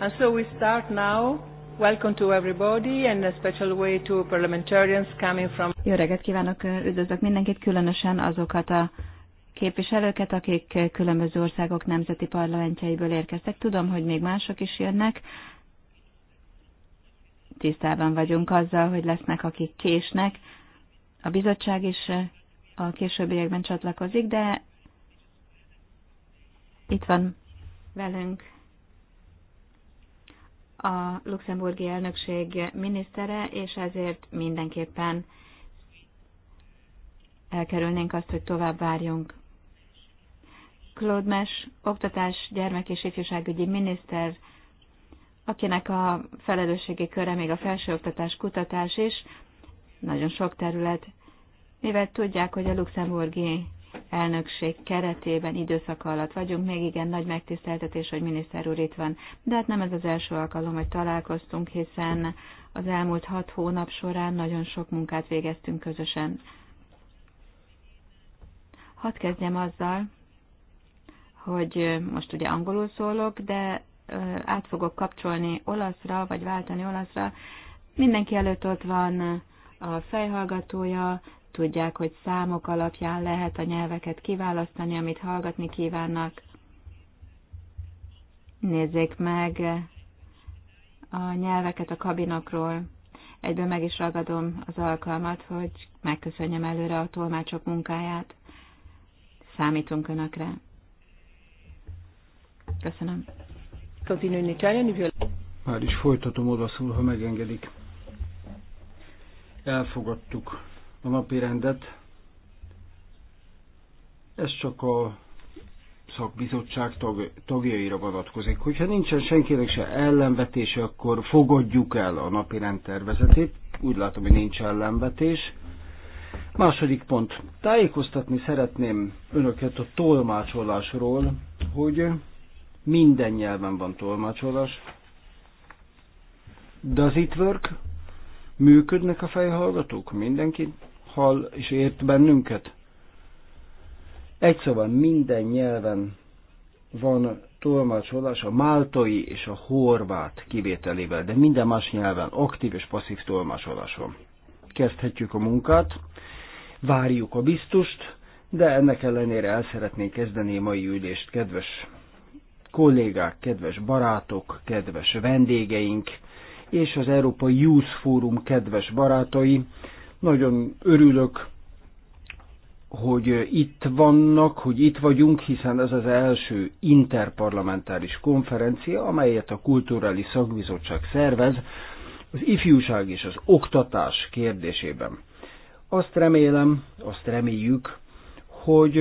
And so we start now. Welcome to everybody, and a special way to parliamentarians coming from. Jó reggelt kívánok, üdvözlök mindenkit, különösen azokat a képviselőket, akik különböző országok nemzeti parlamentjeiből érkeztek. Tudom, hogy még mások is jönnek. Tisztában vagyunk azzal, hogy lesznek, akik késnek. A bizottság is a későbbiekben csatlakozik, de itt van velünk a luxemburgi elnökség minisztere, és ezért mindenképpen elkerülnénk azt, hogy tovább várjunk. Claude Mes, oktatás, gyermek és ifjúságügyi miniszter, akinek a felelősségi köre még a felsőoktatás kutatás is, nagyon sok terület, mivel tudják, hogy a luxemburgi elnökség keretében időszak alatt vagyunk. Még igen, nagy megtiszteltetés, hogy miniszter úr itt van. De hát nem ez az első alkalom, hogy találkoztunk, hiszen az elmúlt hat hónap során nagyon sok munkát végeztünk közösen. Hadd kezdjem azzal, hogy most ugye angolul szólok, de át fogok kapcsolni olaszra, vagy váltani olaszra. Mindenki előtt ott van a fejhallgatója, Tudják, hogy számok alapján lehet a nyelveket kiválasztani, amit hallgatni kívánnak. Nézzék meg a nyelveket a kabinokról. Egyben meg is ragadom az alkalmat, hogy megköszönjem előre a tolmácsok munkáját. Számítunk Önökre. Köszönöm. Már is folytatom odaszul, ha megengedik. Elfogadtuk a napi rendet. Ez csak a szakbizottság tag, tagjaira vonatkozik. Hogyha nincsen senkinek se ellenvetése, akkor fogadjuk el a napi tervezetét. Úgy látom, hogy nincs ellenvetés. Második pont. Tájékoztatni szeretném önöket a tolmácsolásról, hogy minden nyelven van tolmácsolás. Does it work? Működnek a fejhallgatók? Mindenki hall és ért bennünket? Egy szóval minden nyelven van tolmácsolás a máltai és a horvát kivételével, de minden más nyelven aktív és passzív tolmácsolás van. Kezdhetjük a munkát, várjuk a biztust, de ennek ellenére el szeretnénk kezdeni a mai ülést, kedves kollégák, kedves barátok, kedves vendégeink, és az Európai Youth Fórum kedves barátai, nagyon örülök, hogy itt vannak, hogy itt vagyunk, hiszen ez az első interparlamentáris konferencia, amelyet a Kulturális Szakbizottság szervez az ifjúság és az oktatás kérdésében. Azt remélem, azt reméljük, hogy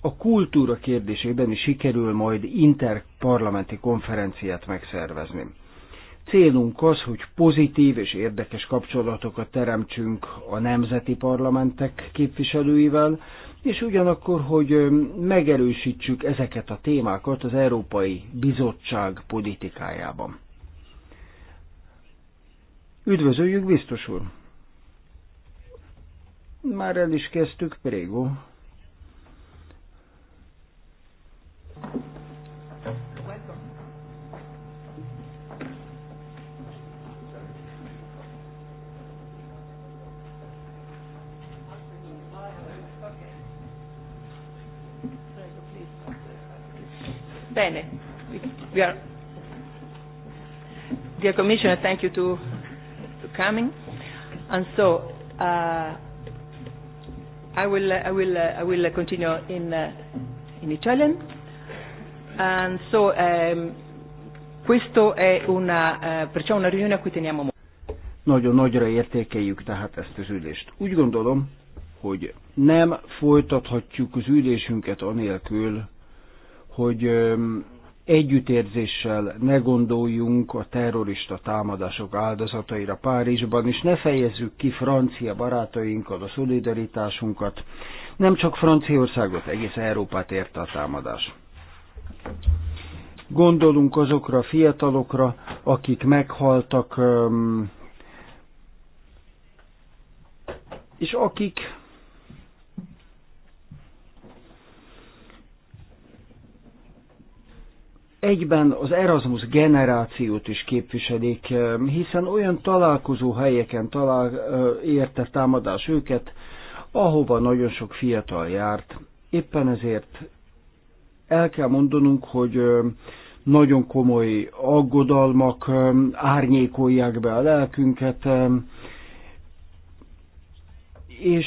a kultúra kérdésében is sikerül majd interparlamenti konferenciát megszervezni. Célunk az, hogy pozitív és érdekes kapcsolatokat teremtsünk a nemzeti parlamentek képviselőivel, és ugyanakkor, hogy megerősítsük ezeket a témákat az Európai Bizottság politikájában. Üdvözöljük, biztos úr! Már el is kezdtük, Prégó. Bene. We are... Dear Commissioner, thank you to, to coming. And so, uh, I will, I will, uh, I will continue in, uh, in Italian. And so, um, questo è una, uh, perciò una riunione a cui teniamo molto. Nagyon nagyra értékeljük tehát ezt az ülést. Úgy gondolom, hogy nem folytathatjuk az ülésünket anélkül, hogy együttérzéssel ne gondoljunk a terrorista támadások áldozataira Párizsban, és ne fejezzük ki francia barátainkkal a szolidaritásunkat. Nem csak Franciaországot, egész Európát érte a támadás. Gondolunk azokra a fiatalokra, akik meghaltak, és akik egyben az Erasmus generációt is képviselik, hiszen olyan találkozó helyeken talál, érte támadás őket, ahova nagyon sok fiatal járt. Éppen ezért el kell mondanunk, hogy nagyon komoly aggodalmak árnyékolják be a lelkünket, és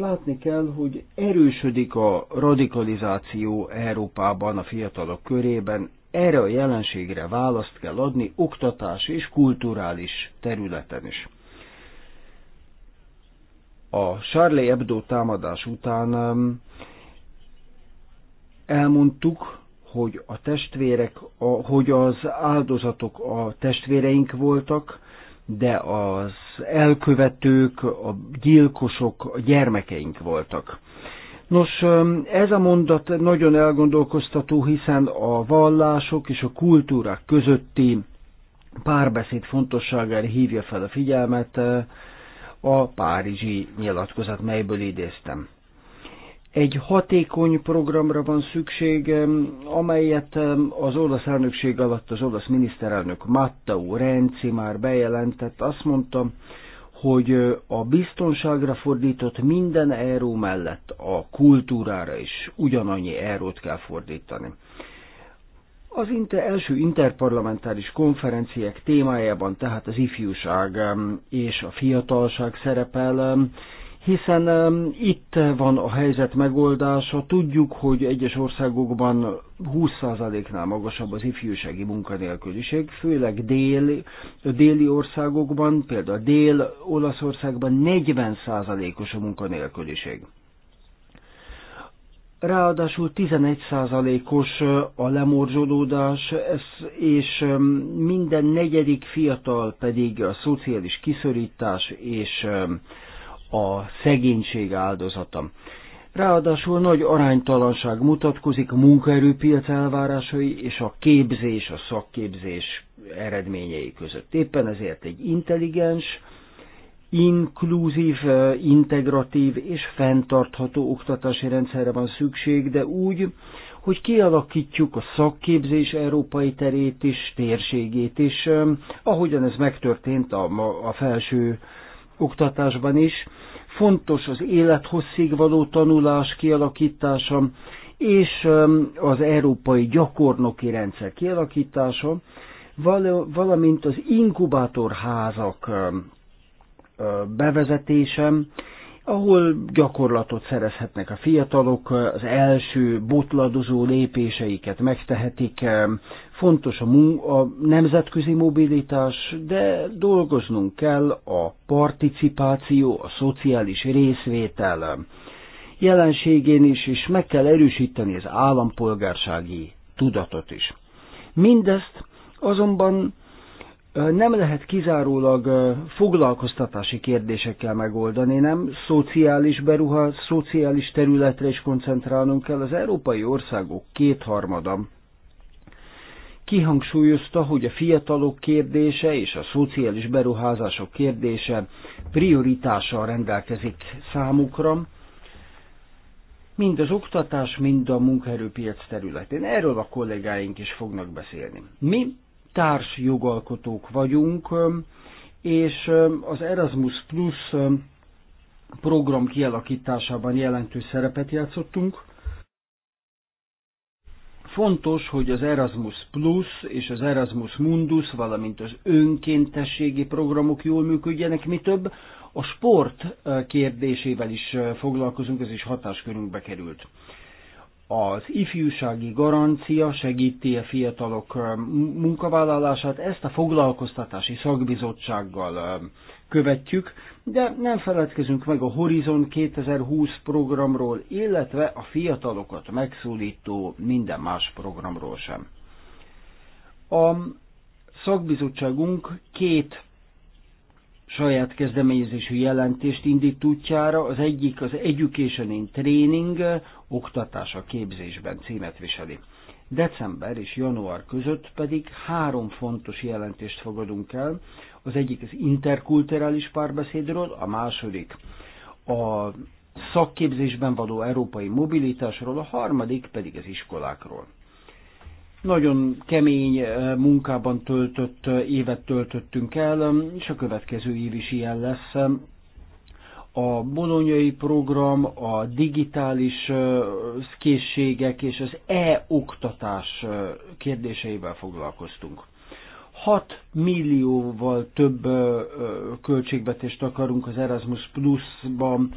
Látni kell, hogy erősödik a radikalizáció Európában, a fiatalok körében. Erre a jelenségre választ kell adni oktatás és kulturális területen is. A Charlie Hebdo támadás után um, elmondtuk, hogy a testvérek, a, hogy az áldozatok a testvéreink voltak, de az elkövetők, a gyilkosok, a gyermekeink voltak. Nos, ez a mondat nagyon elgondolkoztató, hiszen a vallások és a kultúrák közötti párbeszéd fontosságára hívja fel a figyelmet a párizsi nyilatkozat, melyből idéztem. Egy hatékony programra van szükség, amelyet az olasz elnökség alatt az olasz miniszterelnök Mattau Renzi már bejelentett. Azt mondta, hogy a biztonságra fordított minden erő mellett a kultúrára is ugyanannyi erőt kell fordítani. Az inter, első interparlamentáris konferenciák témájában tehát az ifjúság és a fiatalság szerepel, hiszen um, itt van a helyzet megoldása. Tudjuk, hogy egyes országokban 20%-nál magasabb az ifjúsági munkanélküliség, főleg déli, a déli országokban, például Dél-Olaszországban 40%-os a munkanélküliség. Ráadásul 11%-os a lemorzsolódás, és minden negyedik fiatal pedig a szociális kiszorítás és a szegénység áldozata. Ráadásul nagy aránytalanság mutatkozik a munkaerőpiac elvárásai és a képzés, a szakképzés eredményei között. Éppen ezért egy intelligens, inkluzív, integratív és fenntartható oktatási rendszerre van szükség, de úgy, hogy kialakítjuk a szakképzés európai terét is, térségét is, eh, ahogyan ez megtörtént a, a felső oktatásban is. Fontos az élethosszig való tanulás kialakítása, és az európai gyakornoki rendszer kialakítása, valamint az inkubátorházak bevezetése, ahol gyakorlatot szerezhetnek a fiatalok, az első botladozó lépéseiket megtehetik, Fontos a, mun- a nemzetközi mobilitás, de dolgoznunk kell a participáció, a szociális részvétel jelenségén is, és meg kell erősíteni az állampolgársági tudatot is. Mindezt azonban nem lehet kizárólag foglalkoztatási kérdésekkel megoldani, nem szociális beruha, szociális területre is koncentrálnunk kell. Az európai országok kétharmada kihangsúlyozta, hogy a fiatalok kérdése és a szociális beruházások kérdése prioritással rendelkezik számukra, mind az oktatás, mind a munkaerőpiac területén. Erről a kollégáink is fognak beszélni. Mi társ jogalkotók vagyunk, és az Erasmus Plus program kialakításában jelentős szerepet játszottunk, Fontos, hogy az Erasmus Plus és az Erasmus Mundus, valamint az önkéntességi programok jól működjenek, mi több, a sport kérdésével is foglalkozunk, ez is hatáskörünkbe került. Az ifjúsági garancia segíti a fiatalok munkavállalását, ezt a foglalkoztatási szakbizottsággal követjük, de nem feledkezünk meg a Horizon 2020 programról, illetve a fiatalokat megszólító minden más programról sem. A szakbizottságunk két saját kezdeményezésű jelentést indít útjára, az egyik az Education in Training, oktatás a képzésben címet viseli. December és január között pedig három fontos jelentést fogadunk el, az egyik az interkulturális párbeszédről, a második a szakképzésben való európai mobilitásról, a harmadik pedig az iskolákról. Nagyon kemény eh, munkában töltött eh, évet töltöttünk el, és a következő év is ilyen lesz. A bolonyai program, a digitális eh, készségek és az e-oktatás kérdéseivel foglalkoztunk. 6 millióval több költségvetést akarunk az Erasmus Plus-ban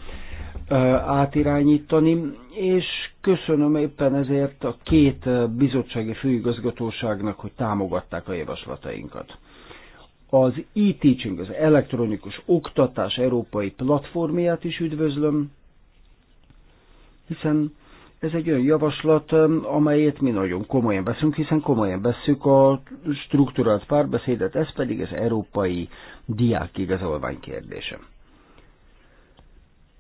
átirányítani, és köszönöm éppen ezért a két bizottsági főigazgatóságnak, hogy támogatták a javaslatainkat. Az e-teaching, az elektronikus oktatás európai platformját is üdvözlöm, hiszen ez egy olyan javaslat, amelyet mi nagyon komolyan veszünk, hiszen komolyan veszük a struktúrált párbeszédet, ez pedig az európai diákigazolvány kérdése.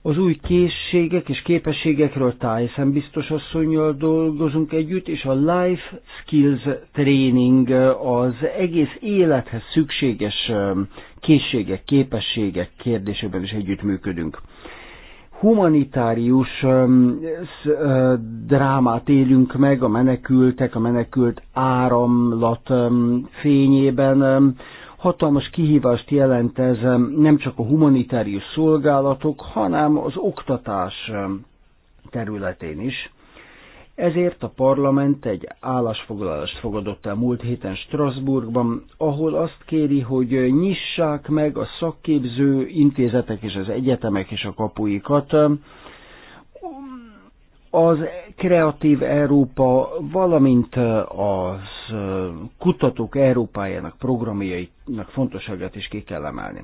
Az új készségek és képességekről Tyson biztos asszonynal dolgozunk együtt, és a Life Skills Training az egész élethez szükséges készségek, képességek kérdésében is együttműködünk humanitárius drámát élünk meg a menekültek, a menekült áramlat fényében. Hatalmas kihívást jelent ez nem csak a humanitárius szolgálatok, hanem az oktatás területén is ezért a parlament egy állásfoglalást fogadott el múlt héten Strasbourgban, ahol azt kéri, hogy nyissák meg a szakképző intézetek és az egyetemek és a kapuikat. Az Kreatív Európa, valamint az Kutatók Európájának programjainak fontosságát is ki kell emelni.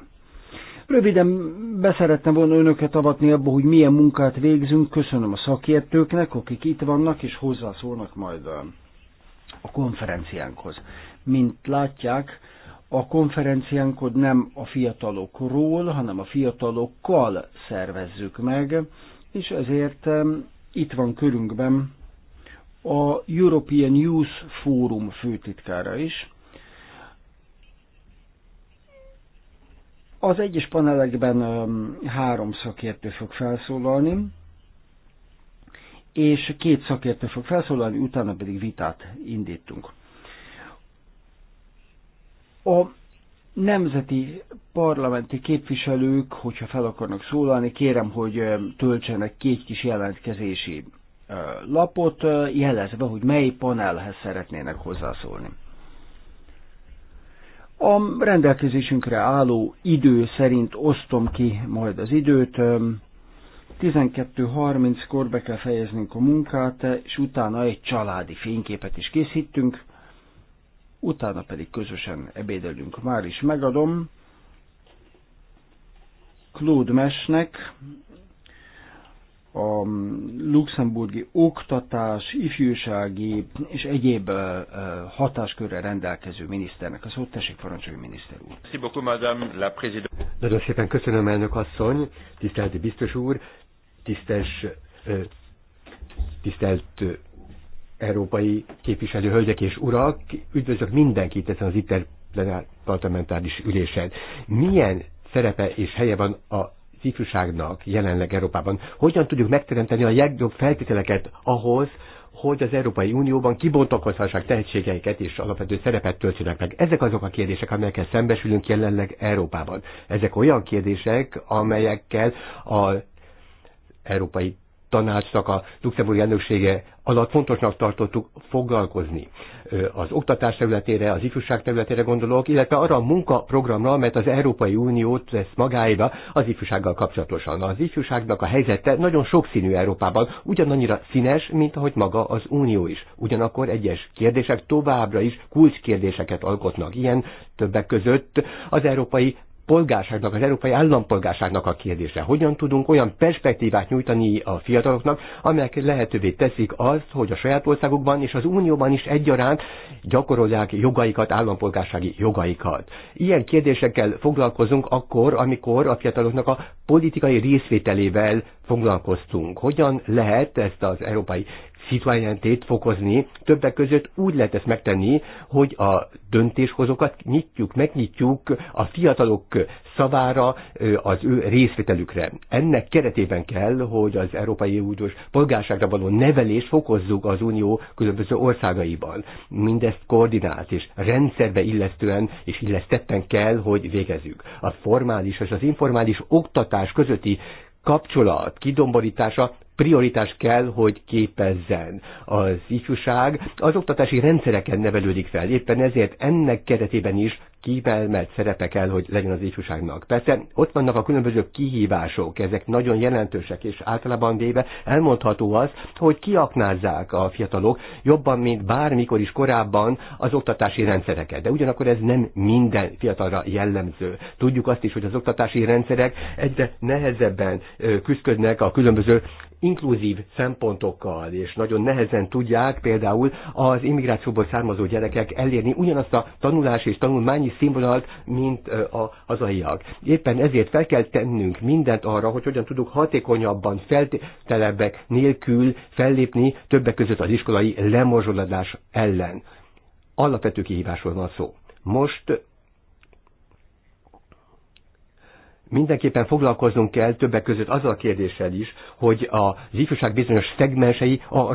Röviden beszerettem volna önöket avatni abba, hogy milyen munkát végzünk. Köszönöm a szakértőknek, akik itt vannak, és hozzászólnak majd a konferenciánkhoz. Mint látják, a konferenciánkod nem a fiatalokról, hanem a fiatalokkal szervezzük meg, és ezért itt van körünkben a European Youth Forum főtitkára is, Az egyes panelekben három szakértő fog felszólalni, és két szakértő fog felszólalni, utána pedig vitát indítunk. A nemzeti parlamenti képviselők, hogyha fel akarnak szólalni, kérem, hogy töltsenek két kis jelentkezési lapot, jelezve, hogy mely panelhez szeretnének hozzászólni. A rendelkezésünkre álló idő szerint osztom ki majd az időt. 12.30-kor be kell fejeznünk a munkát, és utána egy családi fényképet is készítünk, utána pedig közösen ebédelünk. Már is megadom Claude Mesnek, a luxemburgi oktatás, ifjúsági és egyéb hatáskörre rendelkező miniszternek. A szót tessék, parancsolj, miniszter úr. Nagyon szépen köszönöm, elnök asszony, tisztelt biztos úr, tisztes, tisztelt európai képviselő hölgyek és urak, üdvözlök mindenkit ezen az ITER parlamentáris ülésen. Milyen szerepe és helye van a ifjúságnak jelenleg Európában. Hogyan tudjuk megteremteni a legjobb feltételeket ahhoz, hogy az Európai Unióban kibontakozhassák tehetségeiket és alapvető szerepet töltsenek meg. Ezek azok a kérdések, amelyekkel szembesülünk jelenleg Európában. Ezek olyan kérdések, amelyekkel az európai tanácsnak a luxemburgi elnöksége alatt fontosnak tartottuk foglalkozni. Az oktatás területére, az ifjúság területére gondolok, illetve arra a munkaprogramra, amelyet az Európai Unió vesz magáéba az ifjúsággal kapcsolatosan. Az ifjúságnak a helyzete nagyon sokszínű Európában, ugyanannyira színes, mint ahogy maga az Unió is. Ugyanakkor egyes kérdések továbbra is kulcskérdéseket alkotnak. Ilyen többek között az európai polgárságnak, az európai állampolgárságnak a kérdése. Hogyan tudunk olyan perspektívát nyújtani a fiataloknak, amelyek lehetővé teszik azt, hogy a saját országukban és az unióban is egyaránt gyakorolják jogaikat, állampolgársági jogaikat. Ilyen kérdésekkel foglalkozunk akkor, amikor a fiataloknak a politikai részvételével foglalkoztunk. Hogyan lehet ezt az európai szituájátét fokozni. Többek között úgy lehet ezt megtenni, hogy a döntéshozókat nyitjuk, megnyitjuk a fiatalok szavára, az ő részvételükre. Ennek keretében kell, hogy az Európai Uniós polgárságra való nevelést fokozzuk az Unió különböző országaiban. Mindezt koordinált és rendszerbe illesztően és illesztetten kell, hogy végezzük. A formális és az informális oktatás közötti kapcsolat kidomborítása prioritás kell, hogy képezzen. Az ifjúság az oktatási rendszereken nevelődik fel, éppen ezért ennek keretében is kiemelt szerepe kell, hogy legyen az ifjúságnak. Persze ott vannak a különböző kihívások, ezek nagyon jelentősek, és általában véve elmondható az, hogy kiaknázzák a fiatalok jobban, mint bármikor is korábban az oktatási rendszereket. De ugyanakkor ez nem minden fiatalra jellemző. Tudjuk azt is, hogy az oktatási rendszerek egyre nehezebben küzdködnek a különböző inkluzív szempontokkal, és nagyon nehezen tudják például az immigrációból származó gyerekek elérni ugyanazt a tanulás és tanulmányi színvonalat, mint a hazaiak. Éppen ezért fel kell tennünk mindent arra, hogy hogyan tudunk hatékonyabban, feltelebbek nélkül fellépni többek között az iskolai lemorzsolódás ellen. Alapvető kihívásról van szó. Most mindenképpen foglalkoznunk kell többek között azzal a kérdéssel is, hogy az ifjúság bizonyos szegmensei a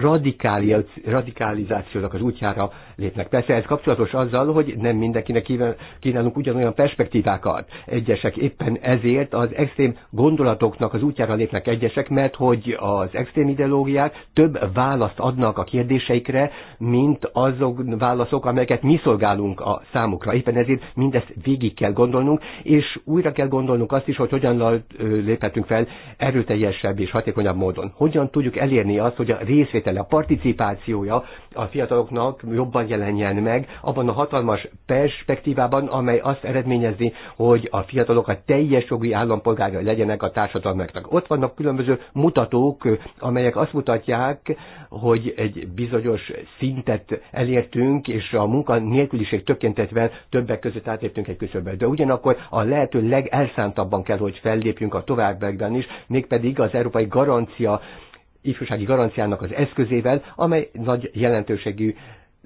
radikalizációnak az útjára lépnek. Persze ez kapcsolatos azzal, hogy nem mindenkinek kínálunk ugyanolyan perspektívákat. Egyesek éppen ezért az extrém gondolatoknak az útjára lépnek egyesek, mert hogy az extrém ideológiák több választ adnak a kérdéseikre, mint azok válaszok, amelyeket mi szolgálunk a számukra. Éppen ezért mindezt végig kell gondolnunk, és újra kell gondolnunk azt, azt is, hogy hogyan léphetünk fel erőteljesebb és hatékonyabb módon. Hogyan tudjuk elérni azt, hogy a részvétele, a participációja a fiataloknak jobban jelenjen meg abban a hatalmas perspektívában, amely azt eredményezi, hogy a fiatalok a teljes jogi állampolgárai legyenek a társadalmaknak. Ott vannak különböző mutatók, amelyek azt mutatják, hogy egy bizonyos szintet elértünk, és a munkanélküliség tökéntetvel többek között átértünk egy küszöbbe. De ugyanakkor a lehető legelszántabban kell, hogy fellépjünk a továbbiakban is, mégpedig az európai garancia ifjúsági garanciának az eszközével, amely nagy jelentőségű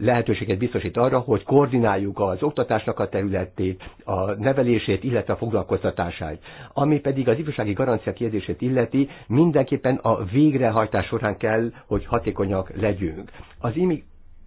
lehetőséget biztosít arra, hogy koordináljuk az oktatásnak a területét, a nevelését, illetve a foglalkoztatását. Ami pedig az ifjúsági garancia kérdését illeti, mindenképpen a végrehajtás során kell, hogy hatékonyak legyünk. Az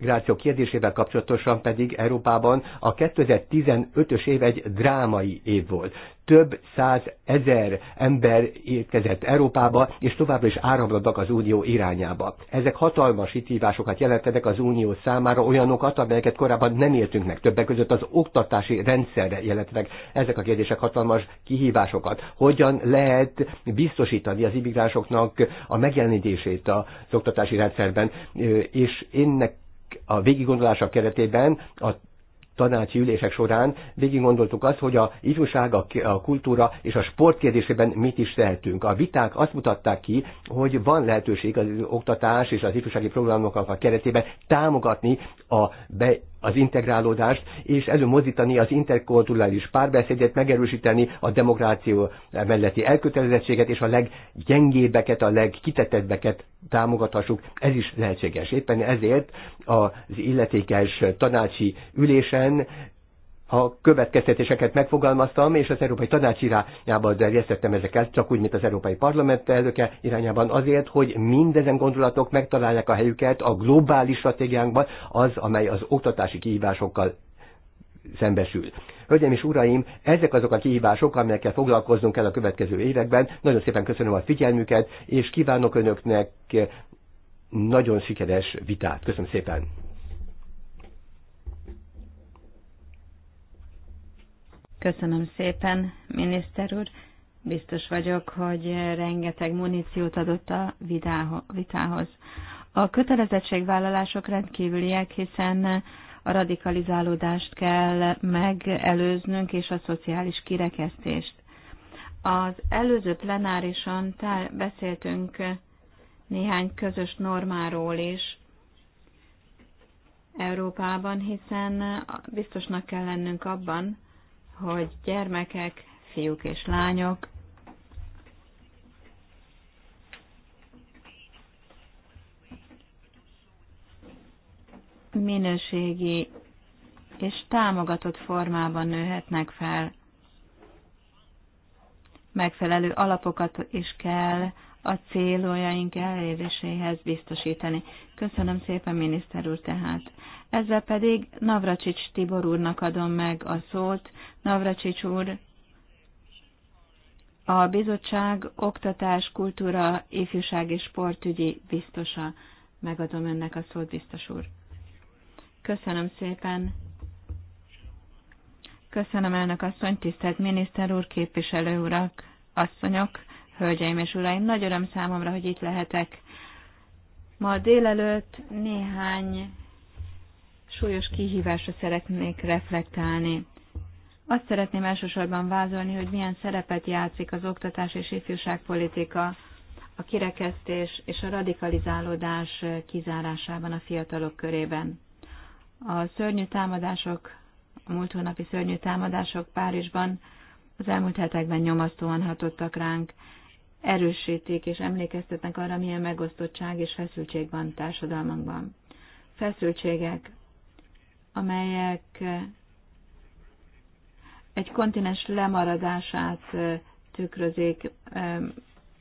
migráció kérdésével kapcsolatosan pedig Európában a 2015-ös év egy drámai év volt. Több száz ezer ember érkezett Európába, és továbbra is áramlottak az Unió irányába. Ezek hatalmas hitívásokat jelentenek az Unió számára, olyanokat, amelyeket korábban nem éltünk meg. Többek között az oktatási rendszerre jelentenek ezek a kérdések hatalmas kihívásokat. Hogyan lehet biztosítani az immigránsoknak a megjelenítését az oktatási rendszerben, és ennek a végiggondolása keretében a tanácsi ülések során végig gondoltuk azt, hogy a ifjúság, a kultúra és a sport kérdésében mit is tehetünk. A viták azt mutatták ki, hogy van lehetőség az oktatás és az ifjúsági programoknak a keretében támogatni a be az integrálódást, és előmozdítani az interkulturális párbeszédet, megerősíteni a demokráció melletti elkötelezettséget, és a leggyengébbeket, a legkitetettbeket támogathassuk. Ez is lehetséges. Éppen ezért az illetékes tanácsi ülésen ha következtetéseket megfogalmaztam, és az Európai Tanács irányában terjesztettem ezeket, csak úgy, mint az Európai Parlament elnöke irányában, azért, hogy mindezen gondolatok megtalálják a helyüket a globális stratégiánkban, az, amely az oktatási kihívásokkal szembesül. Hölgyeim és uraim, ezek azok a kihívások, amelyekkel foglalkoznunk kell a következő években. Nagyon szépen köszönöm a figyelmüket, és kívánok önöknek nagyon sikeres vitát. Köszönöm szépen! Köszönöm szépen, miniszter úr. Biztos vagyok, hogy rengeteg muníciót adott a vitához. A kötelezettségvállalások rendkívüliek, hiszen a radikalizálódást kell megelőznünk, és a szociális kirekesztést. Az előző plenárison beszéltünk néhány közös normáról is Európában, hiszen biztosnak kell lennünk abban, hogy gyermekek, fiúk és lányok minőségi és támogatott formában nőhetnek fel. Megfelelő alapokat is kell a céljaink eléréséhez biztosítani. Köszönöm szépen, miniszter úr, tehát. Ezzel pedig Navracsics Tibor úrnak adom meg a szót. Navracsics úr, a bizottság oktatás, kultúra, ifjúság és sportügyi biztosa. Megadom önnek a szót, biztos úr. Köszönöm szépen. Köszönöm elnök asszony, tisztelt miniszter úr, képviselő urak, asszonyok. Hölgyeim és uraim, nagy öröm számomra, hogy itt lehetek. Ma délelőtt néhány súlyos kihívásra szeretnék reflektálni. Azt szeretném elsősorban vázolni, hogy milyen szerepet játszik az oktatás és ifjúságpolitika a kirekesztés és a radikalizálódás kizárásában a fiatalok körében. A szörnyű támadások, a múlt hónapi szörnyű támadások Párizsban az elmúlt hetekben nyomasztóan hatottak ránk, erősítik és emlékeztetnek arra, milyen megosztottság és feszültség van társadalmakban Feszültségek, amelyek egy kontinens lemaradását tükrözik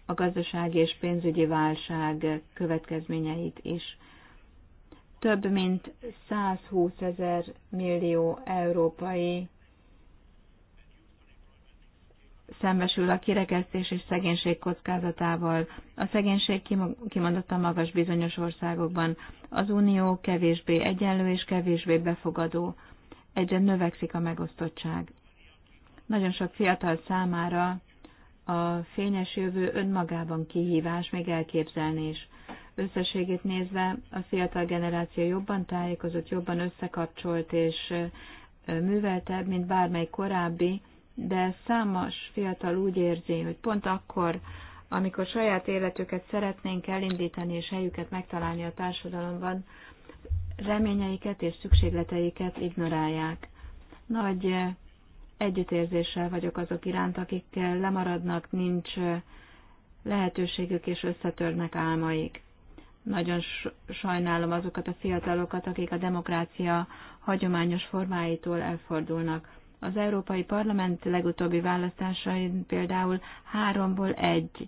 a gazdasági és pénzügyi válság következményeit is. Több mint 120 ezer millió európai szembesül a kirekesztés és szegénység kockázatával. A szegénység kimondottan magas bizonyos országokban. Az unió kevésbé egyenlő és kevésbé befogadó. Egyre növekszik a megosztottság. Nagyon sok fiatal számára a fényes jövő önmagában kihívás, még elképzelni is. Összességét nézve a fiatal generáció jobban tájékozott, jobban összekapcsolt és műveltebb, mint bármely korábbi, de számos fiatal úgy érzi, hogy pont akkor, amikor saját életüket szeretnénk elindítani és helyüket megtalálni a társadalomban, reményeiket és szükségleteiket ignorálják. Nagy eh, együttérzéssel vagyok azok iránt, akik eh, lemaradnak, nincs eh, lehetőségük és összetörnek álmaik. Nagyon sajnálom azokat a fiatalokat, akik a demokrácia hagyományos formáitól elfordulnak. Az Európai Parlament legutóbbi választásain például háromból egy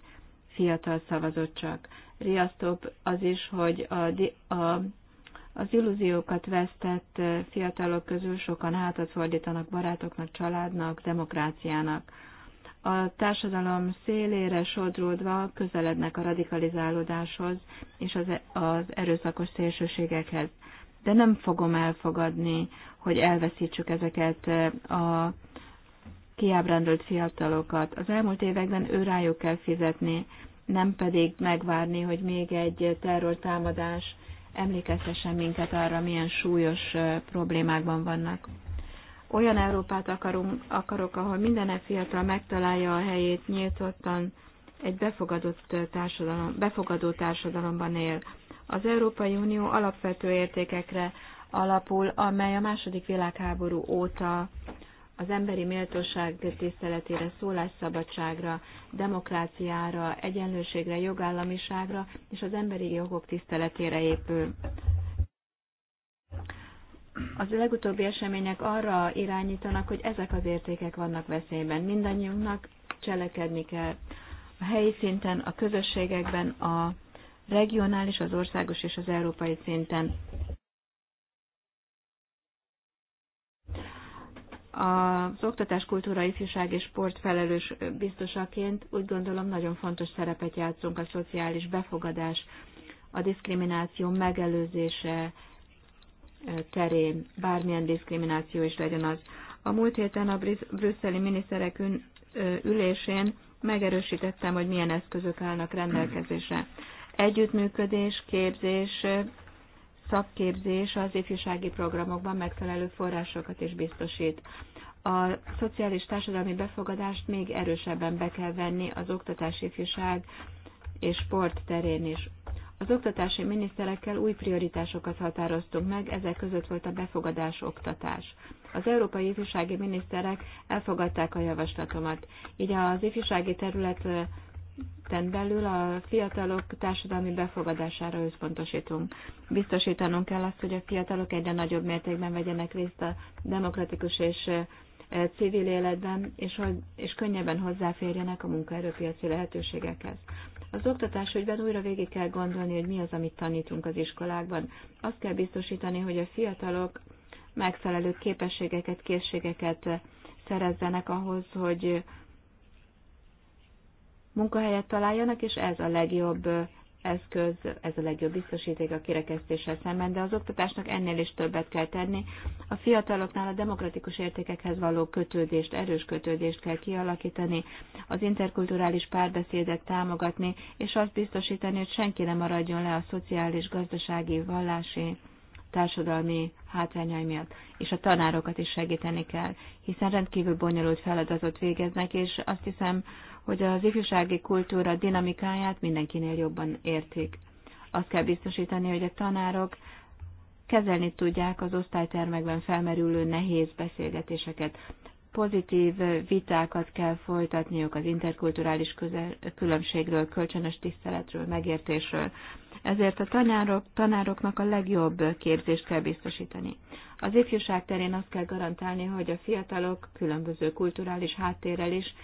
fiatal szavazott csak. Riasztóbb az is, hogy a, a, az illúziókat vesztett fiatalok közül sokan hátat fordítanak barátoknak, családnak, demokráciának. A társadalom szélére sodródva közelednek a radikalizálódáshoz és az, e- az erőszakos szélsőségekhez. De nem fogom elfogadni hogy elveszítsük ezeket eh, a kiábrándult fiatalokat. Az elmúlt években ő rájuk kell fizetni, nem pedig megvárni, hogy még egy terrortámadás emlékeztessen minket arra, milyen súlyos eh, problémákban vannak. Olyan Európát akarunk, akarok, ahol minden fiatal megtalálja a helyét nyíltottan, egy befogadott eh, társadalom, befogadó társadalomban él. Az Európai Unió alapvető értékekre, alapul, amely a második világháború óta az emberi méltóság tiszteletére, szólásszabadságra, demokráciára, egyenlőségre, jogállamiságra és az emberi jogok tiszteletére épül. Az legutóbbi események arra irányítanak, hogy ezek az értékek vannak veszélyben. Mindannyiunknak cselekedni kell. A helyi szinten, a közösségekben, a regionális, az országos és az európai szinten. az oktatás, kultúra, ifjúság és sport felelős biztosaként úgy gondolom nagyon fontos szerepet játszunk a szociális befogadás, a diszkrimináció megelőzése eh, terén, bármilyen diszkrimináció is legyen az. A múlt héten a brüsszeli miniszterek ülésén megerősítettem, hogy milyen eszközök állnak rendelkezésre. Együttműködés, képzés, szakképzés az ifjúsági programokban megfelelő forrásokat is biztosít. A szociális társadalmi befogadást még erősebben be kell venni az oktatási ifjúság és sport terén is. Az oktatási miniszterekkel új prioritásokat határoztunk meg, ezek között volt a befogadás oktatás. Az európai ifjúsági miniszterek elfogadták a javaslatomat, így az ifjúsági terület ten belül a fiatalok társadalmi befogadására összpontosítunk. Biztosítanunk kell azt, hogy a fiatalok egyre nagyobb mértékben vegyenek részt a demokratikus és civil életben, és, hogy, és könnyebben hozzáférjenek a munkaerőpiaci lehetőségekhez. Az oktatás ügyben újra végig kell gondolni, hogy mi az, amit tanítunk az iskolákban. Azt kell biztosítani, hogy a fiatalok megfelelő képességeket, készségeket szerezzenek ahhoz, hogy munkahelyet találjanak, és ez a legjobb eszköz, ez a legjobb biztosíték a kirekesztéssel szemben, de az oktatásnak ennél is többet kell tenni. A fiataloknál a demokratikus értékekhez való kötődést, erős kötődést kell kialakítani, az interkulturális párbeszédet támogatni, és azt biztosítani, hogy senki nem maradjon le a szociális, gazdasági, vallási, társadalmi hátrányai miatt, és a tanárokat is segíteni kell, hiszen rendkívül bonyolult feladatot végeznek, és azt hiszem, hogy az ifjúsági kultúra dinamikáját mindenkinél jobban értik. Azt kell biztosítani, hogy a tanárok kezelni tudják az osztálytermekben felmerülő nehéz beszélgetéseket. Pozitív vitákat kell folytatniuk az interkulturális különbségről, kölcsönös tiszteletről, megértésről. Ezért a tanárok, tanároknak a legjobb képzést kell biztosítani. Az ifjúság terén azt kell garantálni, hogy a fiatalok különböző kulturális háttérrel is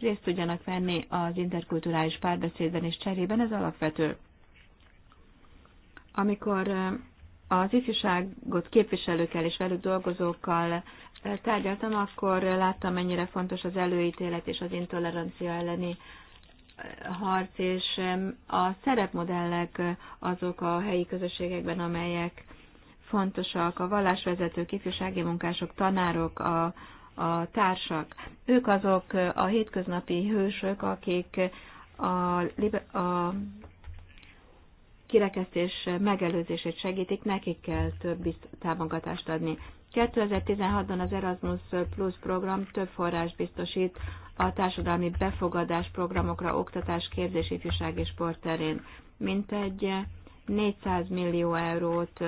részt tudjanak venni az interkulturális párbeszédben és cserében, ez alapvető. Amikor az ifjúságot képviselőkkel és velük dolgozókkal tárgyaltam, akkor láttam, mennyire fontos az előítélet és az intolerancia elleni harc, és a szerepmodellek azok a helyi közösségekben, amelyek fontosak, a vallásvezetők, ifjúsági munkások, tanárok, a, a társak. Ők azok a hétköznapi hősök, akik a, a kirekesztés megelőzését segítik, nekik kell több támogatást adni. 2016-ban az Erasmus Plus program több forrás biztosít a társadalmi befogadás programokra oktatás, képzés, ifjúság és sport terén. Mintegy 400 millió eurót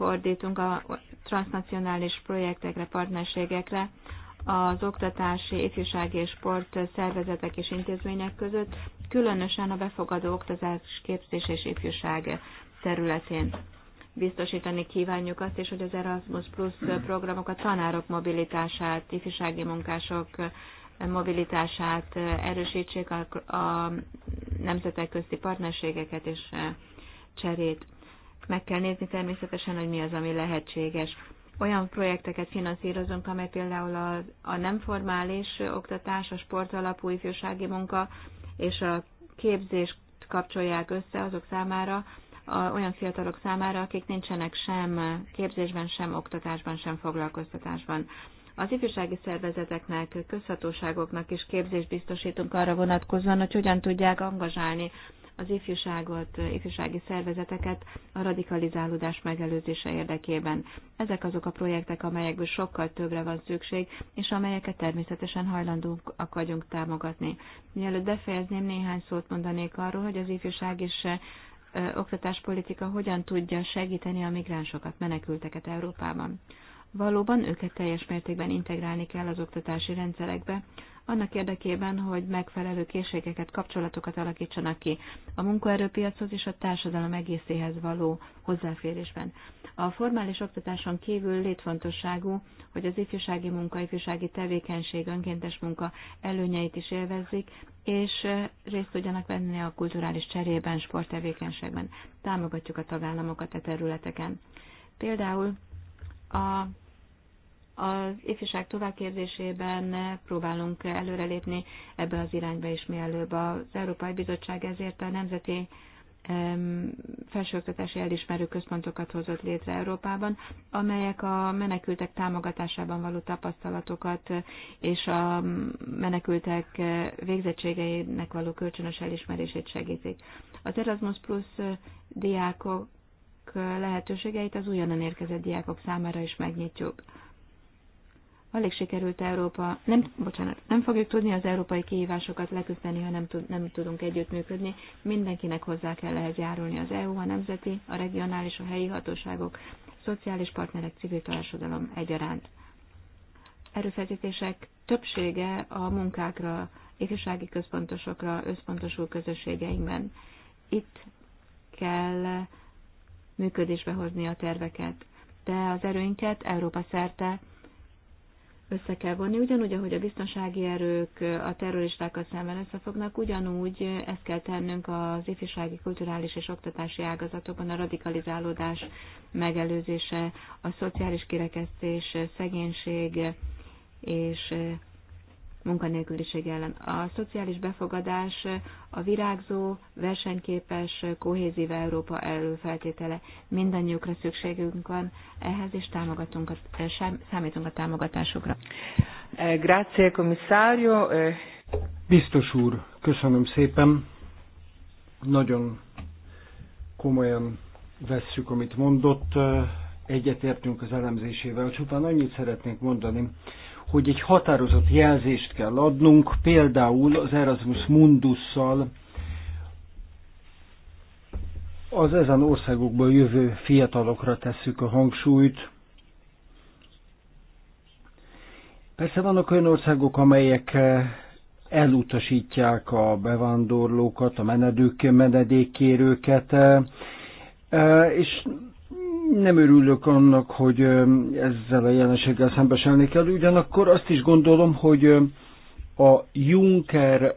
fordítunk a transnacionális projektekre, partnerségekre az oktatási, ifjúsági és sport szervezetek és intézmények között, különösen a befogadó oktatás, képzés és ifjúság területén. Biztosítani kívánjuk azt is, hogy az Erasmus Plus programok a tanárok mobilitását, ifjúsági munkások mobilitását erősítsék, a, a nemzetek közti partnerségeket és cserét. Meg kell nézni természetesen, hogy mi az, ami lehetséges. Olyan projekteket finanszírozunk, amely például a, a nem formális oktatás, a alapú ifjúsági munka és a képzést kapcsolják össze azok számára, a, olyan fiatalok számára, akik nincsenek sem képzésben, sem oktatásban, sem foglalkoztatásban. Az ifjúsági szervezeteknek, közhatóságoknak is képzést biztosítunk arra vonatkozóan, hogy hogyan tudják angazsálni az ifjúságot, ifjúsági szervezeteket a radikalizálódás megelőzése érdekében. Ezek azok a projektek, amelyekből sokkal többre van szükség, és amelyeket természetesen hajlandóak vagyunk támogatni. Mielőtt befejezném, néhány szót mondanék arról, hogy az ifjúság is oktatáspolitika hogyan tudja segíteni a migránsokat, menekülteket Európában. Valóban őket teljes mértékben integrálni kell az oktatási rendszerekbe, annak érdekében, hogy megfelelő készségeket, kapcsolatokat alakítsanak ki a munkaerőpiachoz és a társadalom egészéhez való hozzáférésben. A formális oktatáson kívül létfontosságú, hogy az ifjúsági munka, ifjúsági tevékenység, önkéntes munka előnyeit is élvezzék, és részt tudjanak venni a kulturális cserében, sporttevékenységben. Támogatjuk a tagállamokat a e területeken. Például a az ifjúság továbbképzésében próbálunk előrelépni ebbe az irányba is mielőbb. Az Európai Bizottság ezért a nemzeti felsőoktatási elismerő központokat hozott létre Európában, amelyek a menekültek támogatásában való tapasztalatokat és a menekültek végzettségeinek való kölcsönös elismerését segítik. Az Erasmus Plus diákok lehetőségeit az újonnan érkezett diákok számára is megnyitjuk. Alig sikerült Európa, nem, bocsánat, nem fogjuk tudni az európai kihívásokat leküzdeni, ha nem, tud, nem tudunk együttműködni. Mindenkinek hozzá kell ehhez járulni az EU, a nemzeti, a regionális, a helyi hatóságok, szociális partnerek, civil társadalom egyaránt. Erőfeszítések többsége a munkákra, ifjúsági központosokra összpontosul közösségeinkben. Itt kell működésbe hozni a terveket, de az erőinket Európa szerte össze kell vonni. Ugyanúgy, ahogy a biztonsági erők a terroristákat szemben összefognak, ugyanúgy ezt kell tennünk az ifjúsági, kulturális és oktatási ágazatokban a radikalizálódás megelőzése, a szociális kirekesztés, szegénység és munkanélküliség ellen. A szociális befogadás a virágzó, versenyképes, kohézív Európa előfeltétele. Mindannyiukra szükségünk van ehhez, és támogatunk a, számítunk a támogatásokra. Eh, grazie, komisszárió. Eh. Biztos úr, köszönöm szépen. Nagyon komolyan vesszük, amit mondott. Eh, egyetértünk az elemzésével, csupán annyit szeretnénk mondani, hogy egy határozott jelzést kell adnunk, például az Erasmus Mundusszal, az ezen országokból jövő fiatalokra tesszük a hangsúlyt. Persze vannak olyan országok, amelyek eh, elutasítják a bevándorlókat, a menedők, menedékkérőket, eh, eh, és nem örülök annak, hogy ezzel a jelenséggel szembesülni kell, ugyanakkor azt is gondolom, hogy a Juncker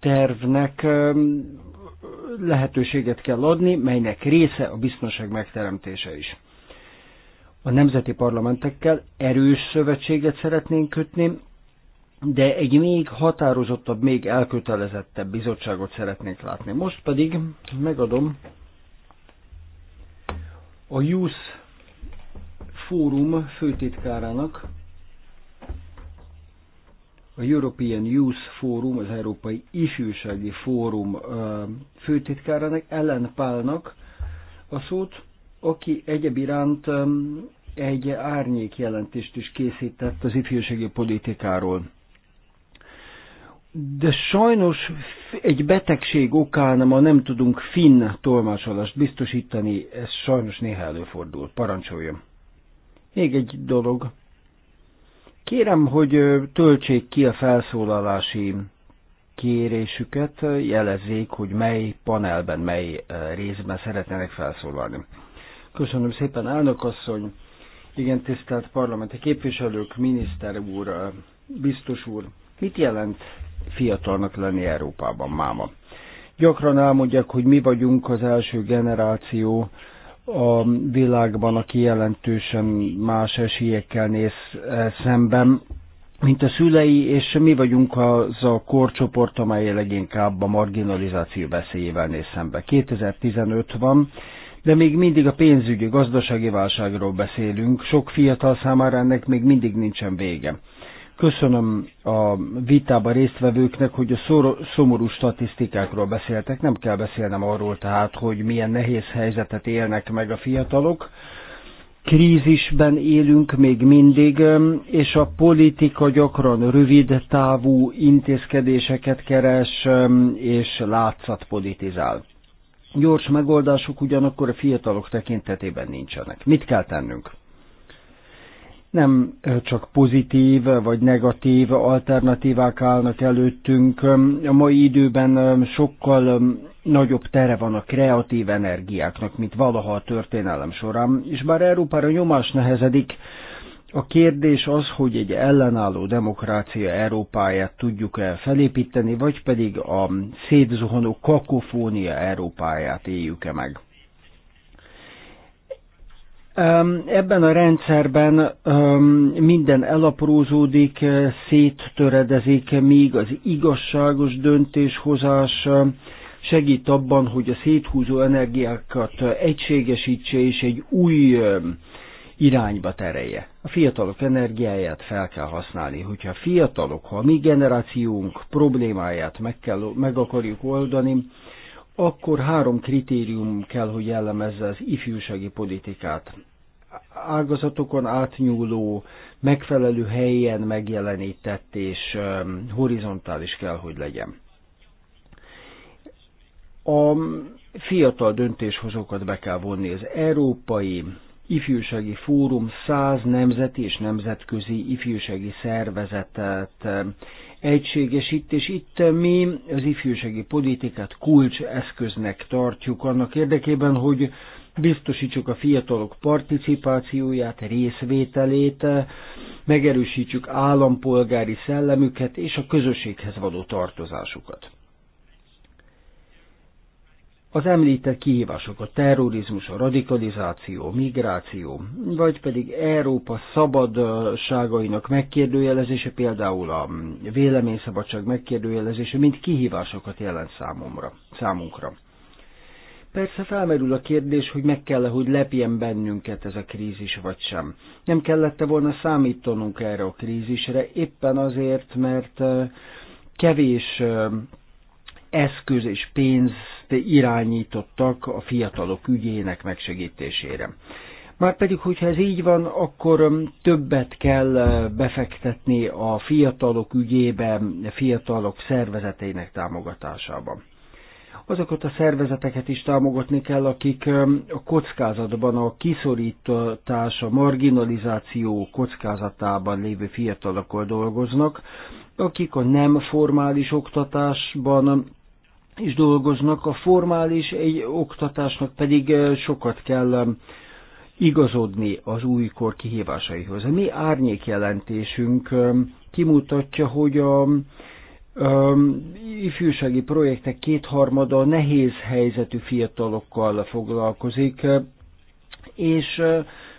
tervnek lehetőséget kell adni, melynek része a biztonság megteremtése is. A nemzeti parlamentekkel erős szövetséget szeretnénk kötni, de egy még határozottabb, még elkötelezettebb bizottságot szeretnék látni. Most pedig megadom a Youth Fórum főtitkárának, a European Youth Forum, az Európai Ifjúsági Fórum főtitkárának, Ellen Pálnak a szót, aki egyeb iránt egy árnyék jelentést is készített az ifjúsági politikáról de sajnos egy betegség okán ma nem tudunk finn tolmácsolást biztosítani, ez sajnos néha előfordul. Parancsoljon! Még egy dolog. Kérem, hogy töltsék ki a felszólalási kérésüket, jelezzék, hogy mely panelben, mely részben szeretnének felszólalni. Köszönöm szépen, elnök asszony, igen, tisztelt parlamenti képviselők, miniszter úr, biztos úr, mit jelent fiatalnak lenni Európában máma. Gyakran elmondják, hogy mi vagyunk az első generáció a világban, aki jelentősen más esélyekkel néz e, szemben, mint a szülei, és mi vagyunk az a korcsoport, amely leginkább a marginalizáció veszélyével néz szembe. 2015 van, de még mindig a pénzügyi, gazdasági válságról beszélünk, sok fiatal számára ennek még mindig nincsen vége. Köszönöm a vitába résztvevőknek, hogy a szor- szomorú statisztikákról beszéltek. Nem kell beszélnem arról tehát, hogy milyen nehéz helyzetet élnek meg a fiatalok. Krízisben élünk még mindig, és a politika gyakran rövid távú intézkedéseket keres, és látszat politizál. Gyors megoldások ugyanakkor a fiatalok tekintetében nincsenek. Mit kell tennünk? nem csak pozitív vagy negatív alternatívák állnak előttünk. A mai időben sokkal nagyobb tere van a kreatív energiáknak, mint valaha a történelem során, és bár Európára nyomás nehezedik, a kérdés az, hogy egy ellenálló demokrácia Európáját tudjuk-e felépíteni, vagy pedig a szétzuhanó kakofónia Európáját éljük-e meg. Ebben a rendszerben minden elaprózódik, széttöredezik, míg az igazságos döntéshozás segít abban, hogy a széthúzó energiákat egységesítse és egy új irányba terelje. A fiatalok energiáját fel kell használni. Hogyha a fiatalok, ha a mi generációnk problémáját meg, kell, meg akarjuk oldani, akkor három kritérium kell, hogy jellemezze az ifjúsági politikát. Ágazatokon átnyúló, megfelelő helyen megjelenített és um, horizontális kell, hogy legyen. A fiatal döntéshozókat be kell vonni. Az Európai Ifjúsági Fórum száz nemzeti és nemzetközi ifjúsági szervezetet um, egységesít, és itt eh, mi az ifjúsági politikát kulcs eszköznek tartjuk annak érdekében, hogy biztosítsuk a fiatalok participációját, részvételét, eh, megerősítsük állampolgári szellemüket és a közösséghez való tartozásukat az említett kihívások, a terrorizmus, a radikalizáció, a migráció, vagy pedig Európa szabadságainak megkérdőjelezése, például a véleményszabadság megkérdőjelezése, mind kihívásokat jelent számomra, számunkra. Persze felmerül a kérdés, hogy meg kell -e, hogy lepjen bennünket ez a krízis, vagy sem. Nem kellette volna számítanunk erre a krízisre, éppen azért, mert eh, kevés eh, eszköz és pénz ezt irányítottak a fiatalok ügyének megsegítésére. Márpedig, hogyha ez így van, akkor um, többet kell uh, befektetni a fiatalok ügyébe, fiatalok szervezeteinek támogatásába. Azokat a szervezeteket is támogatni kell, akik um, a kockázatban, a kiszorítás, a marginalizáció kockázatában lévő fiatalokkal dolgoznak, akik a nem formális oktatásban is dolgoznak, a formális egy oktatásnak pedig eh, sokat kell eh, igazodni az újkor kihívásaihoz. A mi árnyékjelentésünk eh, kimutatja, hogy a ifjúsági projektek kétharmada nehéz helyzetű fiatalokkal foglalkozik, és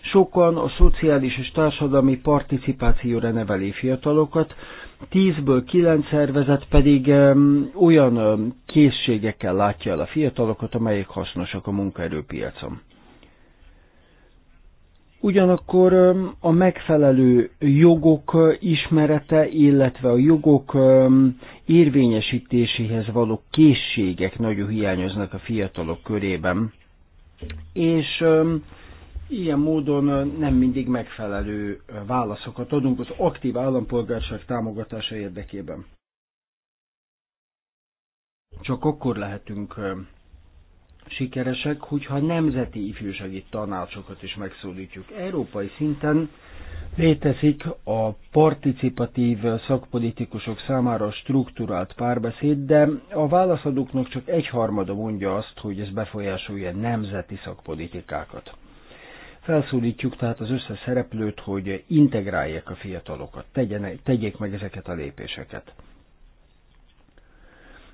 sokan a szociális és társadalmi participációra neveli fiatalokat, tízből kilenc szervezet pedig olyan készségekkel látja el a fiatalokat, amelyek hasznosak a munkaerőpiacon. Ugyanakkor a megfelelő jogok eh, ismerete, illetve a jogok érvényesítéséhez való készségek nagyon hiányoznak a fiatalok körében. És Ilyen módon nem mindig megfelelő válaszokat adunk az aktív állampolgárság támogatása érdekében. Csak akkor lehetünk sikeresek, hogyha nemzeti ifjúsági tanácsokat is megszólítjuk. Európai szinten létezik a participatív szakpolitikusok számára a struktúrált párbeszéd, de a válaszadóknak csak egyharmada mondja azt, hogy ez befolyásolja nemzeti szakpolitikákat. Felszólítjuk tehát az összes szereplőt, hogy integrálják a fiatalokat, tegyenek, tegyék meg ezeket a lépéseket.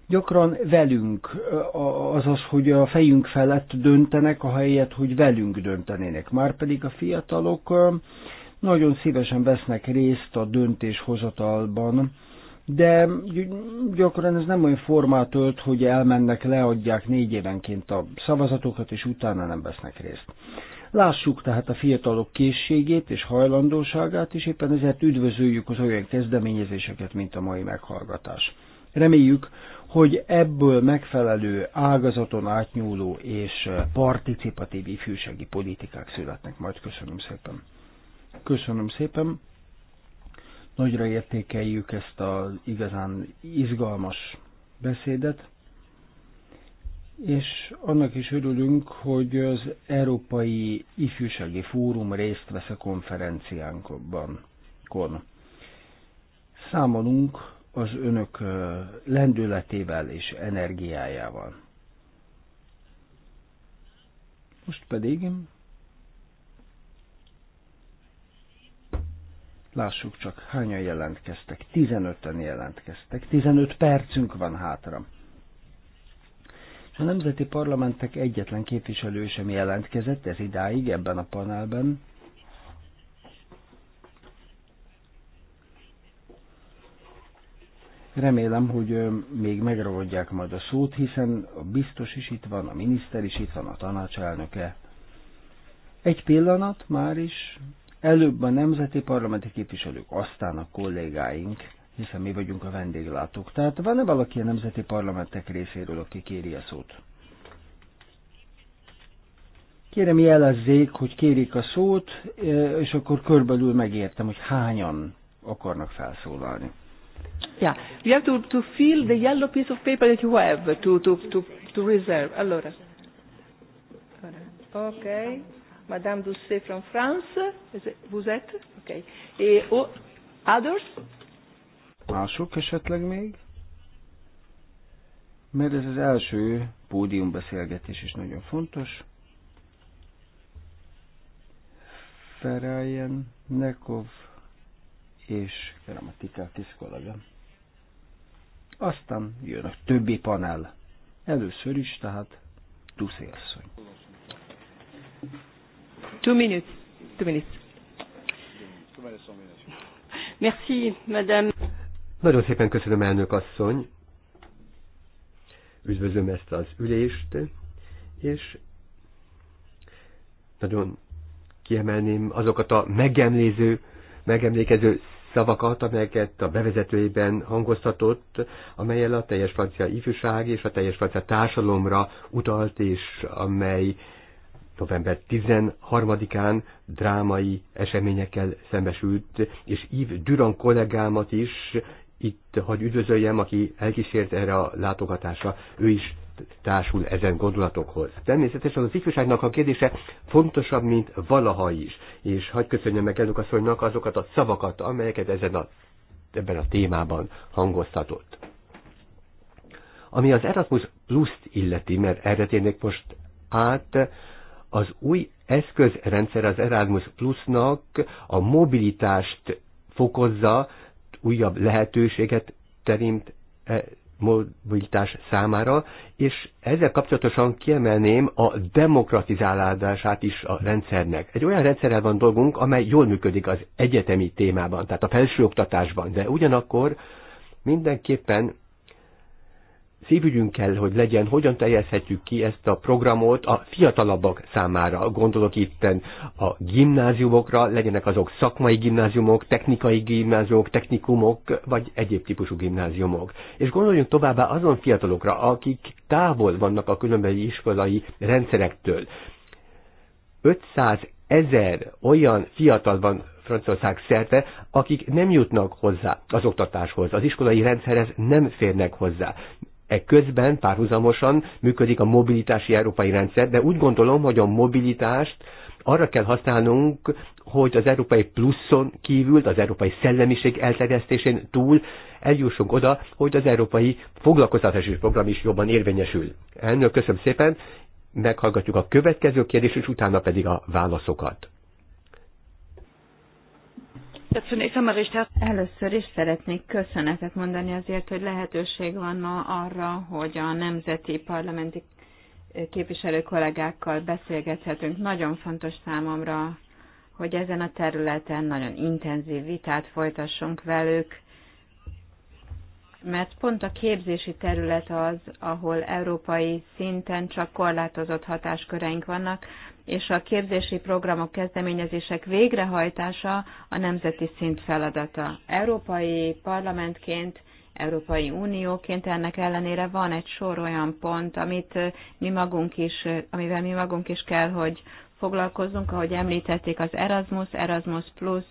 Gyakran velünk, azaz, hogy a fejünk felett döntenek, a helyet, hogy velünk döntenének. Márpedig a fiatalok nagyon szívesen vesznek részt a döntéshozatalban, de gyakran ez nem olyan formát ölt, hogy elmennek, leadják négy évenként a szavazatokat, és utána nem vesznek részt. Lássuk tehát a fiatalok készségét és hajlandóságát, és éppen ezért üdvözöljük az olyan kezdeményezéseket, mint a mai meghallgatás. Reméljük, hogy ebből megfelelő ágazaton átnyúló és participatív ifjúsági politikák születnek majd. Köszönöm szépen. Köszönöm szépen. Nagyra értékeljük ezt az igazán izgalmas beszédet és annak is örülünk, hogy az Európai Ifjúsági Fórum részt vesz a konferenciánkban. Kon. Számolunk az önök lendületével és energiájával. Most pedig lássuk csak hányan jelentkeztek. 15-en jelentkeztek. 15 percünk van hátra a nemzeti parlamentek egyetlen képviselő sem jelentkezett ez idáig ebben a panelben. Remélem, hogy még megragadják majd a szót, hiszen a biztos is itt van, a miniszter is itt van, a tanácselnöke. Egy pillanat már is, előbb a nemzeti parlamenti képviselők, aztán a kollégáink hiszen mi vagyunk a vendéglátók. Tehát van-e valaki a nemzeti parlamentek részéről, aki kéri a szót? Kérem jelezzék, hogy kérik a szót, e, és akkor körbelül megértem, hogy hányan akarnak felszólalni. Yeah, you have to, to fill the yellow piece of paper that you have to, to, to, to reserve. Allora. Ok. Madame Doucet from France. Vous êtes? Ok. Et oh, others? mások esetleg még? Mert ez az első pódiumbeszélgetés is nagyon fontos. Ferajen Nekov és Gramatikák is Aztán jön a többi panel. Először is, tehát Tuszi asszony. Two minutes. Two minutes. Merci, madame. Nagyon szépen köszönöm, elnök asszony. Üdvözlöm ezt az ülést, és nagyon kiemelném azokat a megemléző, megemlékező szavakat, amelyeket a bevezetőjében hangoztatott, amelyel a teljes francia ifjúság és a teljes francia társadalomra utalt, és amely november 13-án drámai eseményekkel szembesült, és Yves Duran kollégámat is itt hogy üdvözöljem, aki elkísért erre a látogatásra, ő is társul ezen gondolatokhoz. Természetesen az ifjúságnak a kérdése fontosabb, mint valaha is, és hagyd köszönjem meg elnök asszonynak azokat a szavakat, amelyeket ezen a, ebben a témában hangoztatott. Ami az Erasmus Plus-t illeti, mert erre térnék most át, az új eszközrendszer az Erasmus Plus-nak a mobilitást fokozza, újabb lehetőséget teremt e mobilitás számára, és ezzel kapcsolatosan kiemelném a demokratizálását is a rendszernek. Egy olyan rendszerrel van dolgunk, amely jól működik az egyetemi témában, tehát a felsőoktatásban, de ugyanakkor mindenképpen szívügyünk kell, hogy legyen, hogyan teljezhetjük ki ezt a programot a fiatalabbak számára. Gondolok itten a gimnáziumokra, legyenek azok szakmai gimnáziumok, technikai gimnáziumok, technikumok, vagy egyéb típusú gimnáziumok. És gondoljunk továbbá azon fiatalokra, akik távol vannak a különböző iskolai rendszerektől. 500 ezer olyan fiatal van Franciaország szerte, akik nem jutnak hozzá az oktatáshoz, az iskolai rendszerhez nem férnek hozzá. Ekközben közben párhuzamosan működik a mobilitási európai rendszer, de úgy gondolom, hogy a mobilitást arra kell használnunk, hogy az európai pluszon kívül, az európai szellemiség elterjesztésén túl eljussunk oda, hogy az európai foglalkoztatási program is jobban érvényesül. Elnök, köszönöm szépen, meghallgatjuk a következő kérdést, és utána pedig a válaszokat. Először is szeretnék köszönetet mondani azért, hogy lehetőség van ma arra, hogy a nemzeti parlamenti képviselő kollégákkal beszélgethetünk. Nagyon fontos számomra, hogy ezen a területen nagyon intenzív vitát folytassunk velük, mert pont a képzési terület az, ahol európai szinten csak korlátozott hatásköreink vannak, és a képzési programok kezdeményezések végrehajtása a nemzeti szint feladata. Európai Parlamentként, Európai Unióként ennek ellenére van egy sor olyan pont, amit eh, mi magunk is, eh, amivel mi magunk is kell, hogy foglalkozzunk, ahogy említették, az Erasmus, Erasmus Plus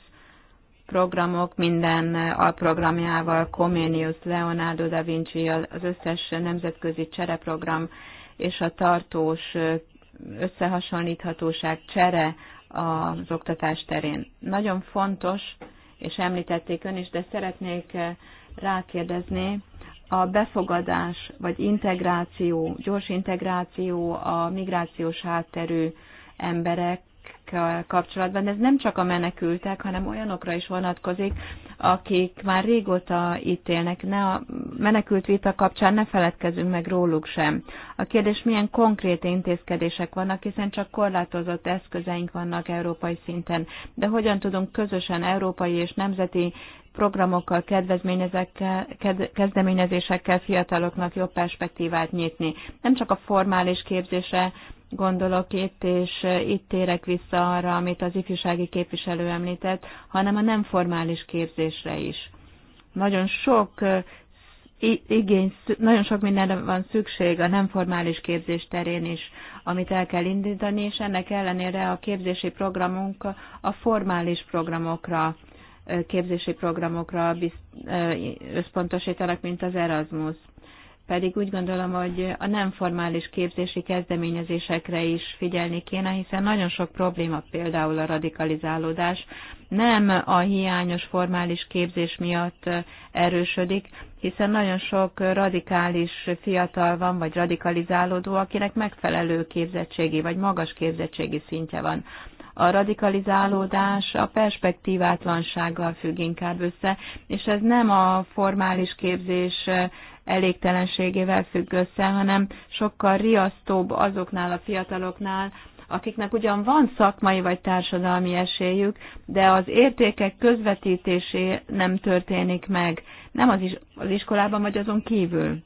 programok minden eh, alprogramjával, Comenius, Leonardo da Vinci, az összes nemzetközi csereprogram és a tartós összehasonlíthatóság, csere az oktatás terén. Nagyon fontos, és említették ön is, de szeretnék eh, rákérdezni, a befogadás vagy integráció, gyors integráció a migrációs hátterű emberek kapcsolatban. Ez nem csak a menekültek, hanem olyanokra is vonatkozik, akik már régóta itt élnek. Ne a menekült vita kapcsán ne feledkezünk meg róluk sem. A kérdés, milyen konkrét intézkedések vannak, hiszen csak korlátozott eszközeink vannak európai szinten. De hogyan tudunk közösen európai és nemzeti programokkal, kezdeményezésekkel fiataloknak jobb perspektívát nyitni. Nem csak a formális képzése gondolok itt, és eh, itt térek vissza arra, amit az ifjúsági képviselő említett, hanem a nem formális képzésre is. Nagyon sok eh, igény, nagyon sok mindenre van szükség a nem formális képzés terén is, amit el kell indítani, és ennek ellenére a képzési programunk a formális programokra, eh, képzési programokra összpontosítanak, mint az Erasmus pedig úgy gondolom, hogy a nem formális képzési kezdeményezésekre is figyelni kéne, hiszen nagyon sok probléma, például a radikalizálódás, nem a hiányos formális képzés miatt erősödik, hiszen nagyon sok radikális fiatal van, vagy radikalizálódó, akinek megfelelő képzettségi, vagy magas képzettségi szintje van. A radikalizálódás a perspektívátlansággal függ inkább össze, és ez nem a formális képzés elégtelenségével függ össze, hanem sokkal riasztóbb azoknál a fiataloknál, akiknek ugyan van szakmai vagy társadalmi esélyük, de az értékek közvetítésé nem történik meg, nem az, is, az iskolában vagy azon kívül.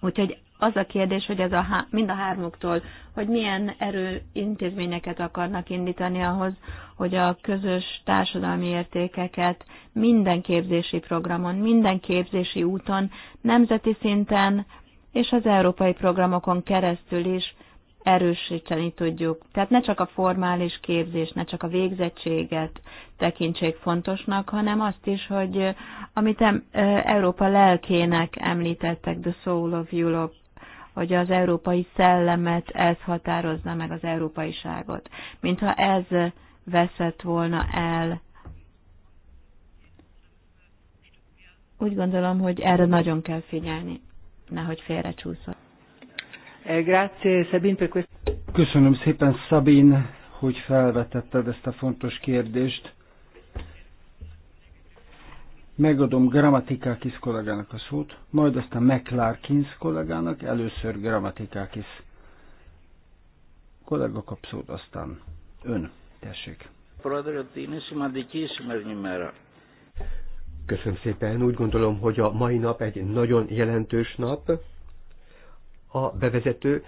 Úgyhogy az a kérdés, hogy ez a há- mind a hármuktól, hogy milyen erő intézményeket akarnak indítani ahhoz, hogy a közös társadalmi értékeket minden képzési programon, minden képzési úton, nemzeti szinten és az európai programokon keresztül is erősíteni tudjuk. Tehát ne csak a formális képzés, ne csak a végzettséget tekintsék fontosnak, hanem azt is, hogy amit Európa lelkének említettek, The Soul of Europe, hogy az európai szellemet ez határozza meg az európaiságot. Mintha ez veszett volna el. Úgy gondolom, hogy erre nagyon kell figyelni, nehogy félre eh, Grazie, Köszönöm szépen, Szabin, hogy felvetetted ezt a fontos kérdést. Megadom Grammatikákis kollégának a szót, majd aztán McClarkins kollégának, először Grammatikákis kollega kap szót, aztán ön. Tessék. Köszönöm szépen. Úgy gondolom, hogy a mai nap egy nagyon jelentős nap. A bevezető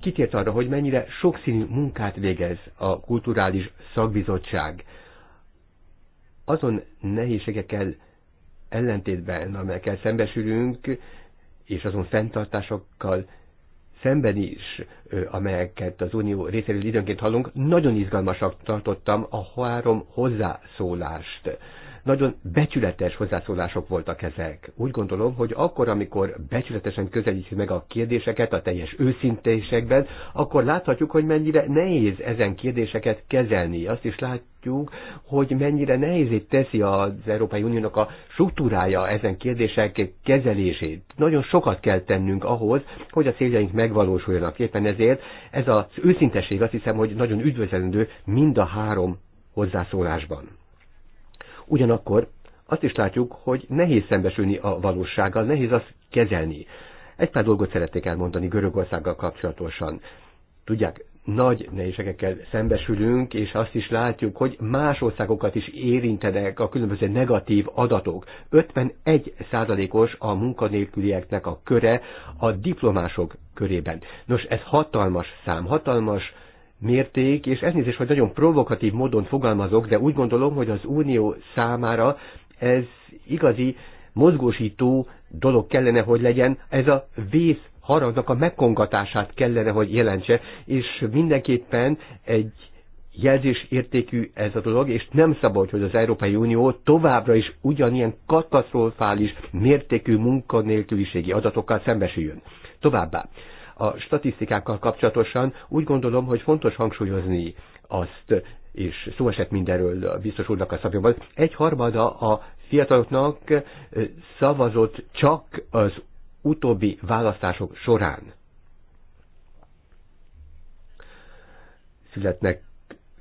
kitért arra, hogy mennyire sokszínű munkát végez a Kulturális Szakbizottság. Azon nehézségekkel ellentétben, amelyekkel szembesülünk, és azon fenntartásokkal szemben is, amelyeket az Unió részéről időnként hallunk, nagyon izgalmasak tartottam a három hozzászólást nagyon becsületes hozzászólások voltak ezek. Úgy gondolom, hogy akkor, amikor becsületesen közelítjük meg a kérdéseket a teljes őszintésekben, akkor láthatjuk, hogy mennyire nehéz ezen kérdéseket kezelni. Azt is látjuk, hogy mennyire nehézét teszi az Európai Uniónak a struktúrája ezen kérdések kezelését. Nagyon sokat kell tennünk ahhoz, hogy a céljaink megvalósuljanak. Éppen ezért ez az őszintesség azt hiszem, hogy nagyon üdvözlendő mind a három hozzászólásban. Ugyanakkor azt is látjuk, hogy nehéz szembesülni a valósággal, nehéz azt kezelni. Egy pár dolgot szeretnék elmondani Görögországgal kapcsolatosan. Tudják, nagy nehézségekkel szembesülünk, és azt is látjuk, hogy más országokat is érintenek a különböző negatív adatok. 51 százalékos a munkanélkülieknek a köre a diplomások körében. Nos, ez hatalmas szám, hatalmas mérték, és ez elnézést, hogy nagyon provokatív módon fogalmazok, de úgy gondolom, hogy az Unió számára ez igazi mozgósító dolog kellene, hogy legyen, ez a vész haragnak a megkongatását kellene, hogy jelentse, és mindenképpen egy jelzés értékű ez a dolog, és nem szabad, hogy az Európai Unió továbbra is ugyanilyen katasztrofális mértékű munkanélküliségi adatokkal szembesüljön. Továbbá, a statisztikákkal kapcsolatosan úgy gondolom, hogy fontos hangsúlyozni azt, és szó esett mindenről a biztos úrnak a szabjában, egy harmada a fiataloknak szavazott csak az utóbbi választások során. Születnek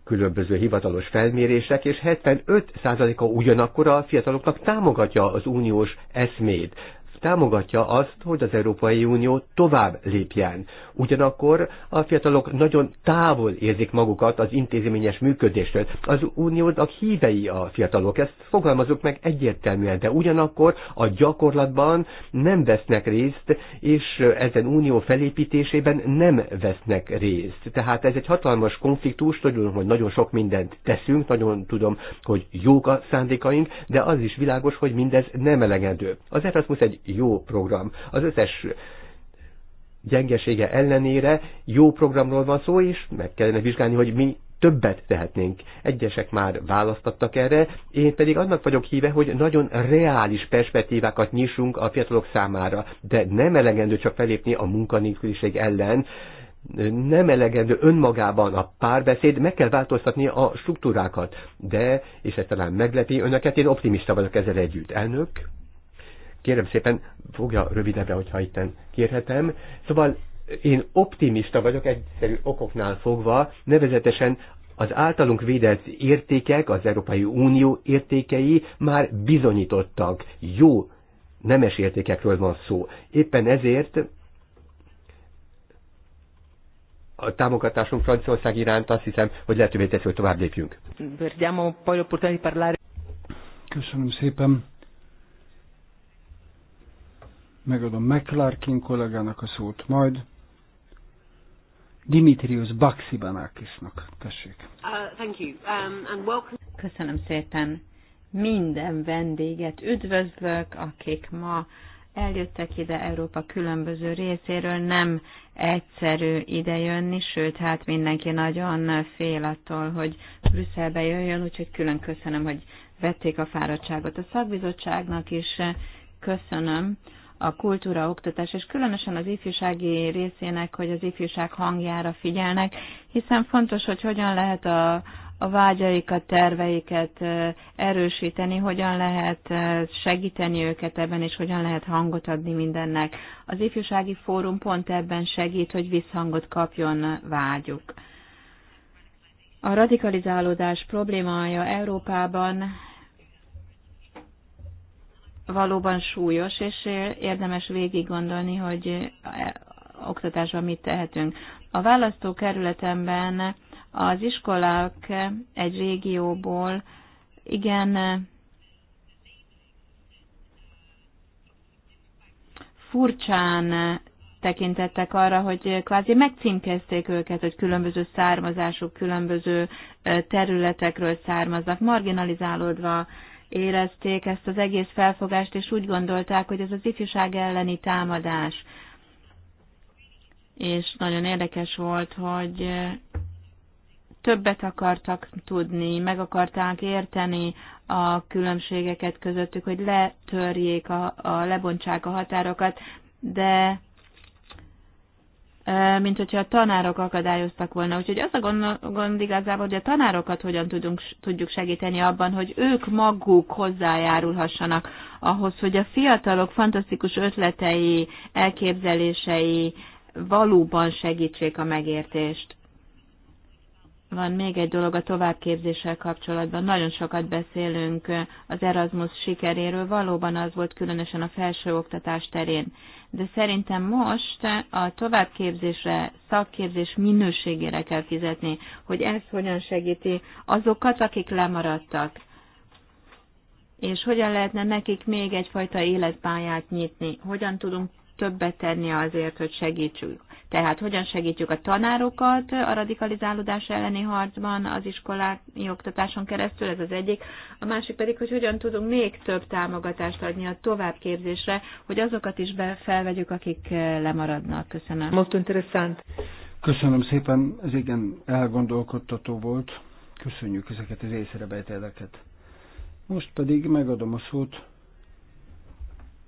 különböző hivatalos felmérések, és 75%-a ugyanakkor a fiataloknak támogatja az uniós eszmét támogatja azt, hogy az Európai Unió tovább lépjen. Ugyanakkor a fiatalok nagyon távol érzik magukat az intézményes működéstől. Az uniónak hívei a fiatalok, ezt fogalmazok meg egyértelműen, de ugyanakkor a gyakorlatban nem vesznek részt, és ezen unió felépítésében nem vesznek részt. Tehát ez egy hatalmas konfliktus, tudom, hogy nagyon sok mindent teszünk, nagyon tudom, hogy jók a szándékaink, de az is világos, hogy mindez nem elegendő. Az Erasmus egy jó program. Az összes gyengesége ellenére jó programról van szó, és meg kellene vizsgálni, hogy mi többet tehetnénk. Egyesek már választattak erre, én pedig annak vagyok híve, hogy nagyon reális perspektívákat nyissunk a fiatalok számára, de nem elegendő csak felépni a munkanélküliség ellen, nem elegendő önmagában a párbeszéd, meg kell változtatni a struktúrákat. De, és ez talán meglepi önöket, én optimista vagyok ezzel együtt. Elnök? Kérem szépen, fogja rövidebbre, hogyha itt kérhetem. Szóval én optimista vagyok egyszerű okoknál fogva, nevezetesen az általunk védett értékek, az Európai Unió értékei már bizonyítottak. Jó nemes értékekről van szó. Éppen ezért a támogatásunk Franciaország iránt azt hiszem, hogy lehetővé teszi, hogy tovább lépjünk. Köszönöm szépen megadom McClarkin kollégának a szót majd. Dimitrios Baxibanakisnak, tessék. Uh, um, köszönöm szépen. Minden vendéget üdvözlök, akik ma eljöttek ide Európa különböző részéről, nem egyszerű idejönni, sőt, hát mindenki nagyon fél attól, hogy Brüsszelbe jöjjön, úgyhogy külön köszönöm, hogy vették a fáradtságot a szakbizottságnak, és köszönöm, a kultúra, oktatás, és különösen az ifjúsági részének, hogy az ifjúság hangjára figyelnek, hiszen fontos, hogy hogyan lehet a, a vágyaikat, terveiket erősíteni, hogyan lehet segíteni őket ebben, és hogyan lehet hangot adni mindennek. Az ifjúsági fórum pont ebben segít, hogy visszhangot kapjon vágyuk. A radikalizálódás problémája Európában valóban súlyos, és érdemes végig gondolni, hogy e, oktatásban mit tehetünk. A választókerületemben az iskolák egy régióból igen e, furcsán tekintettek arra, hogy kvázi megcímkezték őket, hogy különböző származásuk, különböző e, területekről származnak, marginalizálódva érezték ezt az egész felfogást, és úgy gondolták, hogy ez az ifjúság elleni támadás. És nagyon érdekes volt, hogy eh, többet akartak tudni, meg akarták érteni a különbségeket közöttük, hogy letörjék, a, a, lebontsák a határokat, de mint hogyha a tanárok akadályoztak volna. Úgyhogy az a gond igazából, hogy a tanárokat hogyan tudunk, tudjuk segíteni abban, hogy ők maguk hozzájárulhassanak ahhoz, hogy a fiatalok fantasztikus ötletei, elképzelései valóban segítsék a megértést. Van még egy dolog a továbbképzéssel kapcsolatban. Nagyon sokat beszélünk az Erasmus sikeréről, valóban az volt különösen a felsőoktatás terén de szerintem most a továbbképzésre, szakképzés minőségére kell fizetni, hogy ez hogyan segíti azokat, akik lemaradtak, és hogyan lehetne nekik még egyfajta életpályát nyitni, hogyan tudunk többet tenni azért, hogy segítsük tehát hogyan segítjük a tanárokat a radikalizálódás elleni harcban az iskolák oktatáson keresztül, ez az egyik. A másik pedig, hogy hogyan tudunk még több támogatást adni a továbbképzésre, hogy azokat is felvegyük, akik eh, lemaradnak. Köszönöm. Most interessant. Köszönöm szépen, ez igen elgondolkodtató volt. Köszönjük ezeket az észrevételeket. Most pedig megadom a szót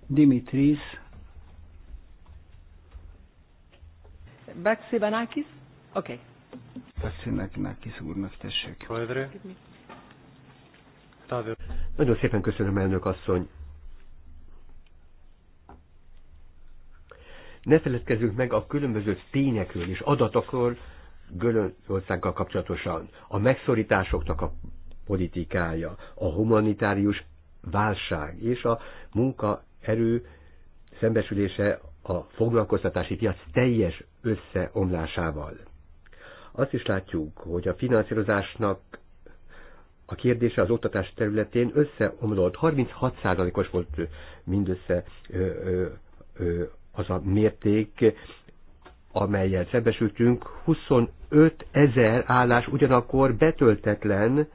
Dimitris Baxi Banakis? Oké. Okay. Baxi Banakis úrnak tessék. Nagyon szépen köszönöm, elnök asszony. Ne feledkezzünk meg a különböző tényekről és adatokról Görögországgal kapcsolatosan. A megszorításoknak a politikája, a humanitárius válság és a munkaerő szembesülése a foglalkoztatási piac teljes összeomlásával. Azt is látjuk, hogy a finanszírozásnak a kérdése az oktatás területén összeomlott. 36%-os volt mindössze az a mérték, amelyel szembesültünk. 25 ezer állás ugyanakkor betöltetlen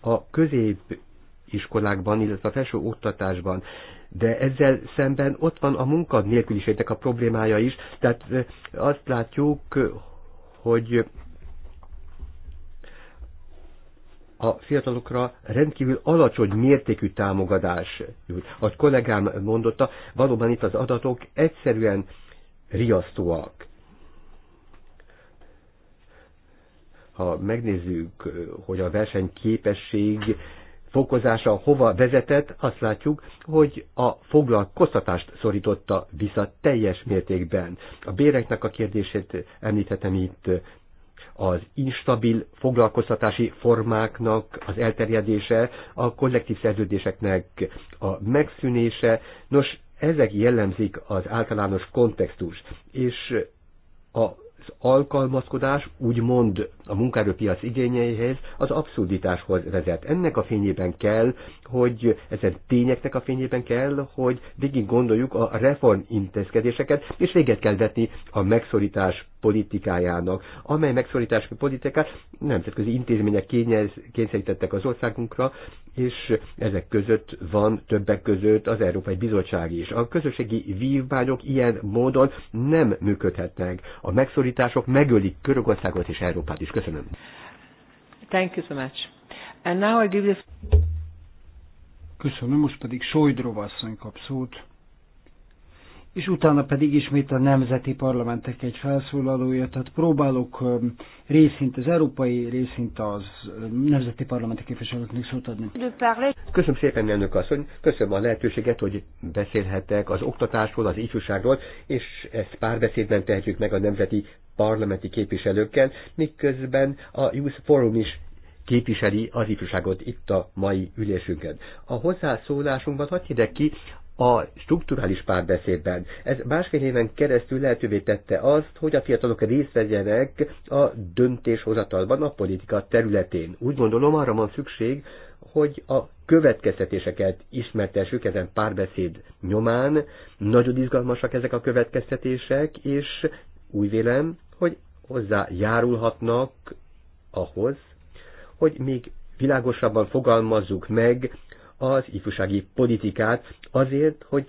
a középiskolákban illetve a felső oktatásban de ezzel szemben ott van a nélküliségnek a problémája is, tehát azt látjuk, hogy a fiatalokra rendkívül alacsony mértékű támogatás jut. Ahogy kollégám mondotta, valóban itt az adatok egyszerűen riasztóak. Ha megnézzük, hogy a versenyképesség fokozása hova vezetett, azt látjuk, hogy a foglalkoztatást szorította vissza teljes mértékben. A béreknek a kérdését említhetem itt, az instabil foglalkoztatási formáknak az elterjedése, a kollektív szerződéseknek a megszűnése. Nos, ezek jellemzik az általános kontextus, és a alkalmazkodás úgymond a munkaerőpiac igényeihez az abszurditáshoz vezet. Ennek a fényében kell, hogy ezen tényeknek a fényében kell, hogy végig gondoljuk a reform intézkedéseket, és véget kell vetni a megszorítás politikájának, amely megszorítási politikát nemzetközi intézmények kényez, kényszerítettek az országunkra, és ezek között van többek között az Európai Bizottság is. A közösségi vívmányok ilyen módon nem működhetnek. A megszorítások megölik Körökországot és Európát is. Köszönöm. Thank you so much. And now I give this... Köszönöm, most pedig Sojdrova asszony kap szót és utána pedig ismét a nemzeti parlamentek egy felszólalója, tehát próbálok részint az európai, részint az nemzeti parlamenti képviselőknek szót adni. Köszönöm szépen, elnök asszony, köszönöm a lehetőséget, hogy beszélhetek az oktatásról, az ifjúságról, és ezt párbeszédben tehetjük meg a nemzeti parlamenti képviselőkkel, miközben a Youth Forum is képviseli az ifjúságot itt a mai ülésünkön. A hozzászólásunkban hadd hideg ki a strukturális párbeszédben. Ez másfél éven keresztül lehetővé tette azt, hogy a fiatalok részt vegyenek a döntéshozatalban a politika területén. Úgy gondolom, arra van szükség, hogy a következtetéseket ismertessük ezen párbeszéd nyomán. Nagyon izgalmasak ezek a következtetések, és úgy vélem, hogy hozzájárulhatnak ahhoz, hogy még világosabban fogalmazzuk meg az ifjúsági politikát azért, hogy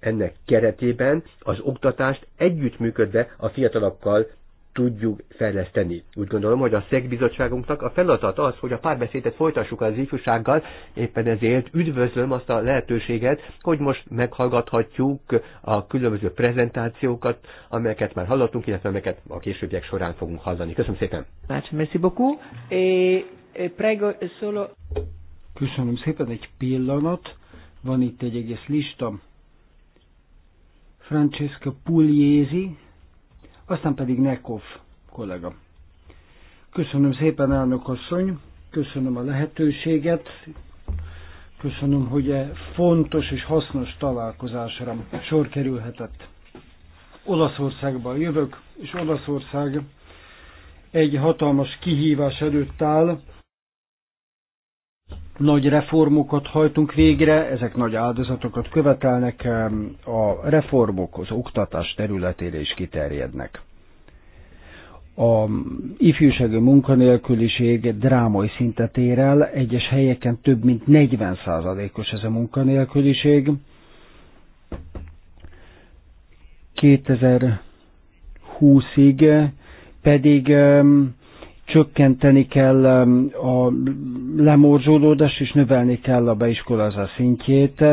ennek keretében az oktatást együttműködve a fiatalokkal tudjuk fejleszteni. Úgy gondolom, hogy a szegbizottságunknak a feladat az, hogy a párbeszédet folytassuk az ifjúsággal, éppen ezért üdvözlöm azt a lehetőséget, hogy most meghallgathatjuk a különböző prezentációkat, amelyeket már hallottunk, illetve amelyeket a későbbiek során fogunk hallani. Köszönöm szépen! Merci beaucoup, et e prego solo... Köszönöm szépen, egy pillanat. Van itt egy egész lista. Francesca Pugliesi, aztán pedig Nekov kollega. Köszönöm szépen, elnök asszony, köszönöm a lehetőséget, köszönöm, hogy e fontos és hasznos találkozásra sor kerülhetett. Olaszországban jövök, és Olaszország egy hatalmas kihívás előtt áll, nagy reformokat hajtunk végre, ezek nagy áldozatokat követelnek, a reformok az oktatás területére is kiterjednek. A ifjúsági munkanélküliség drámai szintet ér el, egyes helyeken több mint 40%-os ez a munkanélküliség. 2020-ig pedig csökkenteni kell um, a lemorzsolódást, és növelni kell a beiskolázás szintjét.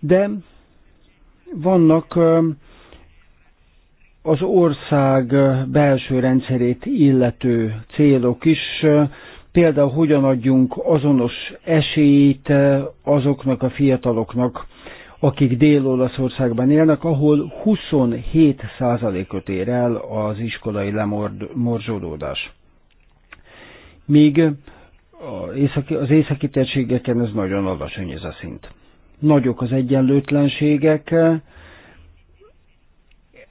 De vannak um, az ország belső rendszerét illető célok is, például hogyan adjunk azonos esélyt uh, azoknak a fiataloknak, akik Dél-Olaszországban élnek, ahol 27%-ot ér el az iskolai lemorzsolódás. Míg az északi térségeken ez nagyon alacsony ez a szint. Nagyok az egyenlőtlenségek,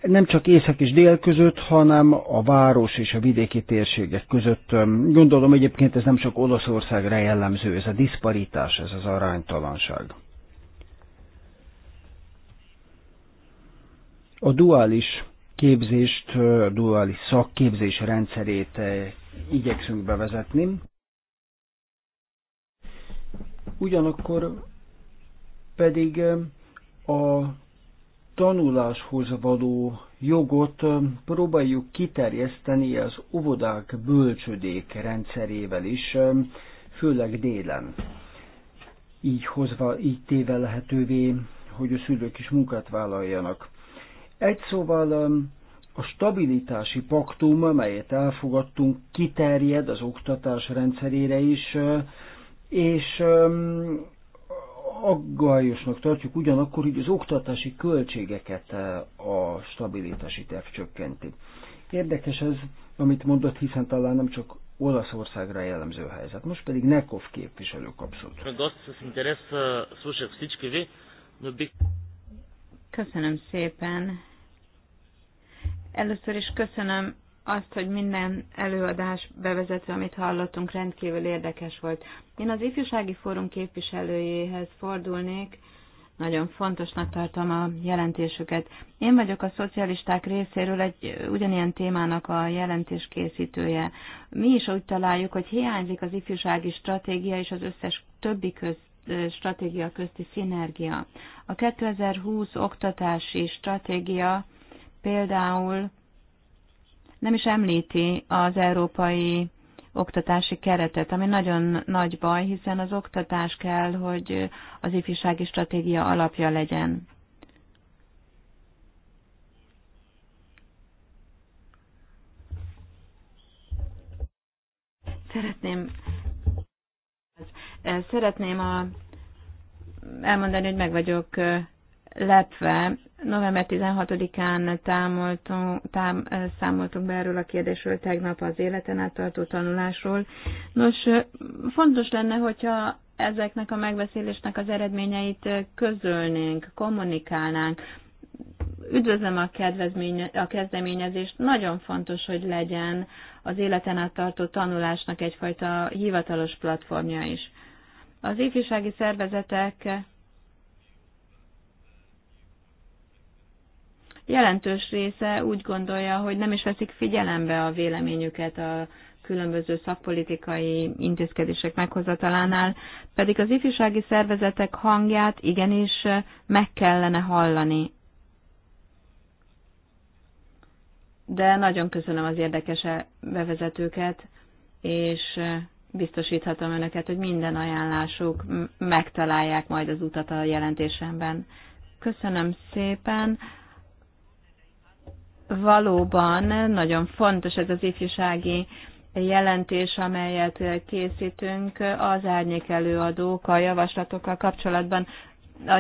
nem csak észak és dél között, hanem a város és a vidéki térségek között. Gondolom egyébként ez nem csak Olaszországra jellemző, ez a diszparitás, ez az aránytalanság. A duális képzést, a duális szakképzés rendszerét igyekszünk bevezetni. Ugyanakkor pedig a tanuláshoz való jogot próbáljuk kiterjeszteni az óvodák bölcsödék rendszerével is, főleg délen. Így hozva, így téve lehetővé, hogy a szülők is munkát vállaljanak. Egy szóval a stabilitási paktum, amelyet elfogadtunk, kiterjed az oktatás rendszerére is, és aggályosnak tartjuk ugyanakkor, hogy az oktatási költségeket a stabilitási terv csökkenti. Érdekes ez, amit mondott, hiszen talán nem csak Olaszországra jellemző helyzet. Most pedig Nekov képviselő kapszott. Köszönöm szépen. Először is köszönöm azt, hogy minden előadás bevezető, amit hallottunk, rendkívül érdekes volt. Én az ifjúsági fórum képviselőjéhez fordulnék, nagyon fontosnak tartom a jelentésüket. Én vagyok a szocialisták részéről egy ugyanilyen témának a jelentés készítője. Mi is úgy találjuk, hogy hiányzik az ifjúsági stratégia és az összes többi köz, stratégia közti szinergia. A 2020 oktatási stratégia például nem is említi az európai oktatási keretet, ami nagyon nagy baj, hiszen az oktatás kell, hogy az ifjúsági stratégia alapja legyen. Szeretném, szeretném a, elmondani, hogy meg vagyok lepve. November 16-án tám, számoltunk be erről a kérdésről tegnap az életen át tartó tanulásról. Nos, fontos lenne, hogyha ezeknek a megbeszélésnek az eredményeit közölnénk, kommunikálnánk. Üdvözlöm a, a kezdeményezést, nagyon fontos, hogy legyen az életen át tartó tanulásnak egyfajta hivatalos platformja is. Az ifjúsági szervezetek jelentős része úgy gondolja, hogy nem is veszik figyelembe a véleményüket a különböző szakpolitikai intézkedések meghozatalánál, pedig az ifjúsági szervezetek hangját igenis meg kellene hallani. De nagyon köszönöm az érdekes bevezetőket, és biztosíthatom önöket, hogy minden ajánlásuk megtalálják majd az utat a jelentésemben. Köszönöm szépen valóban nagyon fontos ez az ifjúsági jelentés, amelyet készítünk az árnyék előadók a javaslatokkal kapcsolatban, a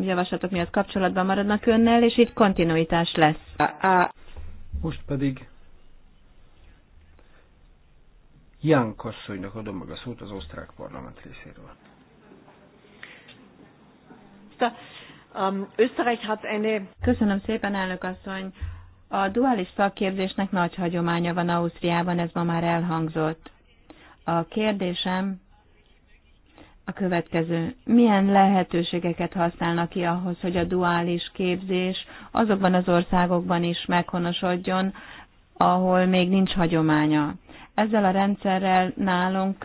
javaslatok miatt kapcsolatban maradnak önnel, és így kontinuitás lesz. Most pedig Ján Kasszonynak adom meg a szót az osztrák parlament részéről. Um, Österreich hat eine Köszönöm szépen, elnök asszony. A duális szakképzésnek nagy hagyománya van Ausztriában, ez ma már elhangzott. A kérdésem a következő. Milyen lehetőségeket használnak ki ahhoz, hogy a duális képzés azokban az országokban is meghonosodjon, ahol még nincs hagyománya? Ezzel a rendszerrel nálunk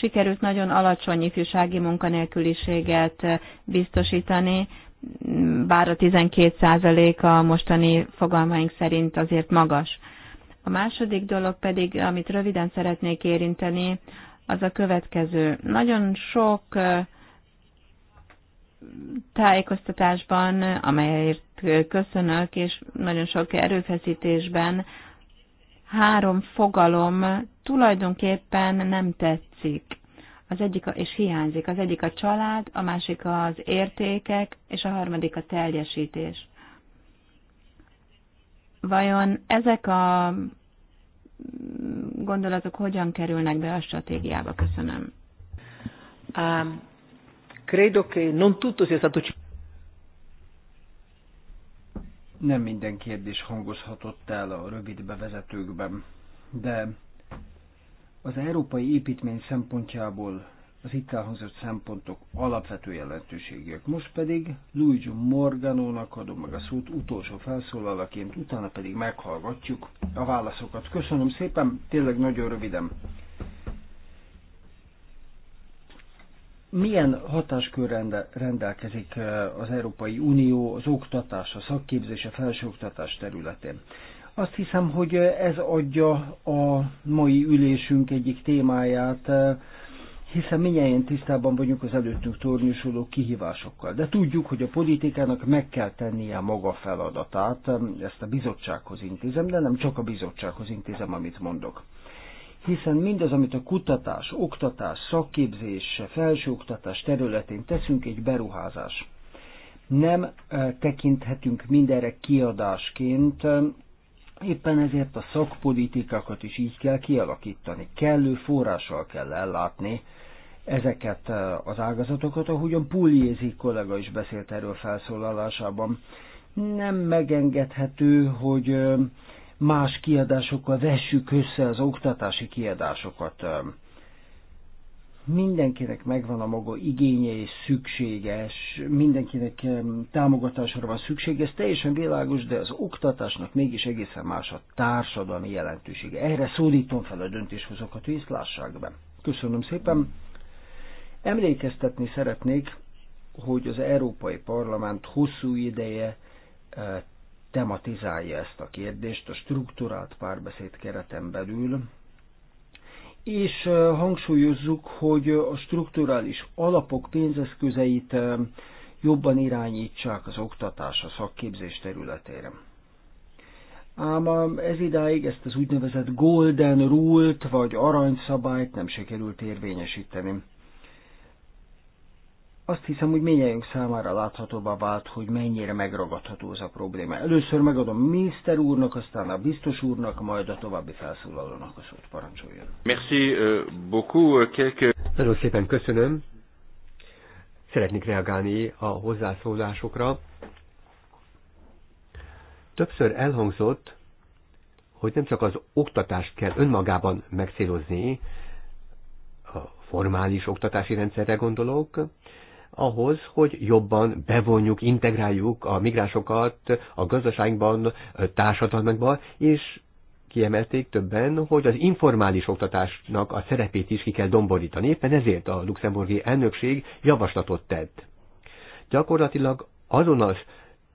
sikerült nagyon alacsony ifjúsági munkanélküliséget biztosítani, bár a 12% a mostani fogalmaink szerint azért magas. A második dolog pedig, amit röviden szeretnék érinteni, az a következő. Nagyon sok tájékoztatásban, amelyért köszönök, és nagyon sok erőfeszítésben három fogalom tulajdonképpen nem tetszik az egyik a, és hiányzik. Az egyik a család, a másik az értékek, és a harmadik a teljesítés. Vajon ezek a gondolatok hogyan kerülnek be a stratégiába? Köszönöm. Um, credo che non tutto sia stato nem minden kérdés hangozhatott el a rövid bevezetőkben, de az európai építmény szempontjából az itt elhangzott szempontok alapvető jelentőségek. Most pedig Luigi Morganónak adom meg a szót utolsó felszólalaként, utána pedig meghallgatjuk a válaszokat. Köszönöm szépen, tényleg nagyon röviden. Milyen hatáskör rendelkezik eh, az Európai Unió az oktatás, a szakképzés, a felsőoktatás területén? Azt hiszem, hogy ez adja a mai ülésünk egyik témáját, hiszen minnyáján tisztában vagyunk az előttünk tornyosuló kihívásokkal. De tudjuk, hogy a politikának meg kell tennie a maga feladatát, ezt a bizottsághoz intézem, de nem csak a bizottsághoz intézem, amit mondok. Hiszen mindaz, amit a kutatás, oktatás, szakképzés, felsőoktatás területén teszünk, egy beruházás. Nem eh, tekinthetünk mindenre kiadásként, Éppen ezért a szakpolitikákat is így kell kialakítani, kellő forrással kell ellátni ezeket eh, az ágazatokat, ahogyan Puljézi kollega is beszélt erről felszólalásában. Nem megengedhető, hogy eh, más kiadásokkal vessük össze az oktatási kiadásokat. Eh, mindenkinek megvan a maga igénye és szükséges, mindenkinek támogatásra van szüksége, ez teljesen világos, de az oktatásnak mégis egészen más a társadalmi jelentősége. Erre szólítom fel a döntéshozókat, hogy ezt lássák be. Köszönöm szépen. Emlékeztetni szeretnék, hogy az Európai Parlament hosszú ideje eh, tematizálja ezt a kérdést a struktúrált párbeszéd kereten belül, és hangsúlyozzuk, hogy a strukturális alapok pénzeszközeit jobban irányítsák az oktatás a szakképzés területére. Ám ez idáig ezt az úgynevezett golden rule-t vagy aranyszabályt nem sikerült érvényesíteni azt hiszem, hogy minnyájunk számára láthatóbbá vált, hogy mennyire megragadható ez a probléma. Először megadom miniszter úrnak, aztán a biztos úrnak, majd a további felszólalónak a szót parancsoljon. Merci euh, beaucoup. Euh, quelques... Nagyon szépen köszönöm. Szeretnék reagálni a hozzászólásokra. Többször elhangzott, hogy nem csak az oktatást kell önmagában megszélozni, a formális oktatási rendszerre gondolok, ahhoz, hogy jobban bevonjuk, integráljuk a migránsokat a gazdaságban, társadalmakban, és kiemelték többen, hogy az informális oktatásnak a szerepét is ki kell domborítani. Éppen ezért a luxemburgi elnökség javaslatot tett. Gyakorlatilag azonos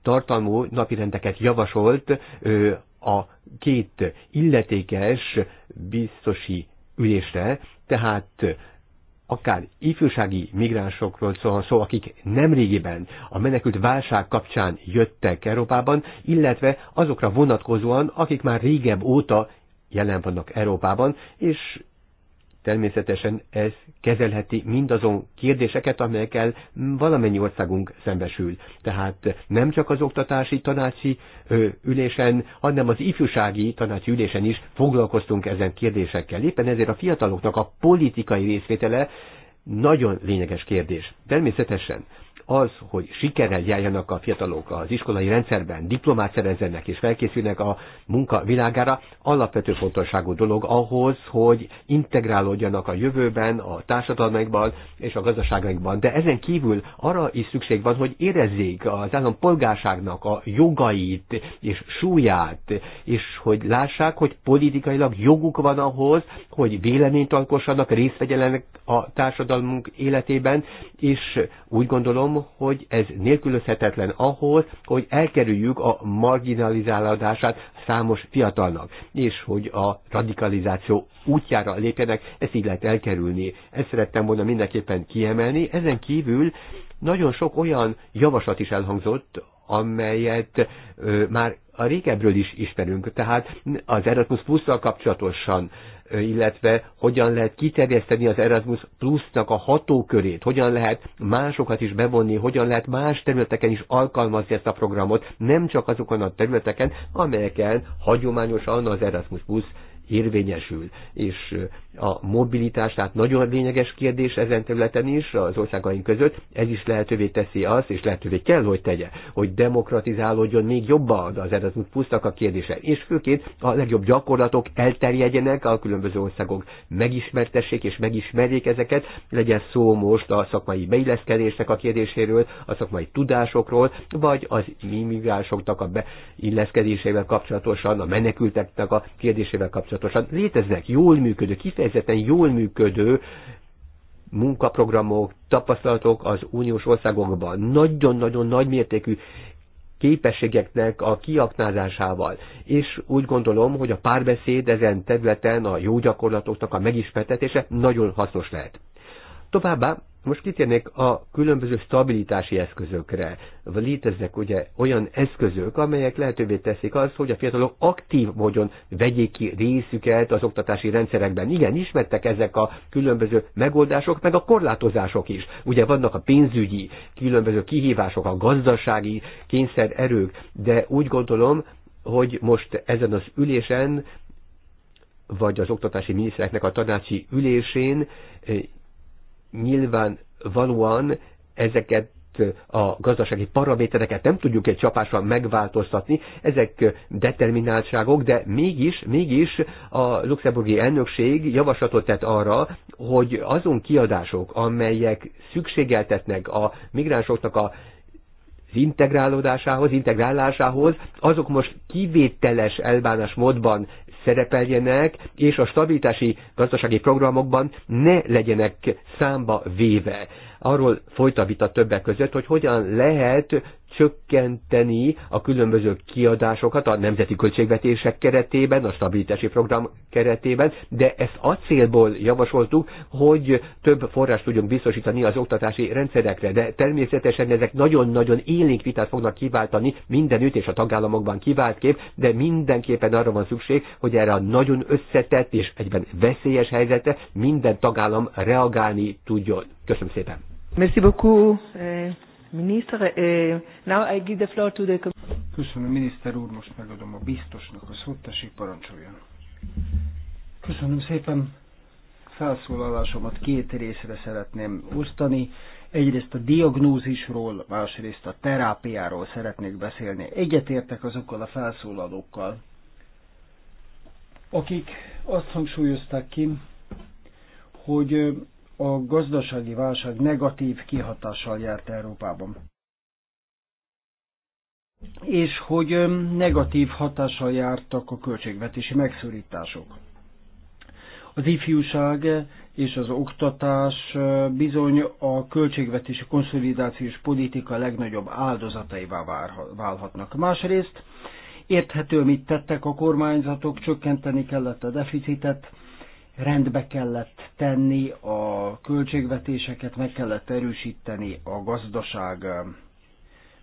tartalmú napirendeket javasolt ö, a két illetékes biztosi ülésre, tehát akár ifjúsági migránsokról szól, szó, akik nemrégiben a menekült válság kapcsán jöttek Európában, illetve azokra vonatkozóan, akik már régebb óta jelen vannak Európában, és természetesen ez kezelheti mindazon kérdéseket, amelyekkel valamennyi országunk szembesül. Tehát nem csak az oktatási tanácsi ülésen, hanem az ifjúsági tanácsi ülésen is foglalkoztunk ezen kérdésekkel. Éppen ezért a fiataloknak a politikai részvétele nagyon lényeges kérdés. Természetesen az, hogy sikerrel járjanak a fiatalok az iskolai rendszerben, diplomát szerezzenek és felkészülnek a munka világára, alapvető fontosságú dolog ahhoz, hogy integrálódjanak a jövőben, a társadalmainkban és a gazdaságainkban. De ezen kívül arra is szükség van, hogy érezzék az állampolgárságnak polgárságnak a jogait és súlyát, és hogy lássák, hogy politikailag joguk van ahhoz, hogy véleményt alkossanak, részt vegyenek a társadalmunk életében, és úgy gondolom, gondolom, hogy ez nélkülözhetetlen ahhoz, hogy elkerüljük a marginalizálódását számos fiatalnak, és hogy a radikalizáció útjára lépjenek, ezt így lehet elkerülni. Ezt szerettem volna mindenképpen kiemelni. Ezen kívül nagyon sok olyan javaslat is elhangzott, amelyet ö, már a régebről is ismerünk, tehát az Erasmus plus kapcsolatosan illetve hogyan lehet kiterjeszteni az Erasmus plusznak a hatókörét, hogyan lehet másokat is bevonni, hogyan lehet más területeken is alkalmazni ezt a programot, nem csak azokon a területeken, amelyeken hagyományosan az Erasmus Plus érvényesül. És a mobilitás, tehát nagyon lényeges kérdés ezen területen is az országaink között, ez is lehetővé teszi azt, és lehetővé kell, hogy tegye, hogy demokratizálódjon még jobban az Erasmus pusztak a kérdése. És főként a legjobb gyakorlatok elterjedjenek, a különböző országok megismertessék és megismerjék ezeket, legyen szó most a szakmai beilleszkedésnek a kérdéséről, a szakmai tudásokról, vagy az immigránsoknak a beilleszkedésével kapcsolatosan, a menekülteknek a kérdésével kapcsolatosan kapcsolatosan léteznek jól működő, kifejezetten jól működő munkaprogramok, tapasztalatok az uniós országokban. Nagyon-nagyon nagy mértékű képességeknek a kiaknázásával. És úgy gondolom, hogy a párbeszéd ezen területen a jó gyakorlatoknak a megismertetése nagyon hasznos lehet. Továbbá most kitérnék a különböző stabilitási eszközökre. Léteznek ugye olyan eszközök, amelyek lehetővé teszik azt, hogy a fiatalok aktív módon vegyék ki részüket az oktatási rendszerekben. Igen, ismertek ezek a különböző megoldások, meg a korlátozások is. Ugye vannak a pénzügyi különböző kihívások, a gazdasági erők, de úgy gondolom, hogy most ezen az ülésen vagy az oktatási minisztereknek a tanácsi ülésén nyilván valóan ezeket a gazdasági paramétereket nem tudjuk egy csapásra megváltoztatni, ezek determináltságok, de mégis, mégis a luxemburgi elnökség javaslatot tett arra, hogy azon kiadások, amelyek szükségeltetnek a migránsoknak a az integrálódásához, integrálásához, azok most kivételes elbánás módban szerepeljenek, és a stabilitási gazdasági programokban ne legyenek számba véve. Arról folyt a vita többek között, hogy hogyan lehet csökkenteni a különböző kiadásokat a nemzeti költségvetések keretében, a stabilitási program keretében, de ezt a célból javasoltuk, hogy több forrást tudjunk biztosítani az oktatási rendszerekre, de természetesen ezek nagyon-nagyon élénk vitát fognak kiváltani mindenütt és a tagállamokban kivált kép, de mindenképpen arra van szükség, hogy erre a nagyon összetett és egyben veszélyes helyzetre minden tagállam reagálni tudjon. Köszönöm szépen! Merci beaucoup. Eh, Minister, uh, now I give the floor to the... Köszönöm, miniszter úr, most megadom a biztosnak a szót, tessék parancsoljon. Köszönöm szépen. Felszólalásomat két részre szeretném osztani. Egyrészt a diagnózisról, másrészt a terápiáról szeretnék beszélni. Egyetértek azokkal a felszólalókkal, akik azt hangsúlyozták ki, hogy a gazdasági válság negatív kihatással járt Európában. És hogy negatív hatással jártak a költségvetési megszorítások. Az ifjúság és az oktatás bizony a költségvetési konszolidációs politika legnagyobb áldozataivá válhatnak. Másrészt érthető, mit tettek a kormányzatok, csökkenteni kellett a deficitet, rendbe kellett tenni a költségvetéseket, meg kellett erősíteni a gazdaság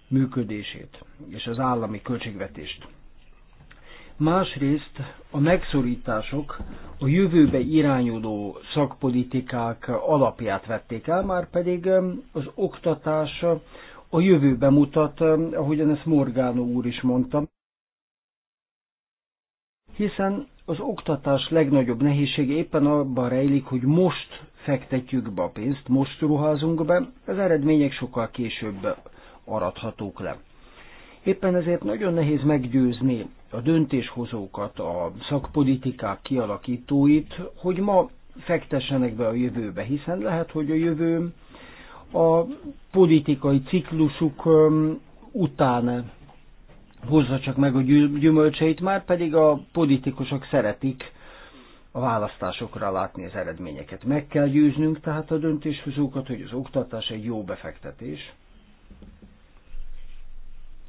működését és az állami költségvetést. Másrészt a megszorítások a jövőbe irányuló szakpolitikák alapját vették el, már pedig az oktatás a jövőbe mutat, ahogyan ezt Morgánó úr is mondta. Hiszen az oktatás legnagyobb nehézsége éppen abban rejlik, hogy most fektetjük be a pénzt, most ruházunk be, az eredmények sokkal később aradhatók le. Éppen ezért nagyon nehéz meggyőzni a döntéshozókat, a szakpolitikák kialakítóit, hogy ma fektessenek be a jövőbe, hiszen lehet, hogy a jövő a politikai ciklusuk után hozza csak meg a gyümölcseit, már pedig a politikusok szeretik a választásokra látni az eredményeket. Meg kell győznünk tehát a döntéshozókat, hogy az oktatás egy jó befektetés,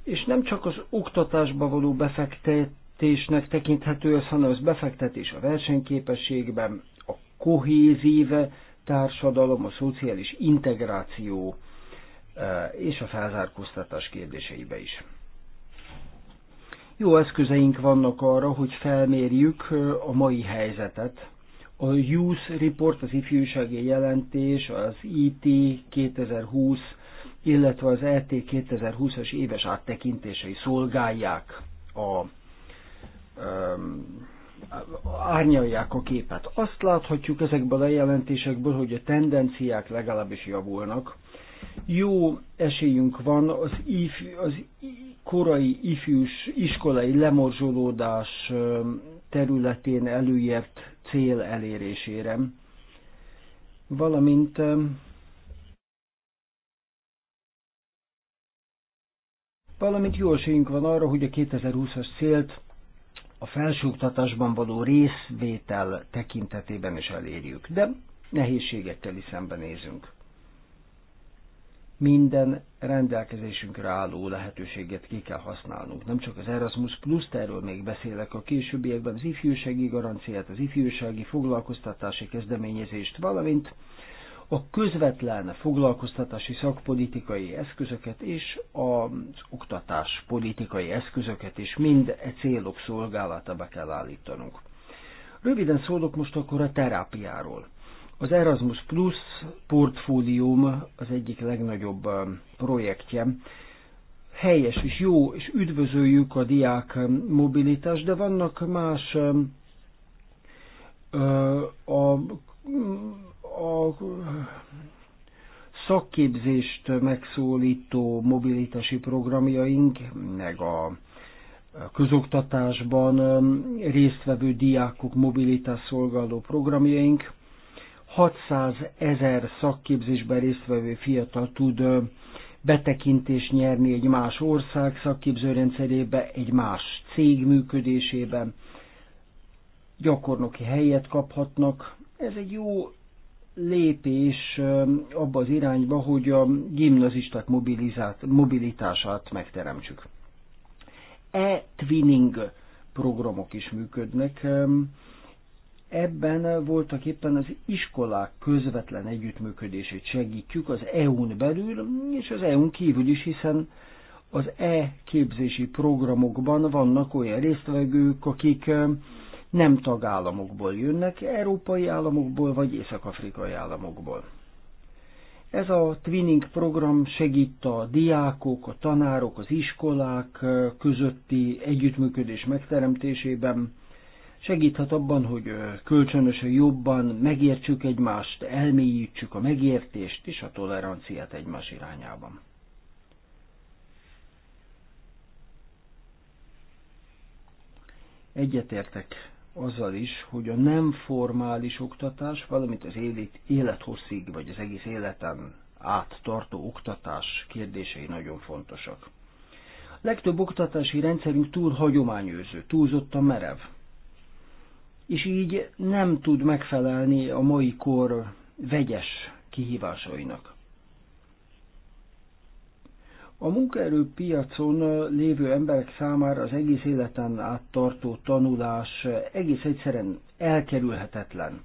és nem csak az oktatásba való befektetésnek tekinthető ez, hanem az befektetés a versenyképességben, a kohézíve társadalom, a szociális integráció eh, és a felzárkóztatás kérdéseibe is. Jó eszközeink vannak arra, hogy felmérjük a mai helyzetet. A Youth Report, az ifjúsági jelentés, az IT e 2020, illetve az ET 2020-as éves áttekintései szolgálják a um, árnyalják a képet. Azt láthatjuk ezekből a jelentésekből, hogy a tendenciák legalábbis javulnak, jó esélyünk van az, if, az korai ifjús iskolai lemorzsolódás területén előírt cél elérésére, valamint valamint jó esélyünk van arra, hogy a 2020-as célt a felsőoktatásban való részvétel tekintetében is elérjük, de nehézségekkel is szembenézünk minden rendelkezésünkre álló lehetőséget ki kell használnunk. Nem csak az Erasmus plus erről még beszélek a későbbiekben, az ifjúsági garanciát, az ifjúsági foglalkoztatási kezdeményezést, valamint a közvetlen foglalkoztatási szakpolitikai eszközöket és az oktatás politikai eszközöket is mind e célok szolgálatába kell állítanunk. Röviden szólok most akkor a terápiáról. Az Erasmus Plus portfólium az egyik legnagyobb um, projektje. Helyes és jó, és üdvözöljük a diák um, mobilitást, de vannak más um, uh, a, a szakképzést megszólító mobilitási programjaink, meg a közoktatásban résztvevő diákok mobilitás szolgáló programjaink 600 ezer szakképzésben résztvevő fiatal tud betekintést nyerni egy más ország szakképzőrendszerébe, egy más cég működésében. Gyakornoki helyet kaphatnak. Ez egy jó lépés abba az irányba, hogy a gimnazisták mobilitását megteremtsük. E-twinning programok is működnek Ebben voltak éppen az iskolák közvetlen együttműködését segítjük az EU-n belül és az EU-n kívül is, hiszen az e-képzési programokban vannak olyan résztvevők, akik eh, nem tagállamokból jönnek, európai államokból vagy észak-afrikai államokból. Ez a twinning program segít a diákok, a tanárok, az iskolák eh, közötti együttműködés megteremtésében, segíthet abban, hogy kölcsönösen jobban megértsük egymást, elmélyítsük a megértést és a toleranciát egymás irányában. Egyetértek azzal is, hogy a nem formális oktatás, valamint az élet, élethosszig, vagy az egész életen át tartó oktatás kérdései nagyon fontosak. Legtöbb oktatási rendszerünk túl hagyományőző, túlzottan merev és így nem tud megfelelni a mai kor vegyes kihívásainak. A munkaerőpiacon lévő emberek számára az egész életen át tartó tanulás egész egyszerűen elkerülhetetlen.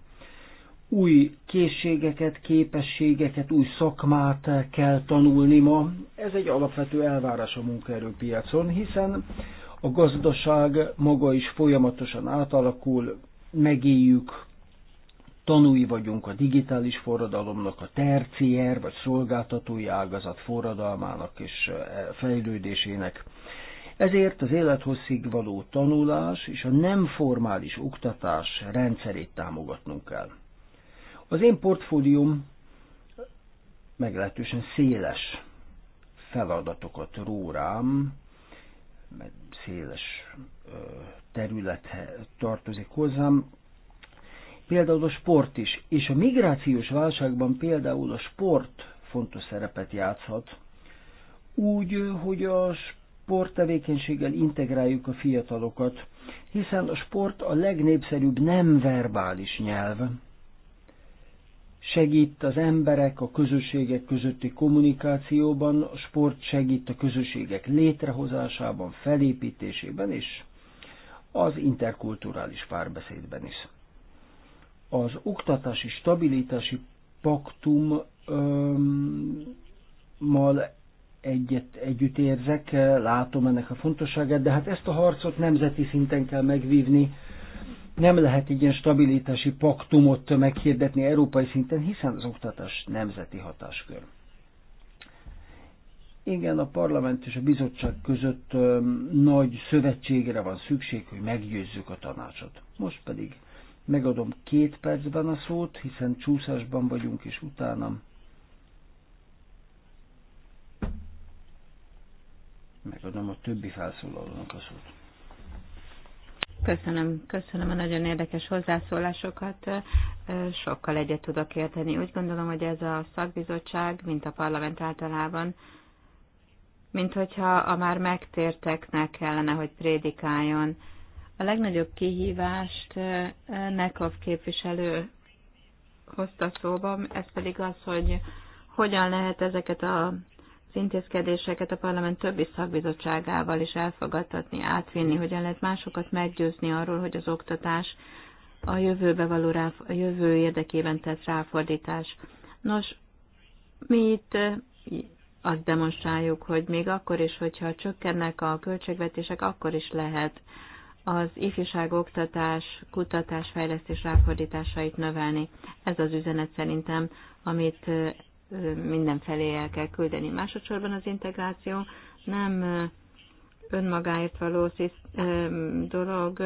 Új készségeket, képességeket, új szakmát kell tanulni ma. Ez egy alapvető elvárás a munkaerőpiacon, hiszen a gazdaság maga is folyamatosan átalakul, megéljük, tanúi vagyunk a digitális forradalomnak, a terciér vagy szolgáltatói ágazat forradalmának és fejlődésének. Ezért az élethosszig való tanulás és a nem formális oktatás rendszerét támogatnunk kell. Az én portfólium meglehetősen széles feladatokat ró rám, mert széles terület tartozik hozzám, például a sport is. És a migrációs válságban például a sport fontos szerepet játszhat, úgy, hogy a sporttevékenységgel integráljuk a fiatalokat, hiszen a sport a legnépszerűbb nem verbális nyelv. Segít az emberek a közösségek közötti kommunikációban, a sport segít a közösségek létrehozásában, felépítésében és az interkulturális párbeszédben is. Az oktatási stabilitási paktum mal egyet, együtt érzek, látom ennek a fontosságát, de hát ezt a harcot nemzeti szinten kell megvívni. Nem lehet egy ilyen stabilitási paktumot meghirdetni európai szinten, hiszen az oktatás nemzeti hatáskör. Igen, a parlament és a bizottság között nagy szövetségre van szükség, hogy meggyőzzük a tanácsot. Most pedig megadom két percben a szót, hiszen csúszásban vagyunk, és utánam megadom a többi felszólalónak a szót. Köszönöm, köszönöm a nagyon érdekes hozzászólásokat. Sokkal egyet tudok érteni. Úgy gondolom, hogy ez a szakbizottság, mint a parlament általában, mint hogyha a már megtérteknek kellene, hogy prédikáljon. A legnagyobb kihívást eh, Nekov képviselő hozta szóba, ez pedig az, hogy hogyan lehet ezeket a az intézkedéseket a parlament többi szakbizottságával is elfogadtatni, átvinni, hogyan lehet másokat meggyőzni arról, hogy az oktatás a jövőbe való rá, a jövő érdekében tett ráfordítás. Nos, mi itt eh, azt demonstráljuk, hogy még akkor is, hogyha csökkennek a költségvetések, akkor is lehet az ifjúság oktatás, kutatás, fejlesztés ráfordításait növelni. Ez az üzenet szerintem, amit mindenfelé el kell küldeni. Másodszorban az integráció nem önmagáért való dolog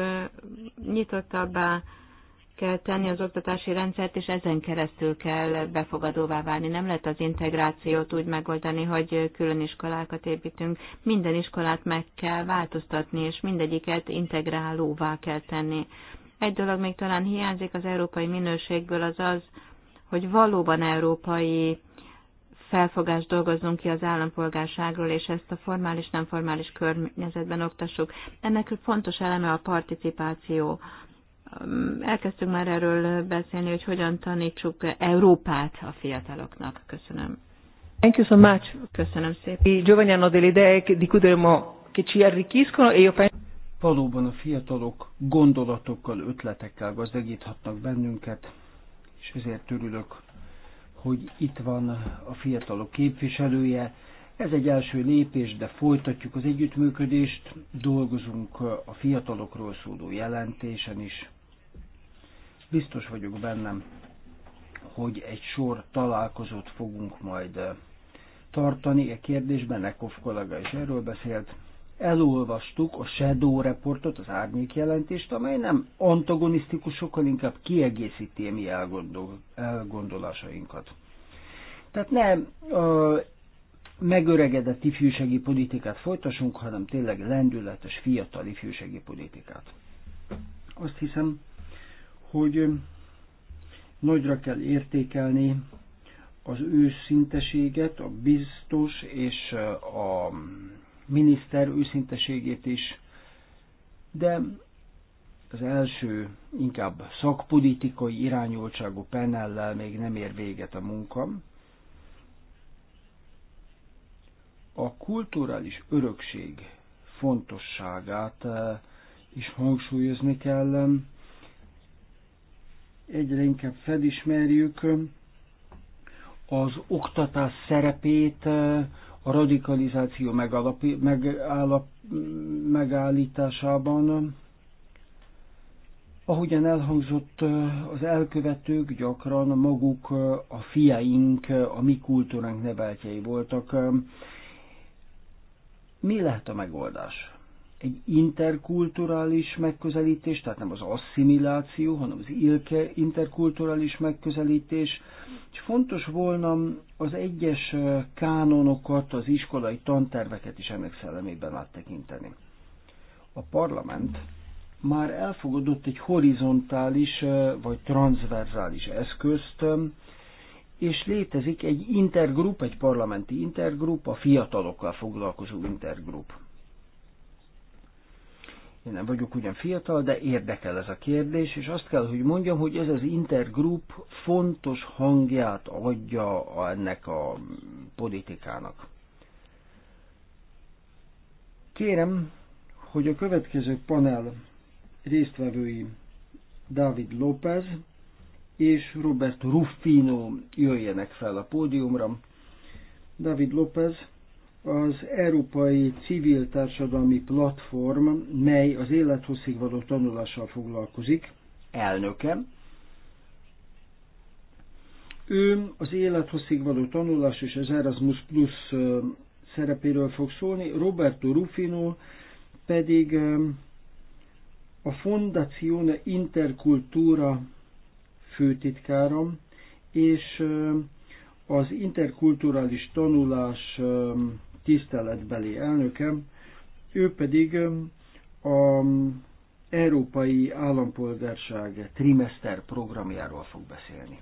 nyitottabbá kell tenni az oktatási rendszert, és ezen keresztül kell befogadóvá válni. Nem lehet az integrációt úgy megoldani, hogy külön iskolákat építünk. Minden iskolát meg kell változtatni, és mindegyiket integrálóvá kell tenni. Egy dolog még talán hiányzik az európai minőségből, az az, hogy valóban európai felfogást dolgozzunk ki az állampolgárságról, és ezt a formális-nem formális környezetben oktassuk. Ennek fontos eleme a participáció elkezdtünk már erről beszélni, hogy hogyan tanítsuk Európát a fiataloknak. Köszönöm. Thank you so much. Köszönöm szépen. I giovani hanno delle idee di cui dovremmo che ci arricchiscono e io penso Valóban a fiatalok gondolatokkal, ötletekkel gazdagíthatnak bennünket, és ezért örülök, hogy itt van a fiatalok képviselője. Ez egy első lépés, de folytatjuk az együttműködést, dolgozunk a fiatalokról szóló jelentésen is. Biztos vagyok bennem, hogy egy sor találkozót fogunk majd eh, tartani. A e kérdésben Nekov kollega is erről beszélt. Elolvastuk a Shadow reportot, az árnyék jelentést, amely nem antagonisztikus, sokkal inkább kiegészíti a mi elgondol, elgondolásainkat. Tehát nem ö, megöregedett ifjúsági politikát folytassunk, hanem tényleg lendületes fiatal ifjúsági politikát. Azt hiszem, hogy nagyra kell értékelni az őszinteséget, a biztos és a miniszter őszinteségét is, de az első inkább szakpolitikai irányultságú panellel még nem ér véget a munkam. A kulturális örökség fontosságát eh, is hangsúlyozni kell, egyre inkább felismerjük az oktatás szerepét, a radikalizáció megalapi, megállap, megállításában. Ahogyan elhangzott, az elkövetők gyakran maguk a fiaink, a mi kultúránk neveltjei voltak. Mi lehet a megoldás? egy interkulturális megközelítés, tehát nem az asszimiláció, hanem az ilke interkulturális megközelítés. És fontos volna az egyes kánonokat, az iskolai tanterveket is ennek szellemében áttekinteni. A parlament már elfogadott egy horizontális vagy transzverzális eszközt, és létezik egy intergrup, egy parlamenti intergrup, a fiatalokkal foglalkozó intergrup. Én nem vagyok ugyan fiatal, de érdekel ez a kérdés, és azt kell, hogy mondjam, hogy ez az intergroup fontos hangját adja ennek a politikának. Kérem, hogy a következő panel résztvevői David López és Robert Ruffino jöjjenek fel a pódiumra. David López az Európai Civil Társadalmi Platform, mely az élethosszig való tanulással foglalkozik, elnöke. Ő az élethosszig való tanulás és az Erasmus Plus szerepéről fog szólni, Roberto Rufino pedig a Fondazione Intercultura főtitkára, és az interkulturális tanulás tiszteletbeli elnökem, ő pedig a Európai Állampolgárság trimester programjáról fog beszélni.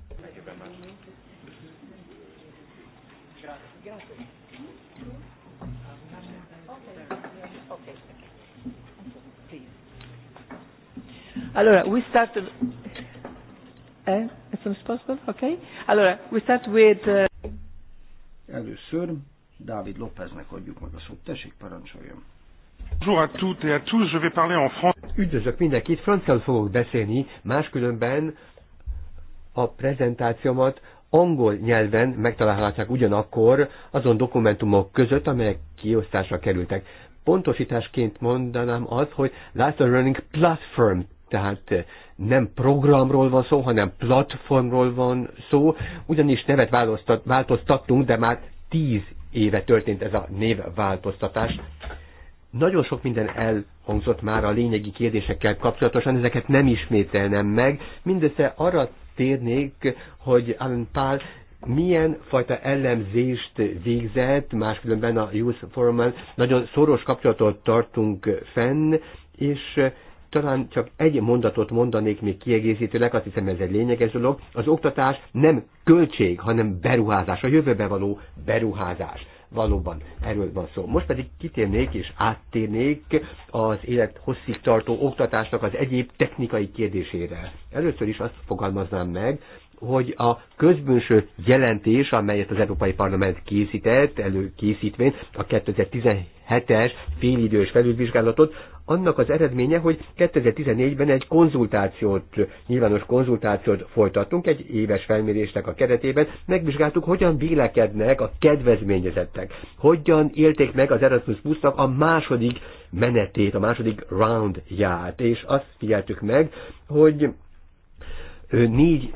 Allora, we start. Eh? As possible, okay? Allora, we start with. Uh... Először David Lópeznek adjuk meg a szót. Tessék, parancsoljon. Bonjour à toutes et à tous, je vais parler en français. Üdvözlök mindenkit, franciául fogok beszélni, máskülönben a prezentációmat angol nyelven megtalálhatják ugyanakkor azon dokumentumok között, amelyek kiosztásra kerültek. Pontosításként mondanám az, hogy Last Running Platform, tehát nem programról van szó, hanem platformról van szó, ugyanis nevet változtattunk, de már tíz éve történt ez a névváltoztatás. Nagyon sok minden elhangzott már a lényegi kérdésekkel kapcsolatosan, ezeket nem ismételnem meg. Mindössze arra térnék, hogy Alan Pál milyen fajta ellenzést végzett, máskülönben a Youth Forum-on nagyon szoros kapcsolatot tartunk fenn, és talán csak egy mondatot mondanék még kiegészítőleg, azt hiszem ez egy lényeges dolog. Az oktatás nem költség, hanem beruházás, a jövőbe való beruházás valóban erről van szó. Most pedig kitérnék és áttérnék az élet hosszig tartó oktatásnak az egyéb technikai kérdésére. Először is azt fogalmaznám meg, hogy a közbűnső jelentés, amelyet az Európai Parlament készített, előkészítvén a 2017-es félidős felülvizsgálatot, annak az eredménye, hogy 2014-ben egy konzultációt, nyilvános konzultációt folytattunk, egy éves felmérésnek a keretében, megvizsgáltuk, hogyan vélekednek a kedvezményezettek, hogyan élték meg az Erasmus busznak a második menetét, a második roundját, és azt figyeltük meg, hogy négy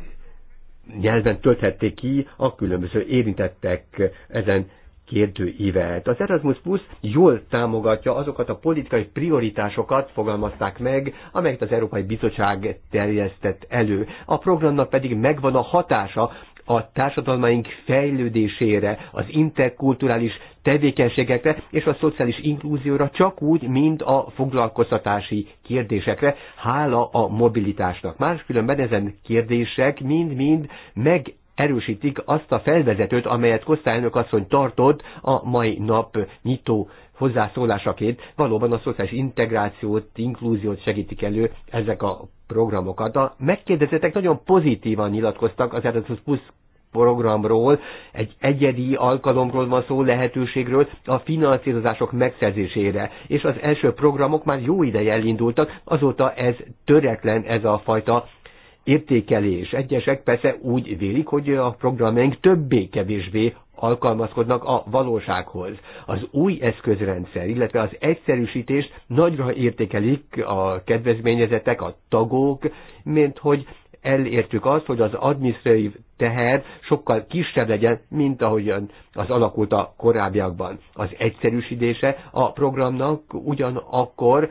nyelven tölthették ki a különböző érintettek ezen kérdőívet. Az Erasmus Plus jól támogatja azokat a politikai prioritásokat, fogalmazták meg, amelyet az Európai Bizottság terjesztett elő. A programnak pedig megvan a hatása a társadalmaink fejlődésére, az interkulturális tevékenységekre és a szociális inklúzióra csak úgy, mint a foglalkoztatási kérdésekre, hála a mobilitásnak. Máskülönben ezen kérdések mind-mind meg erősítik azt a felvezetőt, amelyet Koszta elnök asszony tartott a mai nap nyitó hozzászólásaként. Valóban a szociális integrációt, inklúziót segítik elő ezek a programokat. A megkérdezettek nagyon pozitívan nyilatkoztak az Erasmus Plus programról, egy egyedi alkalomról van szó, lehetőségről a finanszírozások megszerzésére. És az első programok már jó ideje elindultak, azóta ez töretlen ez a fajta értékelés. Egyesek persze úgy vélik, hogy a programjaink többé-kevésbé alkalmazkodnak a valósághoz. Az új eszközrendszer, illetve az egyszerűsítést nagyra értékelik a kedvezményezetek, a tagok, mint hogy elértük azt, hogy az adminisztratív teher sokkal kisebb legyen, mint ahogyan az alakult a korábbiakban. Az egyszerűsítése a programnak ugyanakkor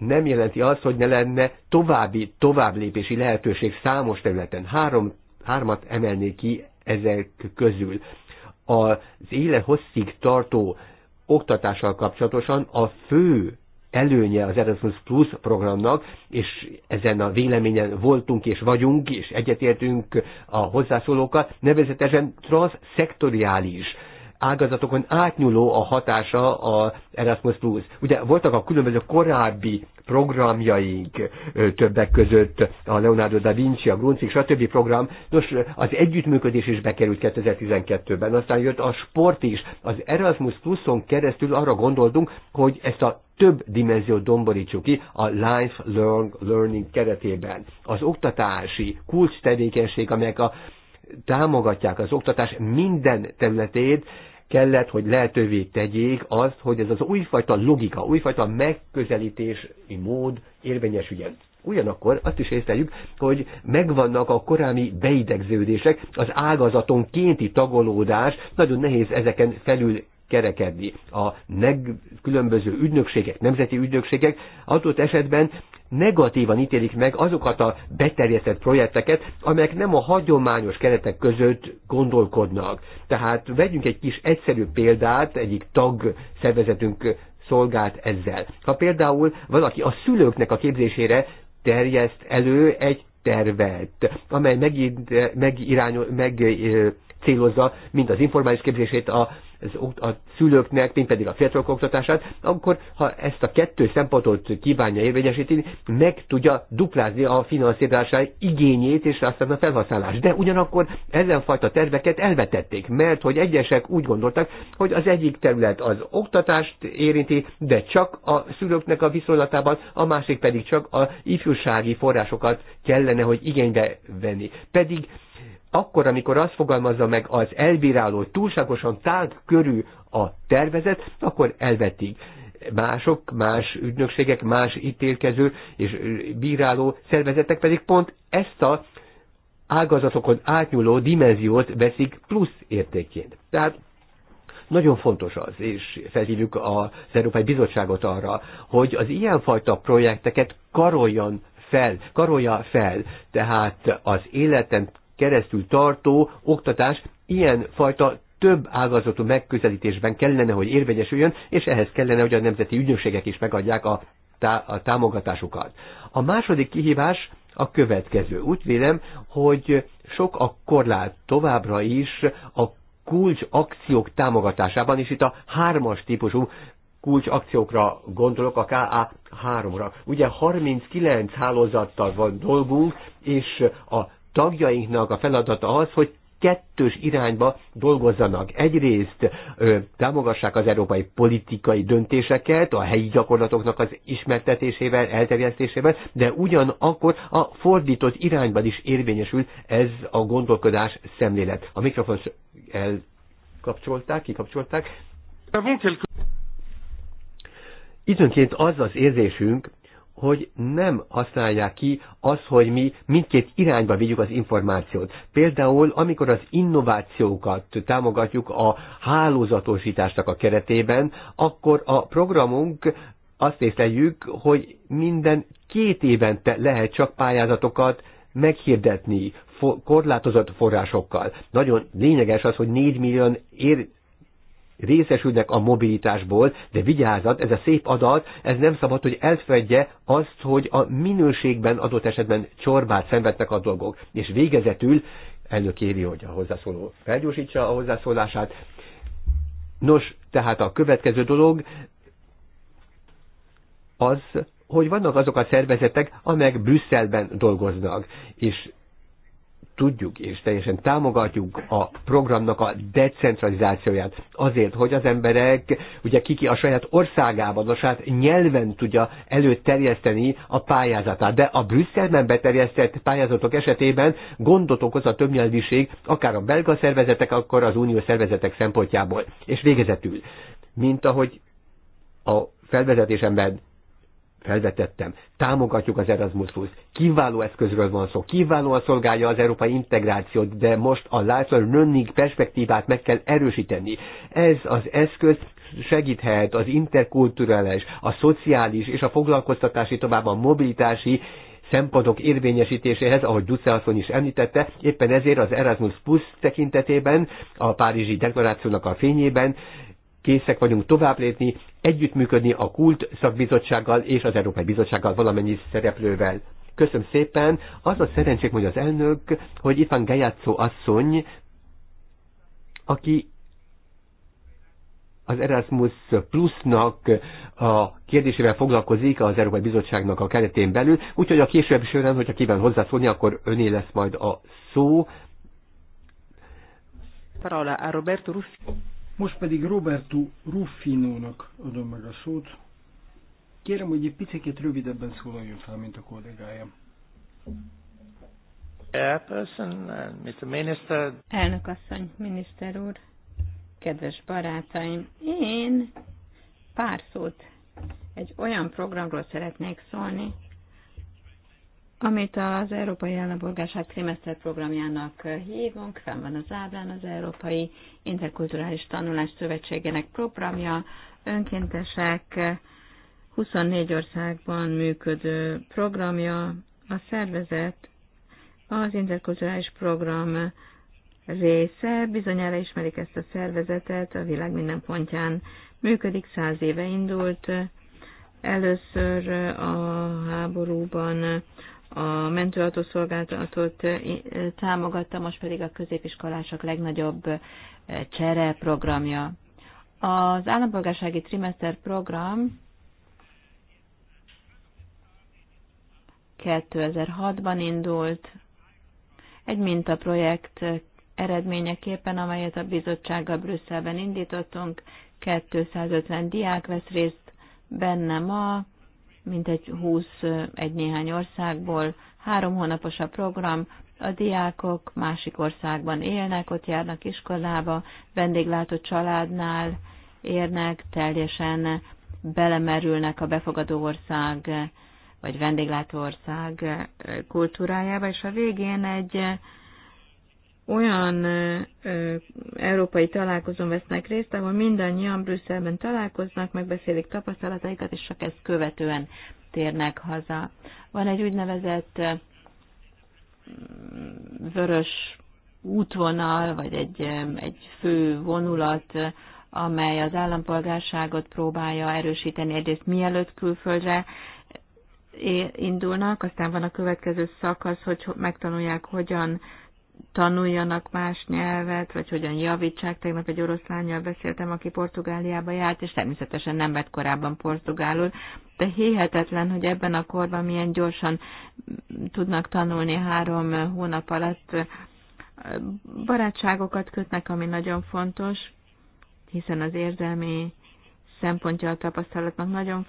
nem jelenti azt, hogy ne lenne további, továbblépési lehetőség számos területen. Három, hármat emelnék ki ezek közül. Az éle hosszig tartó oktatással kapcsolatosan a fő előnye az Erasmus Plus programnak, és ezen a véleményen voltunk és vagyunk, és egyetértünk a hozzászólókkal, nevezetesen transzszektoriális ágazatokon átnyúló a hatása a Erasmus Plus. Ugye voltak a különböző korábbi programjaink többek között a Leonardo da Vinci, a a stb. program. Nos, az együttműködés is bekerült 2012-ben, aztán jött a sport is. Az Erasmus Pluson keresztül arra gondoltunk, hogy ezt a több dimenziót domborítsuk ki a Life Learn Learning keretében. Az oktatási kulcs tevékenység, amelyek a támogatják az oktatás minden területét, kellett, hogy lehetővé tegyék azt, hogy ez az újfajta logika, újfajta megközelítési mód érvényesüljön. Ugyanakkor azt is észleljük, hogy megvannak a korámi beidegződések, az ágazaton kénti tagolódás, nagyon nehéz ezeken felül kerekedni. A neg- különböző ügynökségek, nemzeti ügynökségek adott esetben negatívan ítélik meg azokat a beterjesztett projekteket, amelyek nem a hagyományos keretek között gondolkodnak. Tehát vegyünk egy kis egyszerű példát, egyik tag szervezetünk szolgált ezzel. Ha például valaki a szülőknek a képzésére terjeszt elő egy tervet, amely meg, megcélozza mind az informális képzését, a az, a szülőknek, mint pedig a fiatalok oktatását, akkor ha ezt a kettő szempontot kívánja érvényesíteni, meg tudja duplázni a finanszírozás igényét és aztán a felhasználást. De ugyanakkor fajta terveket elvetették, mert hogy egyesek úgy gondoltak, hogy az egyik terület az oktatást érinti, de csak a szülőknek a viszonylatában, a másik pedig csak a ifjúsági forrásokat kellene, hogy igénybe venni. Pedig akkor, amikor azt fogalmazza meg az elbíráló, hogy túlságosan tág körű a tervezet, akkor elvetik mások, más ügynökségek, más ítélkező és bíráló szervezetek pedig pont ezt a ágazatokon átnyúló dimenziót veszik plusz értékként. Tehát nagyon fontos az, és felhívjuk az Európai Bizottságot arra, hogy az ilyenfajta projekteket karoljon fel, karolja fel, tehát az életen keresztül tartó oktatás ilyen fajta több ágazatú megközelítésben kellene, hogy érvegyesüljön, és ehhez kellene, hogy a nemzeti ügynökségek is megadják a, tá- a támogatásukat. A második kihívás a következő. Úgy vélem, hogy sok a korlát továbbra is a kulcs akciók támogatásában, és itt a hármas típusú kulcs akciókra gondolok, a KA3-ra. Ugye 39 hálózattal van dolgunk, és a tagjainknak a feladata az, hogy kettős irányba dolgozzanak. Egyrészt ö, támogassák az európai politikai döntéseket, a helyi gyakorlatoknak az ismertetésével, elterjesztésével, de ugyanakkor a fordított irányban is érvényesül ez a gondolkodás szemlélet. A mikrofon elkapcsolták, kikapcsolták. Időnként az az érzésünk, hogy nem használják ki az, hogy mi mindkét irányba vigyük az információt. Például, amikor az innovációkat támogatjuk a hálózatosításnak a keretében, akkor a programunk azt észleljük, hogy minden két évente lehet csak pályázatokat meghirdetni korlátozott forrásokkal. Nagyon lényeges az, hogy 4 millió ér részesülnek a mobilitásból, de vigyázat, ez a szép adat, ez nem szabad, hogy elfedje azt, hogy a minőségben adott esetben csorbát szenvednek a dolgok. És végezetül elnök éri, hogy a hozzászóló felgyorsítsa a hozzászólását. Nos, tehát a következő dolog az, hogy vannak azok a szervezetek, amelyek Brüsszelben dolgoznak, és tudjuk és teljesen támogatjuk a programnak a decentralizációját. Azért, hogy az emberek, ugye kiki a saját országában, a saját nyelven tudja előterjeszteni a pályázatát. De a Brüsszelben beterjesztett pályázatok esetében gondot okoz a többnyelviség, akár a belga szervezetek, akkor az unió szervezetek szempontjából. És végezetül, mint ahogy a felvezetésemben felvetettem, támogatjuk az Erasmus Plus, kiváló eszközről van szó, kiválóan szolgálja az európai integrációt, de most a lifelong learning perspektívát meg kell erősíteni. Ez az eszköz segíthet az interkulturális, a szociális és a foglalkoztatási, tovább a mobilitási szempontok érvényesítéséhez, ahogy Duce asszony is említette, éppen ezért az Erasmus Plus tekintetében, a Párizsi deklarációnak a fényében készek vagyunk tovább lépni, együttműködni a Kult szakbizottsággal és az Európai Bizottsággal valamennyi szereplővel. Köszönöm szépen. Az a szerencsék, hogy az elnök, hogy itt van Gejátszó asszony, aki az Erasmus Plusnak a kérdésével foglalkozik az Európai Bizottságnak a keretén belül, úgyhogy a később során, hogyha kíván hozzászólni, akkor öné lesz majd a szó. Parola a Roberto Russi. Most pedig Roberto Ruffinónak adom meg a szót. Kérem, hogy egy picit rövidebben szólaljon fel, mint a kollégája. Uh, Mr. Minister. Elnök asszony, miniszter úr, kedves barátaim, én pár szót egy olyan programról szeretnék szólni, amit az Európai Állampolgárság Trimester programjának hívunk, fenn van az ábrán az Európai interkulturális tanulás szövetségének programja, önkéntesek 24 országban működő programja, a szervezet az interkulturális program része, bizonyára ismerik ezt a szervezetet, a világ minden pontján működik, száz éve indult, először a háborúban a mentőautószolgálatot támogatta, most pedig a középiskolások legnagyobb csere programja. Az állampolgársági trimester program 2006-ban indult, egy mintaprojekt eredményeképpen, amelyet a bizottsággal Brüsszelben indítottunk. 250 diák vesz részt benne ma, mintegy húsz egy néhány országból. Három hónapos a program, a diákok másik országban élnek, ott járnak iskolába, vendéglátó családnál érnek, teljesen belemerülnek a befogadó ország vagy vendéglátó ország kultúrájába, és a végén egy olyan európai találkozón vesznek részt, ahol mindannyian Brüsszelben találkoznak, megbeszélik tapasztalataikat, és csak ezt követően térnek haza. Van egy úgynevezett vörös útvonal, vagy egy, egy fő vonulat, amely az állampolgárságot próbálja erősíteni egyrészt mielőtt külföldre indulnak, aztán van a következő szakasz, hogy megtanulják, hogyan tanuljanak más nyelvet, vagy hogyan javítsák. Tegnap egy orosz lányjal beszéltem, aki Portugáliába járt, és természetesen nem vett korábban portugálul, de hihetetlen, hogy ebben a korban milyen gyorsan tudnak tanulni három hónap alatt. Barátságokat kötnek, ami nagyon fontos, hiszen az érzelmi szempontja a tapasztalatnak nagyon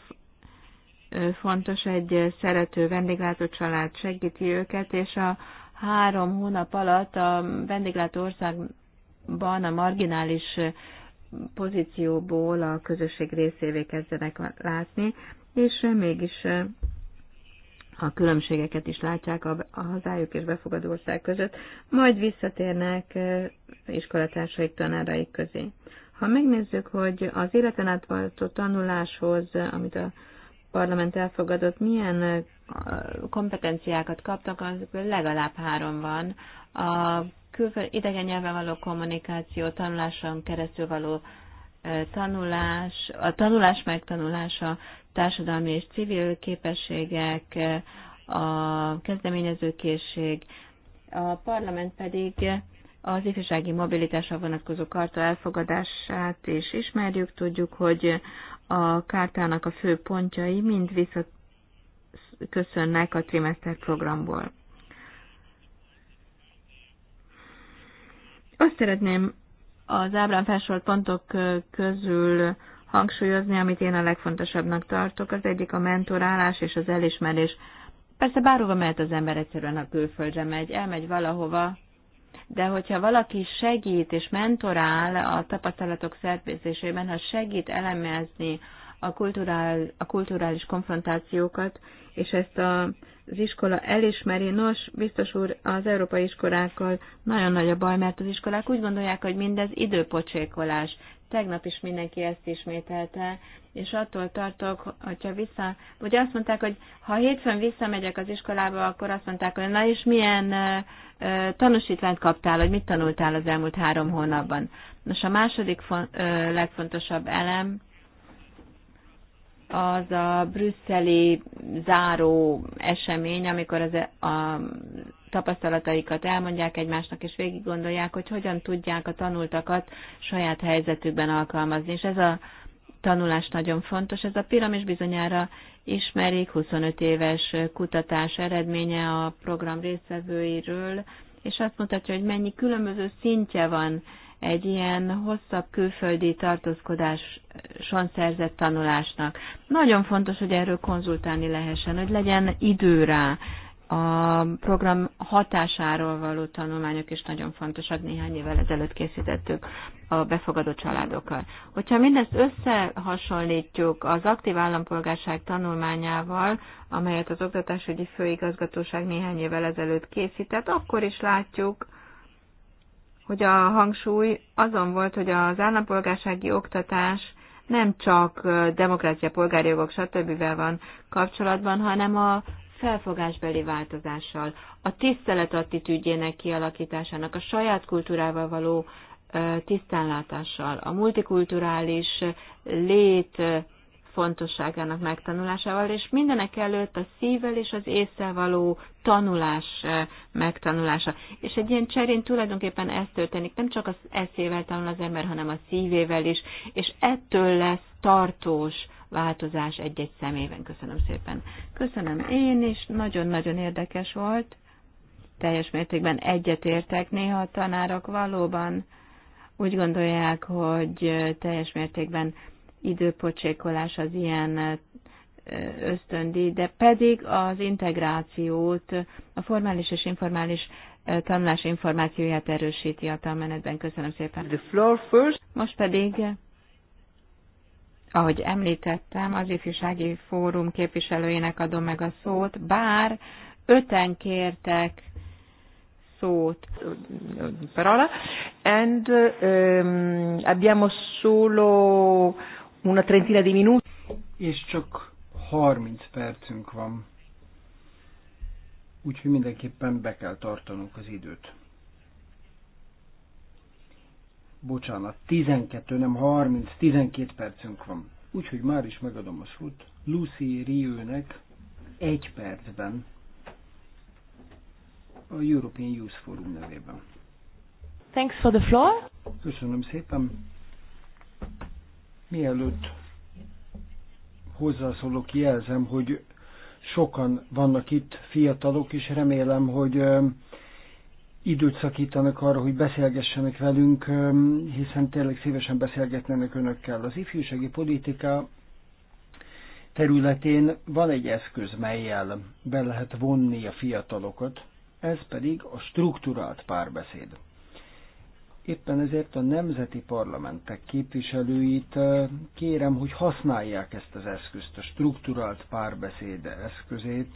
fontos. Egy szerető vendéglátó család segíti őket, és a három hónap alatt a vendéglátó országban a marginális pozícióból a közösség részévé kezdenek látni, és mégis a különbségeket is látják a, hazájuk és befogadó ország között, majd visszatérnek iskolatársaik, tanáraik közé. Ha megnézzük, hogy az életen átváltó tanuláshoz, amit a parlament elfogadott, milyen kompetenciákat kaptak, azokból legalább három van. A külföld, idegen nyelven való kommunikáció, tanuláson keresztül való tanulás, a tanulás megtanulása, társadalmi és civil képességek, a kezdeményezőkészség, a parlament pedig az ifjúsági mobilitásra vonatkozó karta elfogadását és ismerjük, tudjuk, hogy a kártának a fő pontjai mind visszaköszönnek a trimester programból. Azt szeretném az ábrán felsorolt pontok közül hangsúlyozni, amit én a legfontosabbnak tartok. Az egyik a mentorálás és az elismerés. Persze bárhova mehet az ember, egyszerűen a külföldre megy, elmegy valahova, de hogyha valaki segít és mentorál a tapasztalatok szervezésében, ha segít elemezni a, kulturál, a kulturális konfrontációkat, és ezt a, az iskola elismeri, nos, biztos úr, az európai iskolákkal nagyon nagy a baj, mert az iskolák úgy gondolják, hogy mindez időpocsékolás. Tegnap is mindenki ezt ismételte, és attól tartok, hogyha vissza, ugye azt mondták, hogy ha hétfőn visszamegyek az iskolába, akkor azt mondták, hogy na és milyen ö, tanúsítványt kaptál, hogy mit tanultál az elmúlt három hónapban. Nos, a második fon, legfontosabb elem, az a brüsszeli záró esemény, amikor az e- a tapasztalataikat elmondják egymásnak, és végig gondolják, hogy hogyan tudják a tanultakat saját helyzetükben alkalmazni. És ez a tanulás nagyon fontos. Ez a piramis bizonyára ismerik, 25 éves kutatás eredménye a program részvevőiről, és azt mutatja, hogy mennyi különböző szintje van egy ilyen hosszabb külföldi tartózkodáson szerzett tanulásnak. Nagyon fontos, hogy erről konzultálni lehessen, hogy legyen idő rá. A program hatásáról való tanulmányok is nagyon fontosak, néhány évvel ezelőtt készítettük a befogadó családokkal. Hogyha mindezt összehasonlítjuk az aktív állampolgárság tanulmányával, amelyet az Oktatásügyi Főigazgatóság néhány évvel ezelőtt készített, akkor is látjuk, hogy a hangsúly azon volt, hogy az állampolgársági oktatás nem csak demokrácia, polgárjogok, stb. van kapcsolatban, hanem a felfogásbeli változással, a tisztelet attitűdjének kialakításának, a saját kultúrával való tisztánlátással, a multikulturális lét fontosságának megtanulásával, és mindenek előtt a szívvel és az észsel való tanulás eh, megtanulása. És egy ilyen cserén tulajdonképpen ez történik, nem csak az eszével tanul az ember, hanem a szívével is, és ettől lesz tartós változás egy-egy szemében. Köszönöm szépen. Köszönöm én is, nagyon-nagyon érdekes volt. Teljes mértékben egyetértek, néha a tanárok valóban úgy gondolják, hogy eh, teljes mértékben időpocsékolás az ilyen ösztöndi, de pedig az integrációt, a formális és informális tanulás információját erősíti a tanmenetben. Köszönöm szépen. The floor first. Most pedig, ahogy említettem, az ifjúsági fórum képviselőjének adom meg a szót, bár öten kértek szót. Parola. And um, abbiamo solo una trentina di minuti. És csak 30 percünk van. Úgyhogy mindenképpen be kell tartanunk az időt. Bocsánat, 12, nem 30, 12 percünk van. Úgyhogy már is megadom a szót Lucy Riőnek egy percben a European Youth Forum nevében. Thanks for the floor. Köszönöm szépen. Mielőtt hozzászólok, jelzem, hogy sokan vannak itt fiatalok, és remélem, hogy időt szakítanak arra, hogy beszélgessenek velünk, hiszen tényleg szívesen beszélgetnének önökkel. Az ifjúsági politika területén van egy eszköz, melyel be lehet vonni a fiatalokat, ez pedig a struktúrált párbeszéd. Éppen ezért a nemzeti parlamentek képviselőit kérem, hogy használják ezt az eszközt, a strukturált párbeszéd eszközét,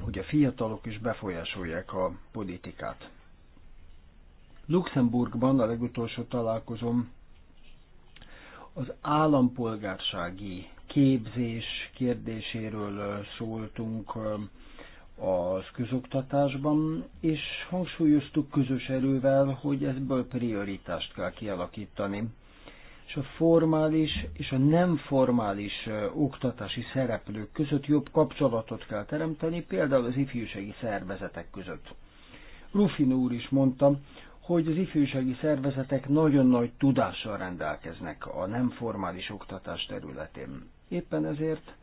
hogy a fiatalok is befolyásolják a politikát. Luxemburgban a legutolsó találkozom az állampolgársági képzés kérdéséről szóltunk, az közoktatásban, és hangsúlyoztuk közös erővel, hogy ebből prioritást kell kialakítani. És a formális és a nem formális oktatási szereplők között jobb kapcsolatot kell teremteni, például az ifjúsági szervezetek között. Rufin úr is mondta, hogy az ifjúsági szervezetek nagyon nagy tudással rendelkeznek a nem formális oktatás területén. Éppen ezért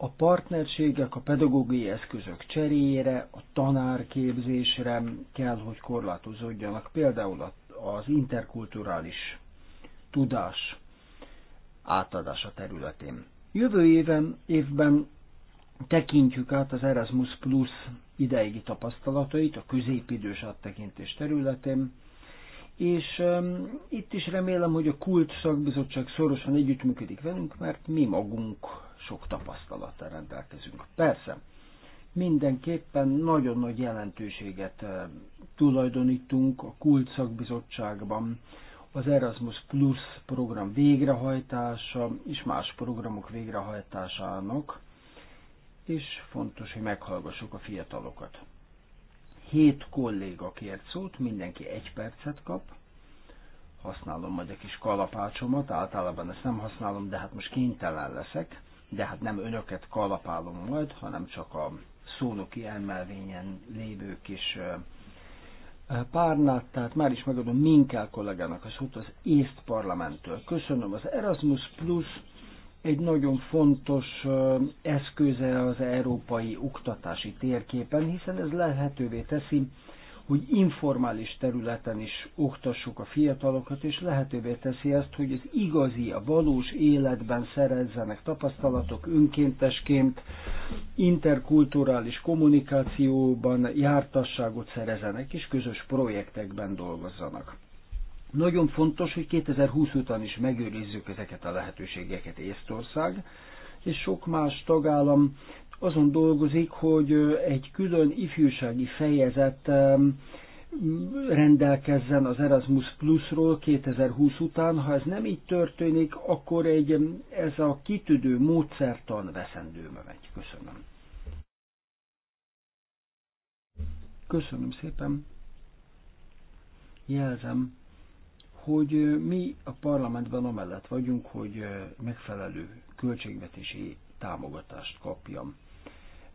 a partnerségek a pedagógiai eszközök cseréjére, a tanárképzésre kell, hogy korlátozódjanak. Például az interkulturális tudás átadása területén. Jövő éven, évben tekintjük át az Erasmus Plus ideigi tapasztalatait a középidős áttekintés területén, és um, itt is remélem, hogy a Kult Szakbizottság szorosan együttműködik velünk, mert mi magunk sok tapasztalattal rendelkezünk. Persze, mindenképpen nagyon nagy jelentőséget eh, tulajdonítunk a Kult szakbizottságban, az Erasmus Plus program végrehajtása és más programok végrehajtásának, és fontos, hogy meghallgassuk a fiatalokat. Hét kolléga kért szót, mindenki egy percet kap. Használom majd a kis kalapácsomat, általában ezt nem használom, de hát most kénytelen leszek de hát nem önöket kalapálom majd, hanem csak a szónoki elmelvényen lévő kis párnát, tehát már is megadom Minkel kollégának a szót az észt parlamenttől. Köszönöm az Erasmus Plus egy nagyon fontos eszköze az európai oktatási térképen, hiszen ez lehetővé teszi, hogy informális területen is oktassuk a fiatalokat, és lehetővé teszi azt, hogy az igazi, a valós életben szerezzenek tapasztalatok önkéntesként, interkulturális kommunikációban jártasságot szerezenek, és közös projektekben dolgozzanak. Nagyon fontos, hogy 2020 után is megőrizzük ezeket a lehetőségeket Észtország, és sok más tagállam azon dolgozik, hogy egy külön ifjúsági fejezet rendelkezzen az Erasmus Plusról 2020 után. Ha ez nem így történik, akkor egy, ez a kitüdő módszertan veszendőme megy. Köszönöm. Köszönöm szépen. Jelzem, hogy mi a parlamentben amellett vagyunk, hogy megfelelő költségvetési támogatást kapjam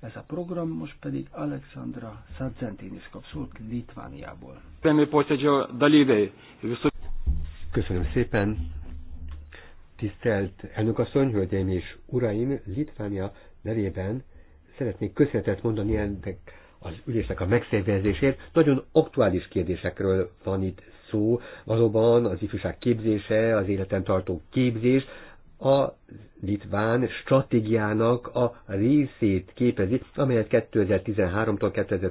ez a program, most pedig Alexandra Szadzentinis kapszult Litvániából. Köszönöm szépen! Tisztelt elnökasszony, hölgyeim és uraim, Litvánia nevében szeretnék köszönetet mondani ennek az ülésnek a megszervezésért. Nagyon aktuális kérdésekről van itt szó. Valóban az ifjúság képzése, az életen tartó képzés, a litván stratégiának a részét képezi, amelyet 2013-tól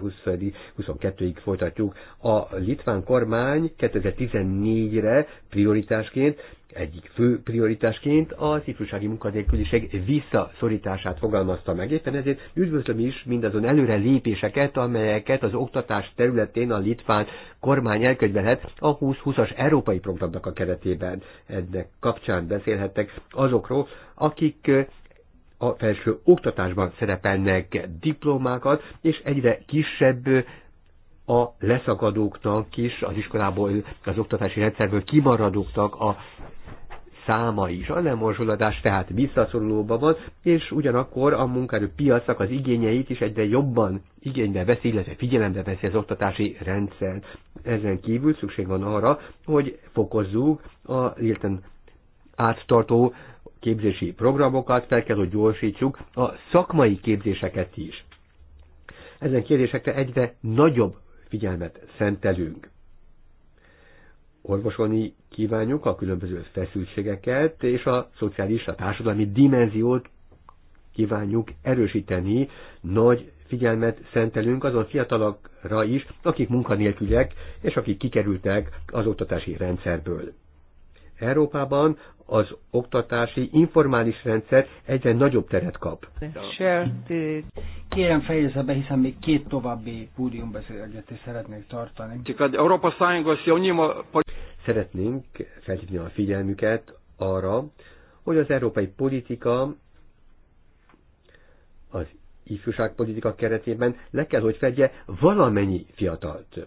2022-ig folytatjuk. A litván kormány 2014-re prioritásként egyik fő prioritásként az ifjúsági munkanélküliség visszaszorítását fogalmazta meg. Éppen ezért üdvözlöm is mindazon előre lépéseket, amelyeket az oktatás területén a litván kormány elkönyvelhet a 2020-as európai programnak a keretében. Ennek kapcsán beszélhettek azokról, akik a felső oktatásban szerepelnek diplomákat, és egyre kisebb a leszakadóknak is, az iskolából, az oktatási rendszerből kimaradóknak a száma is. A lemorzsolódás tehát visszaszorulóban van, és ugyanakkor a munkaerő piacnak az igényeit is egyre jobban igénybe veszi, illetve figyelembe veszi az oktatási rendszer. Ezen kívül szükség van arra, hogy fokozzuk a illetve áttartó képzési programokat, fel kell, hogy gyorsítsuk a szakmai képzéseket is. Ezen kérdésekre egyre nagyobb figyelmet szentelünk orvosolni kívánjuk a különböző feszültségeket, és a szociális, a társadalmi dimenziót kívánjuk erősíteni, nagy figyelmet szentelünk azon fiatalokra is, akik munkanélküliek, és akik kikerültek az oktatási rendszerből. Európában az oktatási informális rendszer egyre nagyobb teret kap. Kérem fejezze be, hiszen még két további púdiumbeszélgetést szeretnék tartani. Szeretnénk felhívni a figyelmüket arra, hogy az európai politika az ifjúságpolitika keretében le kell, hogy fedje valamennyi fiatalt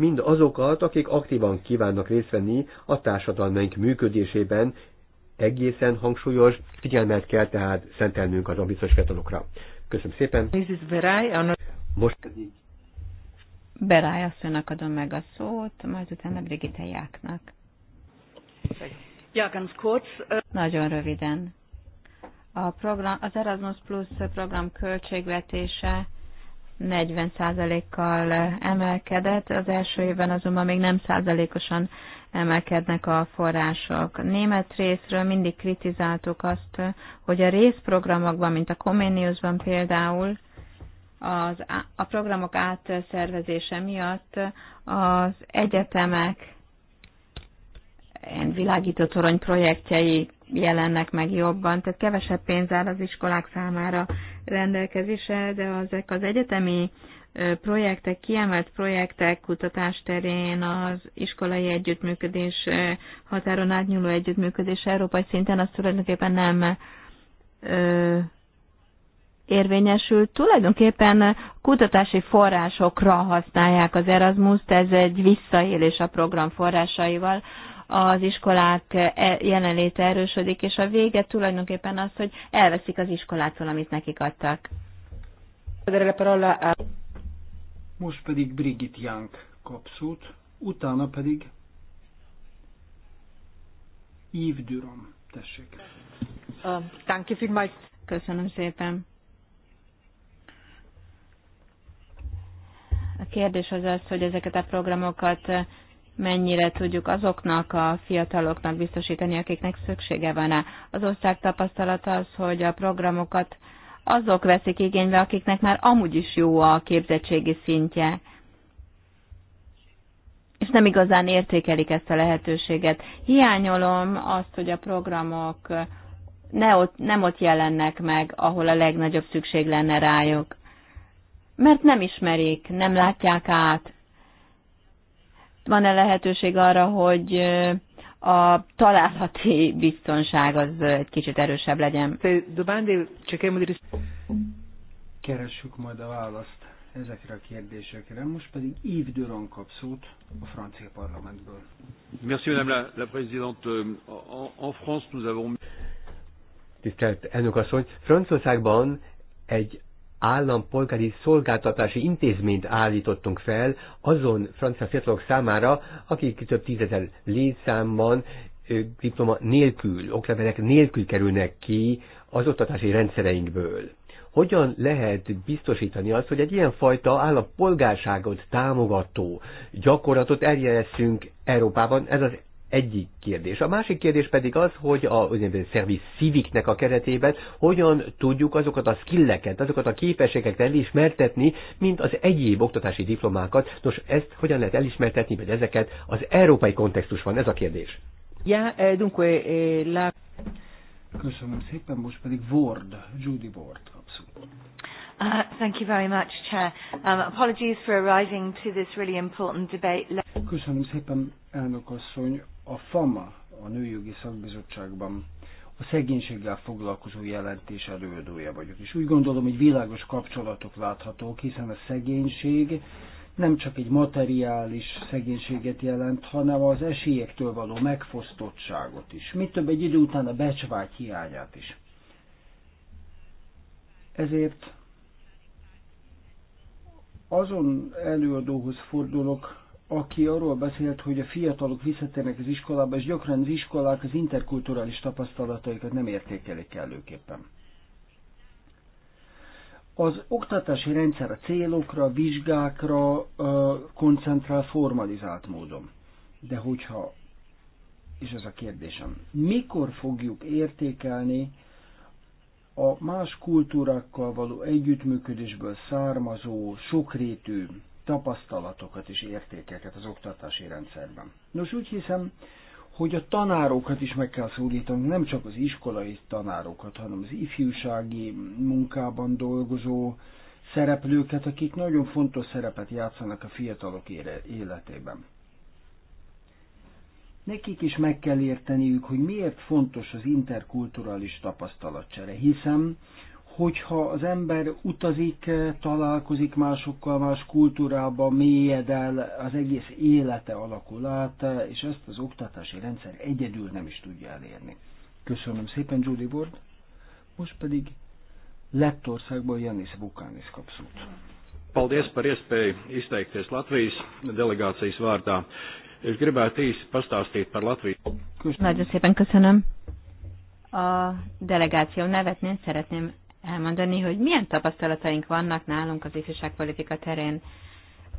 mind azokat, akik aktívan kívánnak részt venni a társadalmaink működésében, egészen hangsúlyos figyelmet kell tehát szentelnünk az ambiciós fiatalokra. Köszönöm szépen. Most Berály asszonynak adom meg a szót, majd utána Brigitte Jáknak. Ja, ganz kurz. Nagyon röviden. A program, az Erasmus Plus program költségvetése 40%-kal emelkedett, az első évben azonban még nem százalékosan emelkednek a források. Német részről mindig kritizáltuk azt, hogy a részprogramokban, mint a Comeniusban például, az, a programok átszervezése miatt az egyetemek világító torony projektjei jelennek meg jobban, tehát kevesebb pénz áll az iskolák számára rendelkezésre, de ezek az egyetemi projektek, kiemelt projektek kutatás terén, az iskolai együttműködés, határon átnyúló együttműködés európai szinten, az tulajdonképpen nem ö, érvényesül. Tulajdonképpen kutatási forrásokra használják az Erasmus-t, ez egy visszaélés a program forrásaival, az iskolák e, jelenléte erősödik, és a vége tulajdonképpen az, hogy elveszik az iskolától, amit nekik adtak. Most pedig Brigit Young kap szót, utána pedig Yves Durham, tessék. Uh, Köszönöm szépen. A kérdés az az, hogy ezeket a programokat mennyire tudjuk azoknak a fiataloknak biztosítani, akiknek szüksége van e Az ország tapasztalata az, hogy a programokat azok veszik igénybe, akiknek már amúgy is jó a képzettségi szintje, és nem igazán értékelik ezt a lehetőséget. Hiányolom azt, hogy a programok ne ott, nem ott jelennek meg, ahol a legnagyobb szükség lenne rájuk. Mert nem ismerik, nem látják át, van-e lehetőség arra, hogy a találati biztonság az egy kicsit erősebb legyen? Keressük majd a választ ezekre a kérdésekre. Most pedig Yves Durand kap szót a francia parlamentből. Merci, madame la, la présidente. Euh, en, en France, nous avons... Tisztelt elnök asszony, Franciaországban egy állampolgári szolgáltatási intézményt állítottunk fel azon francia fiatalok számára, akik több tízezer létszámban diploma nélkül, oklevelek nélkül kerülnek ki az oktatási rendszereinkből. Hogyan lehet biztosítani azt, hogy egy ilyen fajta állampolgárságot támogató gyakorlatot eljeleszünk Európában? Ez az egyik kérdés. A másik kérdés pedig az, hogy a szerviz civiknek a keretében hogyan tudjuk azokat a skilleket, azokat a képességeket elismertetni, mint az egyéb oktatási diplomákat. Nos, ezt hogyan lehet elismertetni, vagy ezeket az európai kontextusban? Ez a kérdés. Ja, eh, dunque, eh, la... Köszönöm szépen, most pedig Ward, Judy Ward, abszolút. Uh, thank you very much, Chair. Um, apologies for arriving to this really important debate. Köszönöm szépen, elnök asszony a FAMA, a Nőjogi Szakbizottságban a szegénységgel foglalkozó jelentés előadója vagyok. És úgy gondolom, hogy világos kapcsolatok láthatók, hiszen a szegénység nem csak egy materiális szegénységet jelent, hanem az esélyektől való megfosztottságot is. Mit több egy idő után a becsvágy hiányát is. Ezért azon előadóhoz fordulok, aki arról beszélt, hogy a fiatalok visszatérnek az iskolába, és gyakran az iskolák az interkulturális tapasztalataikat nem értékelik előképpen. Az oktatási rendszer a célokra, vizsgákra koncentrál formalizált módon. De hogyha, és ez a kérdésem, mikor fogjuk értékelni a más kultúrákkal való együttműködésből származó, sokrétű tapasztalatokat és értékeket az oktatási rendszerben. Nos, úgy hiszem, hogy a tanárokat is meg kell szólítanunk, nem csak az iskolai tanárokat, hanem az ifjúsági munkában dolgozó szereplőket, akik nagyon fontos szerepet játszanak a fiatalok életében. Nekik is meg kell érteniük, hogy miért fontos az interkulturális tapasztalatcsere, hiszen hogyha az ember utazik, eh, találkozik másokkal, más kultúrába, mélyed el, az egész élete alakul át, eh, és ezt az oktatási rendszer egyedül nem is tudja elérni. Köszönöm szépen, Judy Ward. Most pedig Lettországban Janis Vukánis kapszult. Paldies par iespēju izteikties Latvijas delegācijas vārdā. Es gribētu īsti pastāstīt par Latviju. Nagyon szépen köszönöm. A delegáció nevetnél szeretném elmondani, hogy milyen tapasztalataink vannak nálunk az ifjúságpolitika terén.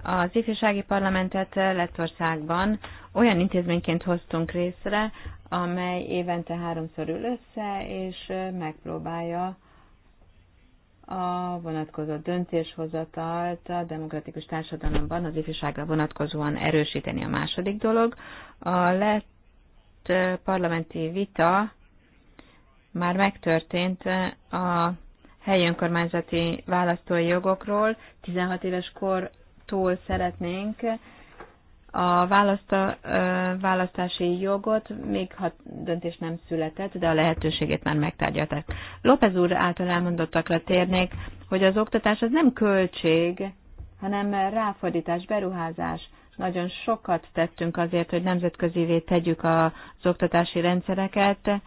Az ifjúsági parlamentet Lettországban olyan intézményként hoztunk részre, amely évente háromszor ül össze, és megpróbálja a vonatkozó döntéshozatalt a demokratikus társadalomban az ifjúságra vonatkozóan erősíteni. A második dolog, a lett parlamenti vita már megtörtént a helyi önkormányzati választói jogokról. 16 éves kortól szeretnénk a választa, választási jogot, még ha döntés nem született, de a lehetőségét már megtárgyaltak. López úr által elmondottakra térnék, hogy az oktatás az nem költség, hanem ráfordítás, beruházás. Nagyon sokat tettünk azért, hogy nemzetközivé tegyük az oktatási rendszereket,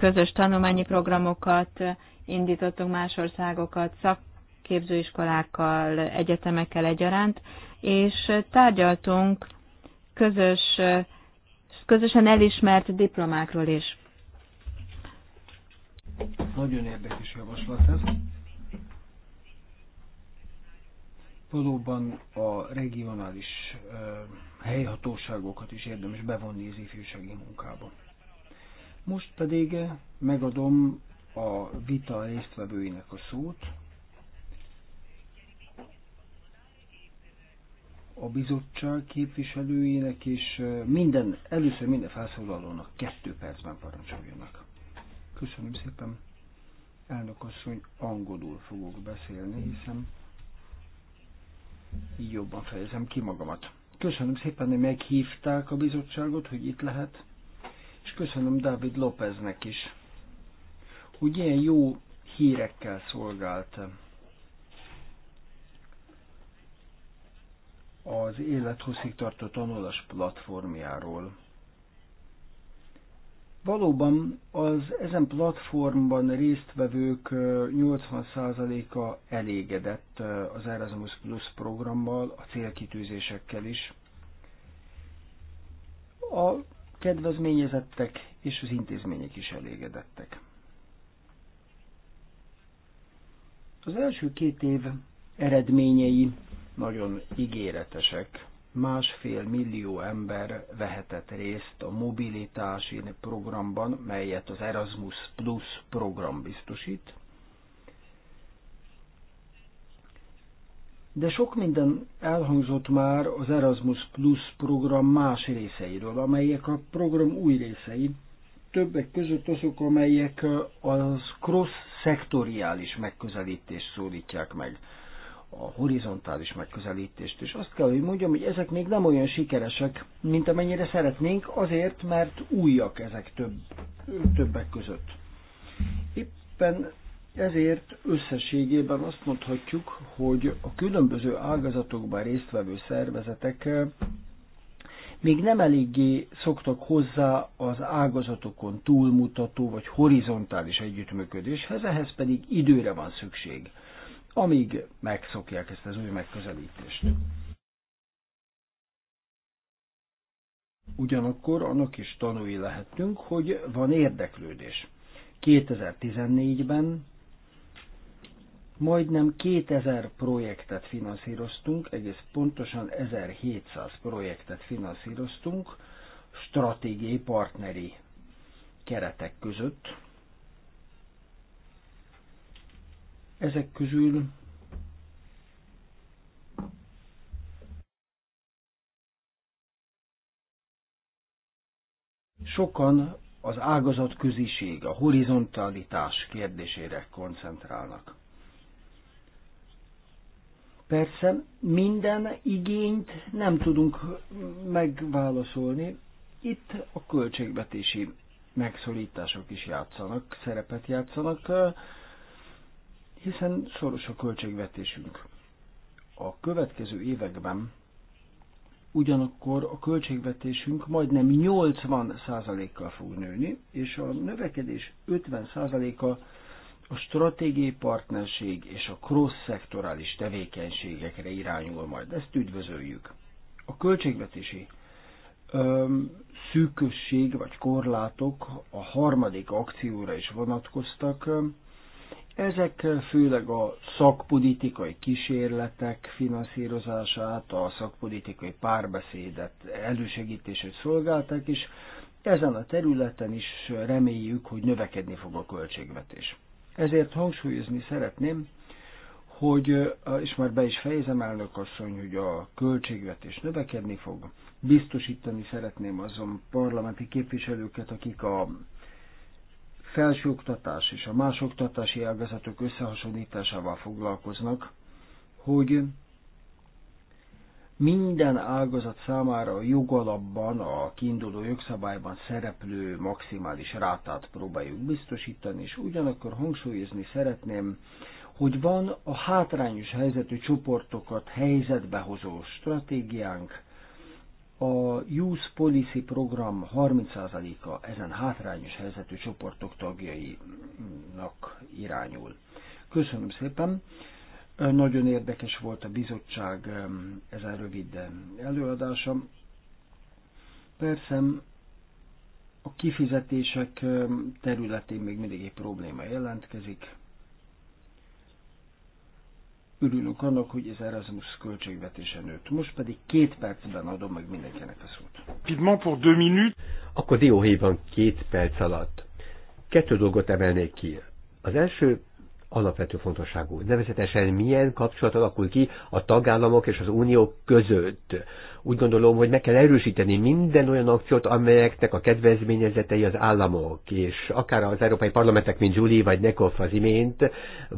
közös tanulmányi programokat indítottunk más országokat, szakképzőiskolákkal, egyetemekkel egyaránt, és tárgyaltunk közös, közösen elismert diplomákról is. Nagyon érdekes javaslat ez. Valóban a regionális eh, helyhatóságokat is érdemes bevonni az ifjúsági munkába. Most pedig megadom a vita résztvevőinek a szót. A bizottság képviselőinek és minden, először minden felszólalónak kettő percben parancsoljanak. Köszönöm szépen. Elnök asszony, angolul fogok beszélni, hiszen így jobban fejezem ki magamat. Köszönöm szépen, hogy meghívták a bizottságot, hogy itt lehet és köszönöm Dávid Lópeznek is, hogy ilyen jó hírekkel szolgált az élethosszig tartó tanulás platformjáról. Valóban az ezen platformban résztvevők 80%-a elégedett az Erasmus Plus programmal, a célkitűzésekkel is. A kedvezményezettek és az intézmények is elégedettek. Az első két év eredményei nagyon ígéretesek. Másfél millió ember vehetett részt a mobilitási programban, melyet az Erasmus Plus program biztosít. De sok minden elhangzott már az Erasmus Plus program más részeiről, amelyek a program új részei, többek között azok, amelyek eh, az cross-szektoriális megközelítést szólítják meg, a horizontális megközelítést. És azt kell, hogy mondjam, hogy ezek még nem olyan sikeresek, mint amennyire szeretnénk, azért, mert újak ezek több, többek között. Éppen ezért összességében azt mondhatjuk, hogy a különböző ágazatokban résztvevő szervezetek eh, még nem eléggé szoktak hozzá az ágazatokon túlmutató vagy horizontális együttműködéshez, ehhez pedig időre van szükség, amíg megszokják ezt az új megközelítést. Ugyanakkor annak is tanúi lehetünk, hogy van érdeklődés. 2014-ben majdnem 2000 projektet finanszíroztunk, egész pontosan 1700 projektet finanszíroztunk stratégiai partneri keretek között. Ezek közül sokan az ágazat köziség, a horizontalitás kérdésére koncentrálnak. Persze minden igényt nem tudunk megválaszolni. Itt a költségvetési megszorítások is játszanak, szerepet játszanak, hiszen szoros a költségvetésünk. A következő években ugyanakkor a költségvetésünk majdnem 80%-kal fog nőni, és a növekedés 50%-a a stratégiai partnerség és a cross-szektorális tevékenységekre irányul majd. Ezt üdvözöljük. A költségvetési öm, szűkösség vagy korlátok a harmadik akcióra is vonatkoztak. Ezek főleg a szakpolitikai kísérletek finanszírozását, a szakpolitikai párbeszédet elősegítését szolgálták, és ezen a területen is reméljük, hogy növekedni fog a költségvetés. Ezért hangsúlyozni szeretném, hogy, és már be is fejezem elnök asszony, hogy a költségvetés növekedni fog. Biztosítani szeretném azon parlamenti képviselőket, akik a felsőoktatás és a másoktatási ágazatok összehasonlításával foglalkoznak, hogy minden ágazat számára a jogalapban, a kiinduló jogszabályban szereplő maximális rátát próbáljuk biztosítani, és ugyanakkor hangsúlyozni szeretném, hogy van a hátrányos helyzetű csoportokat helyzetbe hozó stratégiánk, a Youth Policy Program 30%-a ezen hátrányos helyzetű csoportok tagjainak irányul. Köszönöm szépen! Nagyon érdekes volt a bizottság ezen rövid előadása. Persze a kifizetések területén még mindig egy probléma jelentkezik. Örülünk annak, hogy ez Erasmus költségvetése nőtt. Most pedig két percben adom meg mindenkinek a szót. Pigment pour deux minutes. Akkor dióhéjban két perc alatt. Kettő dolgot emelnék ki. Az első alapvető fontosságú. Nevezetesen milyen kapcsolat alakul ki a tagállamok és az unió között. Úgy gondolom, hogy meg kell erősíteni minden olyan akciót, amelyeknek a kedvezményezetei az államok, és akár az európai parlamentek, mint Julie vagy Nekov az imént,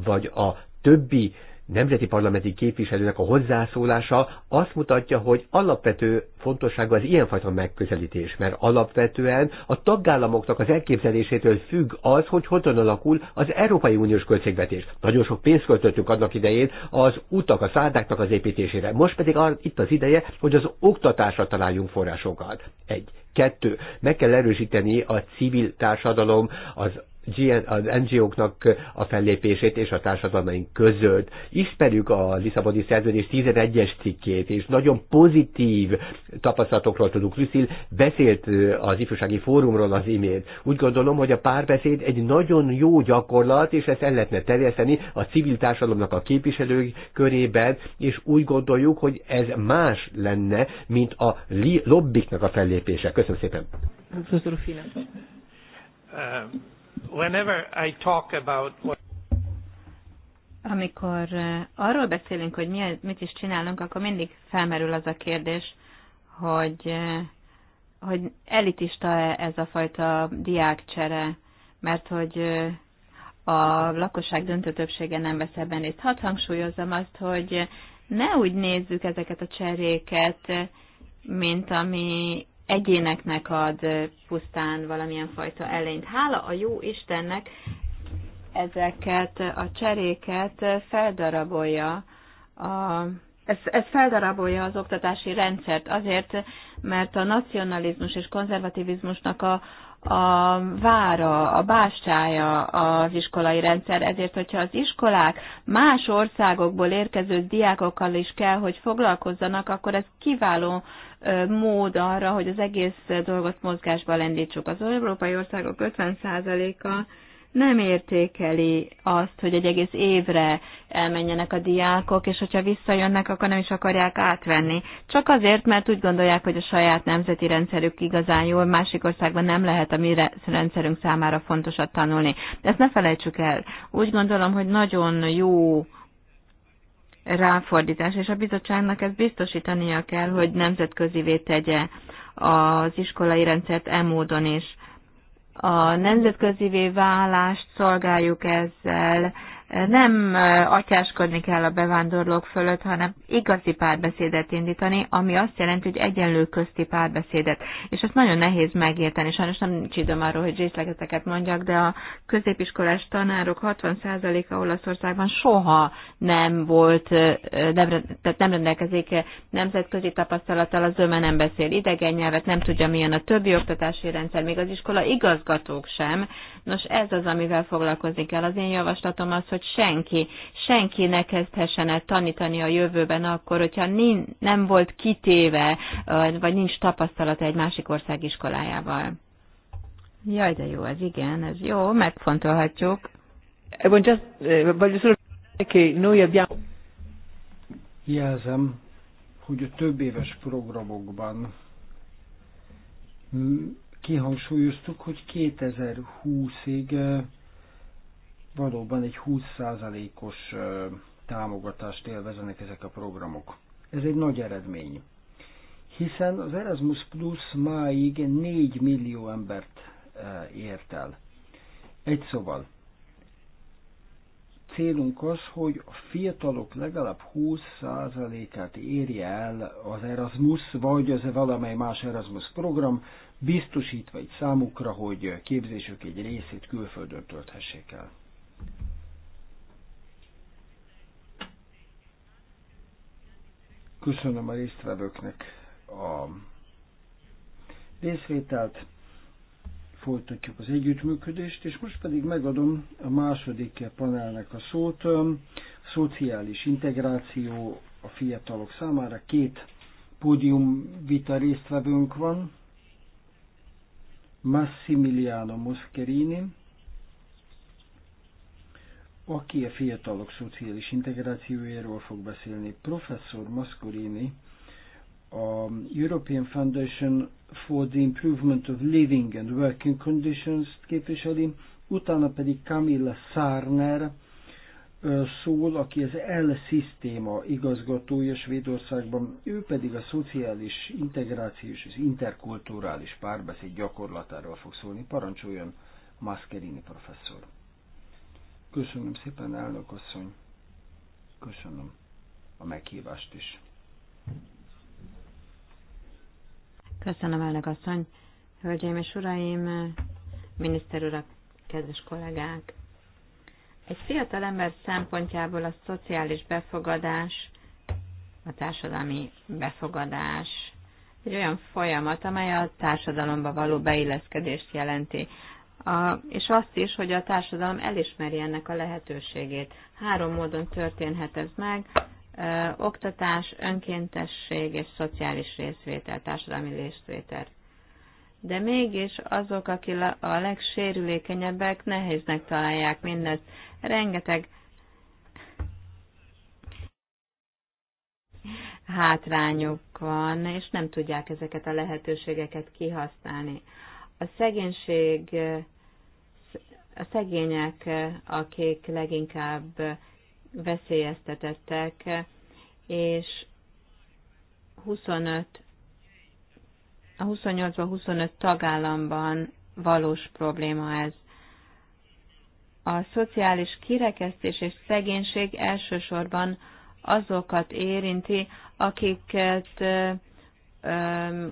vagy a többi nemzeti parlamenti képviselőnek a hozzászólása azt mutatja, hogy alapvető fontossága az ilyenfajta megközelítés, mert alapvetően a tagállamoknak az elképzelésétől függ az, hogy hogyan alakul az Európai Uniós költségvetés. Nagyon sok pénzt költöttünk annak idején az utak, a szárdáknak az építésére. Most pedig itt az ideje, hogy az oktatásra találjunk forrásokat. Egy. Kettő, meg kell erősíteni a civil társadalom, az az NGO-knak a fellépését és a társadalmaink között. Ismerjük a Lisszaboni szerződés 11-es cikkét, és nagyon pozitív tapasztalatokról tudunk. Lucil beszélt az ifjúsági fórumról az imént. Úgy gondolom, hogy a párbeszéd egy nagyon jó gyakorlat, és ezt el lehetne terjeszteni a civil társadalomnak a képviselői körében, és úgy gondoljuk, hogy ez más lenne, mint a lobbiknak a fellépése. Köszönöm szépen. Köszönöm, whenever I talk about what amikor eh, arról beszélünk, hogy mi, mit is csinálunk, akkor mindig felmerül az a kérdés, hogy, eh, hogy elitista-e ez a fajta diákcsere, mert hogy eh, a lakosság döntő többsége nem vesz ebben részt. Hadd hangsúlyozzam azt, hogy ne úgy nézzük ezeket a cseréket, mint ami egyéneknek ad pusztán valamilyen fajta elényt. Hála a jó Istennek ezeket a cseréket feldarabolja a ez, ez feldarabolja az oktatási rendszert azért, mert a nacionalizmus és konzervativizmusnak a, a vára, a bástája az iskolai rendszer, ezért, hogyha az iskolák más országokból érkező diákokkal is kell, hogy foglalkozzanak, akkor ez kiváló mód arra, hogy az egész dolgot mozgásba lendítsuk. Az európai országok 50%-a nem értékeli azt, hogy egy egész évre elmenjenek a diákok, és hogyha visszajönnek, akkor nem is akarják átvenni. Csak azért, mert úgy gondolják, hogy a saját nemzeti rendszerük igazán jól, másik országban nem lehet a mi rendszerünk számára fontosat tanulni. De ezt ne felejtsük el. Úgy gondolom, hogy nagyon jó ráfordítás, és a bizottságnak ezt biztosítania kell, hogy nemzetközivé tegye az iskolai rendszert e módon is. A nemzetközivé válást szolgáljuk ezzel, nem atyáskodni kell a bevándorlók fölött, hanem igazi párbeszédet indítani, ami azt jelenti, hogy egyenlő közti párbeszédet. És ezt nagyon nehéz megérteni. Sajnos nem nincs időm arról, hogy részleteket mondjak, de a középiskolás tanárok 60%-a Olaszországban soha nem volt, nem, tehát nem rendelkezik nemzetközi tapasztalattal, az öme nem beszél idegen nyelvet, nem tudja, milyen a többi oktatási rendszer, még az iskola igazgatók sem, Nos, ez az, amivel foglalkozni kell. Az én javaslatom az, hogy senki, senki ne kezdhessen el tanítani a jövőben akkor, hogyha nem volt kitéve, vagy nincs tapasztalata egy másik ország iskolájával. Jaj, de jó, ez igen, ez jó, megfontolhatjuk. Uh, Jelzem, hogy a több éves programokban kihangsúlyoztuk, hogy 2020-ig valóban egy 20%-os támogatást élvezenek ezek a programok. Ez egy nagy eredmény, hiszen az Erasmus Plus máig 4 millió embert ért el. Egy szóval, célunk az, hogy a fiatalok legalább 20%-át érje el az Erasmus, vagy az valamely más Erasmus program, biztosítva egy számukra, hogy képzésük egy részét külföldön tölthessék el. Köszönöm a résztvevőknek a részvételt, folytatjuk az együttműködést, és most pedig megadom a második panelnek a szót, a szociális integráció a fiatalok számára. Két pódium vita résztvevőnk van, Massimiliano Moscherini, aki a fiatalok szociális integrációjáról fog beszélni. Professor Moscherini, a European Foundation for the Improvement of Living and Working Conditions képviseli, utána pedig Camilla Sarner, szól, aki az L-szisztéma igazgatója Svédországban, ő pedig a szociális integrációs és interkulturális párbeszéd gyakorlatáról fog szólni. Parancsoljon Mascherini professzor. Köszönöm szépen, elnök asszony. Köszönöm a meghívást is. Köszönöm, elnök asszony. Hölgyeim és uraim, miniszter urak, kedves kollégák, egy fiatal ember szempontjából a szociális befogadás, a társadalmi befogadás egy olyan folyamat, amely a társadalomba való beilleszkedést jelenti. A, és azt is, hogy a társadalom elismeri ennek a lehetőségét. Három módon történhet ez meg, ö, oktatás, önkéntesség és szociális részvétel, társadalmi részvétel de mégis azok, akik a legsérülékenyebbek, nehéznek találják mindezt. Rengeteg hátrányuk van, és nem tudják ezeket a lehetőségeket kihasználni. A szegénység, a szegények, akik leginkább veszélyeztetettek, és 25 a 28-25 tagállamban valós probléma ez. A szociális kirekesztés és szegénység elsősorban azokat érinti, akiket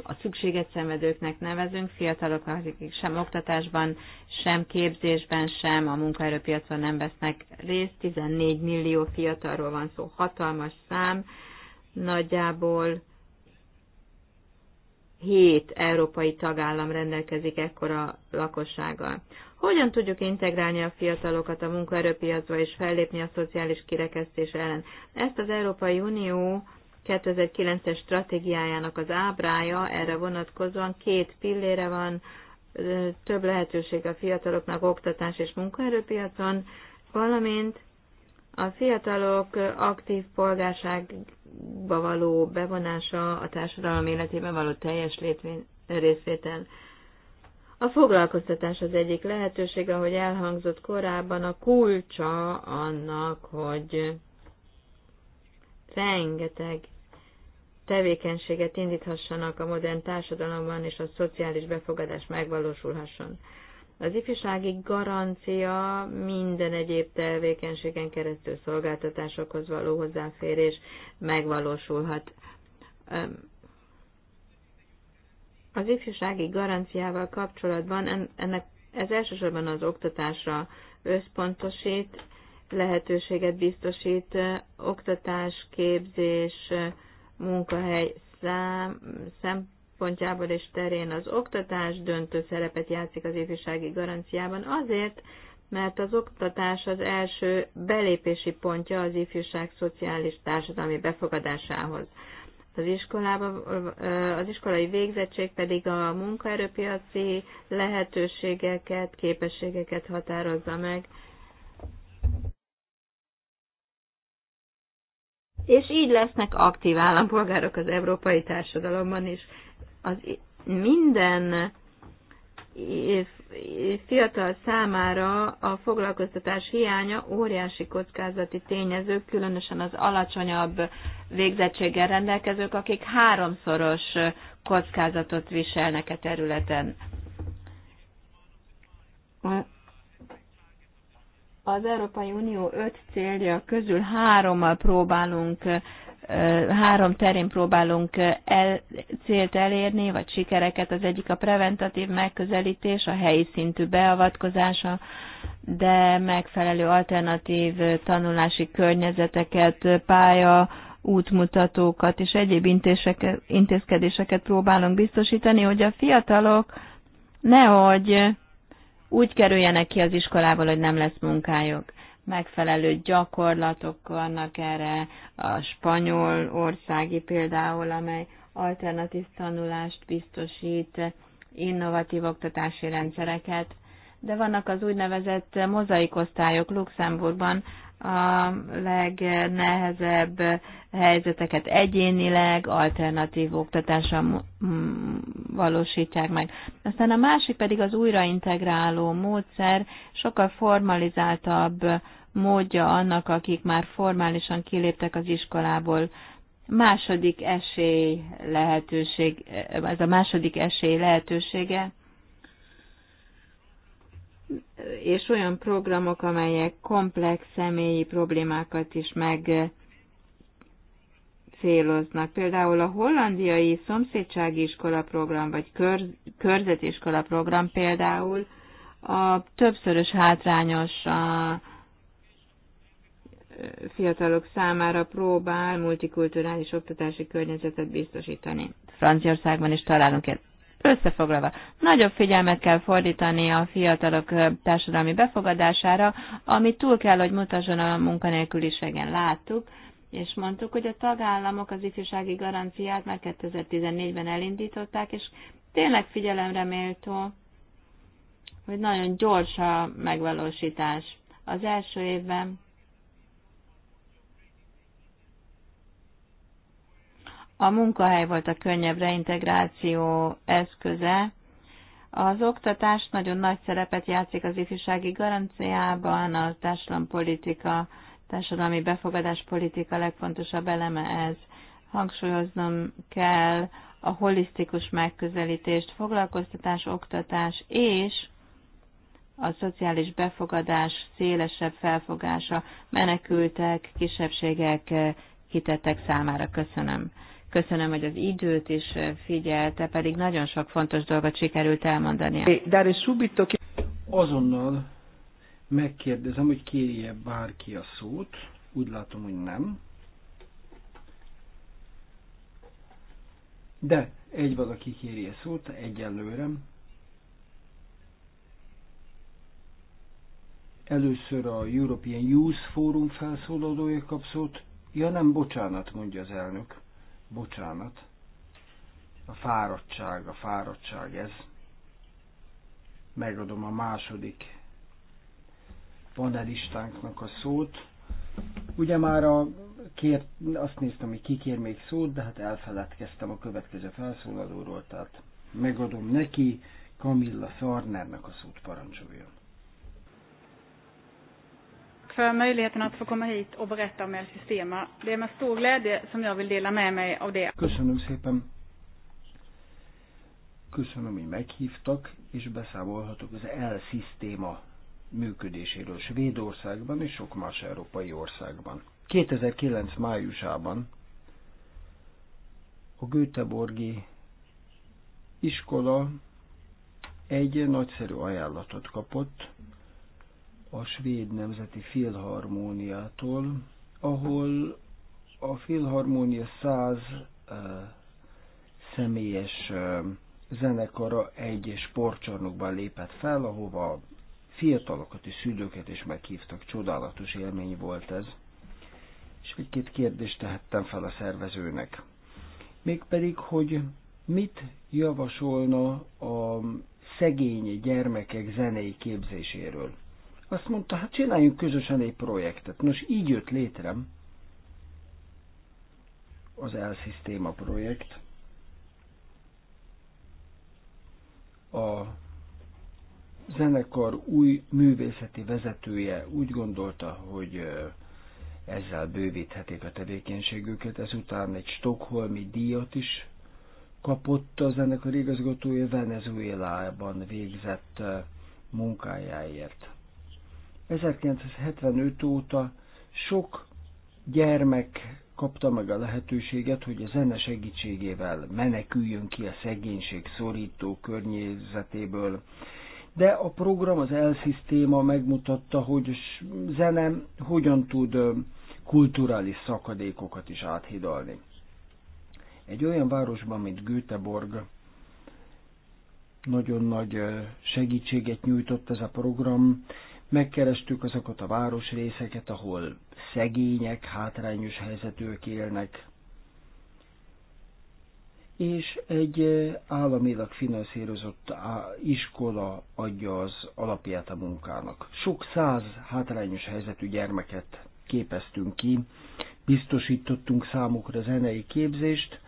a szükséget szenvedőknek nevezünk, fiatalok, akik sem oktatásban, sem képzésben, sem a munkaerőpiacon nem vesznek részt. 14 millió fiatalról van szó, hatalmas szám, nagyjából hét európai tagállam rendelkezik ekkora lakossággal. Hogyan tudjuk integrálni a fiatalokat a munkaerőpiacba és fellépni a szociális kirekesztés ellen? Ezt az Európai Unió 2009-es stratégiájának az ábrája erre vonatkozóan két pillére van, több lehetőség a fiataloknak oktatás és munkaerőpiacon, valamint a fiatalok aktív polgárságba való bevonása, a társadalom életében való teljes létvén, részvétel. A foglalkoztatás az egyik lehetőség, ahogy elhangzott korábban, a kulcsa annak, hogy rengeteg tevékenységet indíthassanak a modern társadalomban, és a szociális befogadás megvalósulhasson. Az ifjúsági garancia minden egyéb tevékenységen keresztül szolgáltatásokhoz való hozzáférés megvalósulhat. Az ifjúsági garanciával kapcsolatban ennek, ez elsősorban az oktatásra összpontosít, lehetőséget biztosít, oktatás, képzés, munkahely szám, szem, szempontjából és terén az oktatás döntő szerepet játszik az ifjúsági garanciában azért, mert az oktatás az első belépési pontja az ifjúság szociális társadalmi befogadásához. Az, iskolába, az iskolai végzettség pedig a munkaerőpiaci lehetőségeket, képességeket határozza meg, és így lesznek aktív állampolgárok az európai társadalomban is az minden fiatal számára a foglalkoztatás hiánya óriási kockázati tényező, különösen az alacsonyabb végzettséggel rendelkezők, akik háromszoros kockázatot viselnek a e területen. Az Európai Unió öt célja közül hárommal próbálunk három terén próbálunk el, célt elérni, vagy sikereket. Az egyik a preventatív megközelítés, a helyi szintű beavatkozása, de megfelelő alternatív tanulási környezeteket, pálya, útmutatókat és egyéb intézkedéseket próbálunk biztosítani, hogy a fiatalok nehogy úgy kerüljenek ki az iskolából, hogy nem lesz munkájuk megfelelő gyakorlatok vannak erre, a spanyol országi például, amely alternatív tanulást biztosít, innovatív oktatási rendszereket, de vannak az úgynevezett mozaikosztályok Luxemburgban, a legnehezebb helyzeteket egyénileg, alternatív oktatással valósítják meg. Aztán a másik pedig az újraintegráló módszer, sokkal formalizáltabb módja annak, akik már formálisan kiléptek az iskolából. Második esély lehetőség, ez a második esély lehetősége, és olyan programok, amelyek komplex személyi problémákat is meg céloznak. Például a hollandiai szomszédsági iskola program, vagy kör, körzetiskola program például a többszörös hátrányos a, fiatalok számára próbál multikulturális oktatási környezetet biztosítani. Franciaországban is találunk ezt. Összefoglalva, nagyobb figyelmet kell fordítani a fiatalok társadalmi befogadására, ami túl kell, hogy mutasson a munkanélküliségen. Láttuk, és mondtuk, hogy a tagállamok az ifjúsági garanciát már 2014-ben elindították, és tényleg figyelemre méltó, hogy nagyon gyors a megvalósítás. Az első évben A munkahely volt a könnyebb reintegráció eszköze. Az oktatás nagyon nagy szerepet játszik az ifjúsági garanciában, a politika, társadalmi befogadás politika legfontosabb eleme ez. Hangsúlyoznom kell a holisztikus megközelítést, foglalkoztatás, oktatás és a szociális befogadás szélesebb felfogása menekültek, kisebbségek, kitettek számára. Köszönöm. Köszönöm, hogy az időt is figyelte, pedig nagyon sok fontos dolgot sikerült elmondani. Azonnal megkérdezem, hogy kérje bárki a szót. Úgy látom, hogy nem. De egy valaki kéri a szót, egyelőre. Először a European Youth Forum felszólalója kap szót. Ja nem, bocsánat, mondja az elnök bocsánat, a fáradtság, a fáradtság ez. Megadom a második panelistánknak a szót. Ugye már a kér, azt néztem, hogy ki kér még szót, de hát elfeledkeztem a következő felszólalóról, tehát megadom neki, Kamilla Szarnernek a szót parancsoljon för möjligheten att få komma hit och berätta om El Sistema. Det är med stor glädje som jag vill dela med mig av det. Köszönöm szépen. Köszönöm, hogy meghívtak, és beszámolhatok az L-szisztéma működéséről Svédországban és sok más európai országban. 2009. májusában a Göteborgi iskola egy nagyszerű ajánlatot kapott, a svéd nemzeti filharmóniától, ahol a filharmónia száz uh, személyes uh, zenekara egy sportcsarnokban lépett fel, ahova fiatalokat és szülőket is meghívtak. Csodálatos élmény volt ez. És egy-két kérdést tehettem fel a szervezőnek. Mégpedig, hogy mit javasolna a szegény gyermekek zenei képzéséről. Azt mondta, hát csináljunk közösen egy projektet. Nos, így jött létre az Elszisztéma projekt. A zenekar új művészeti vezetője úgy gondolta, hogy ezzel bővíthetik a tevékenységüket. Ezután egy stokholmi díjat is kapott a zenekar igazgatója Venezuelában végzett munkájáért. 1975 óta sok gyermek kapta meg a lehetőséget, hogy a zene segítségével meneküljön ki a szegénység szorító környezetéből. De a program, az elszisztéma megmutatta, hogy a zene hogyan tud kulturális szakadékokat is áthidalni. Egy olyan városban, mint Göteborg, nagyon nagy segítséget nyújtott ez a program, Megkerestük azokat a városrészeket, ahol szegények, hátrányos helyzetűek élnek, és egy államilag finanszírozott iskola adja az alapját a munkának. Sok száz hátrányos helyzetű gyermeket képeztünk ki, biztosítottunk számukra zenei képzést,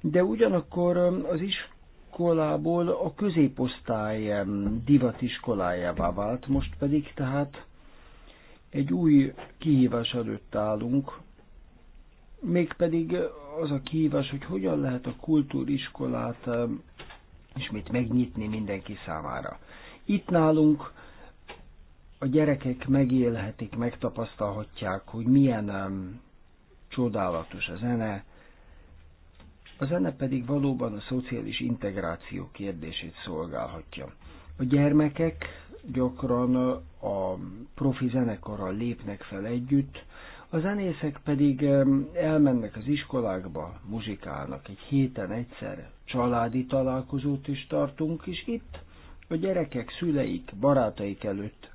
de ugyanakkor az is iskolából a középosztály divatiskolájává vált, most pedig tehát egy új kihívás előtt állunk, mégpedig az a kihívás, hogy hogyan lehet a kultúriskolát ismét megnyitni mindenki számára. Itt nálunk a gyerekek megélhetik, megtapasztalhatják, hogy milyen um, csodálatos a zene, a zene pedig valóban a szociális integráció kérdését szolgálhatja. A gyermekek gyakran a profi zenekarral lépnek fel együtt, a zenészek pedig elmennek az iskolákba, muzsikálnak. Egy héten egyszer családi találkozót is tartunk, és itt a gyerekek, szüleik, barátaik előtt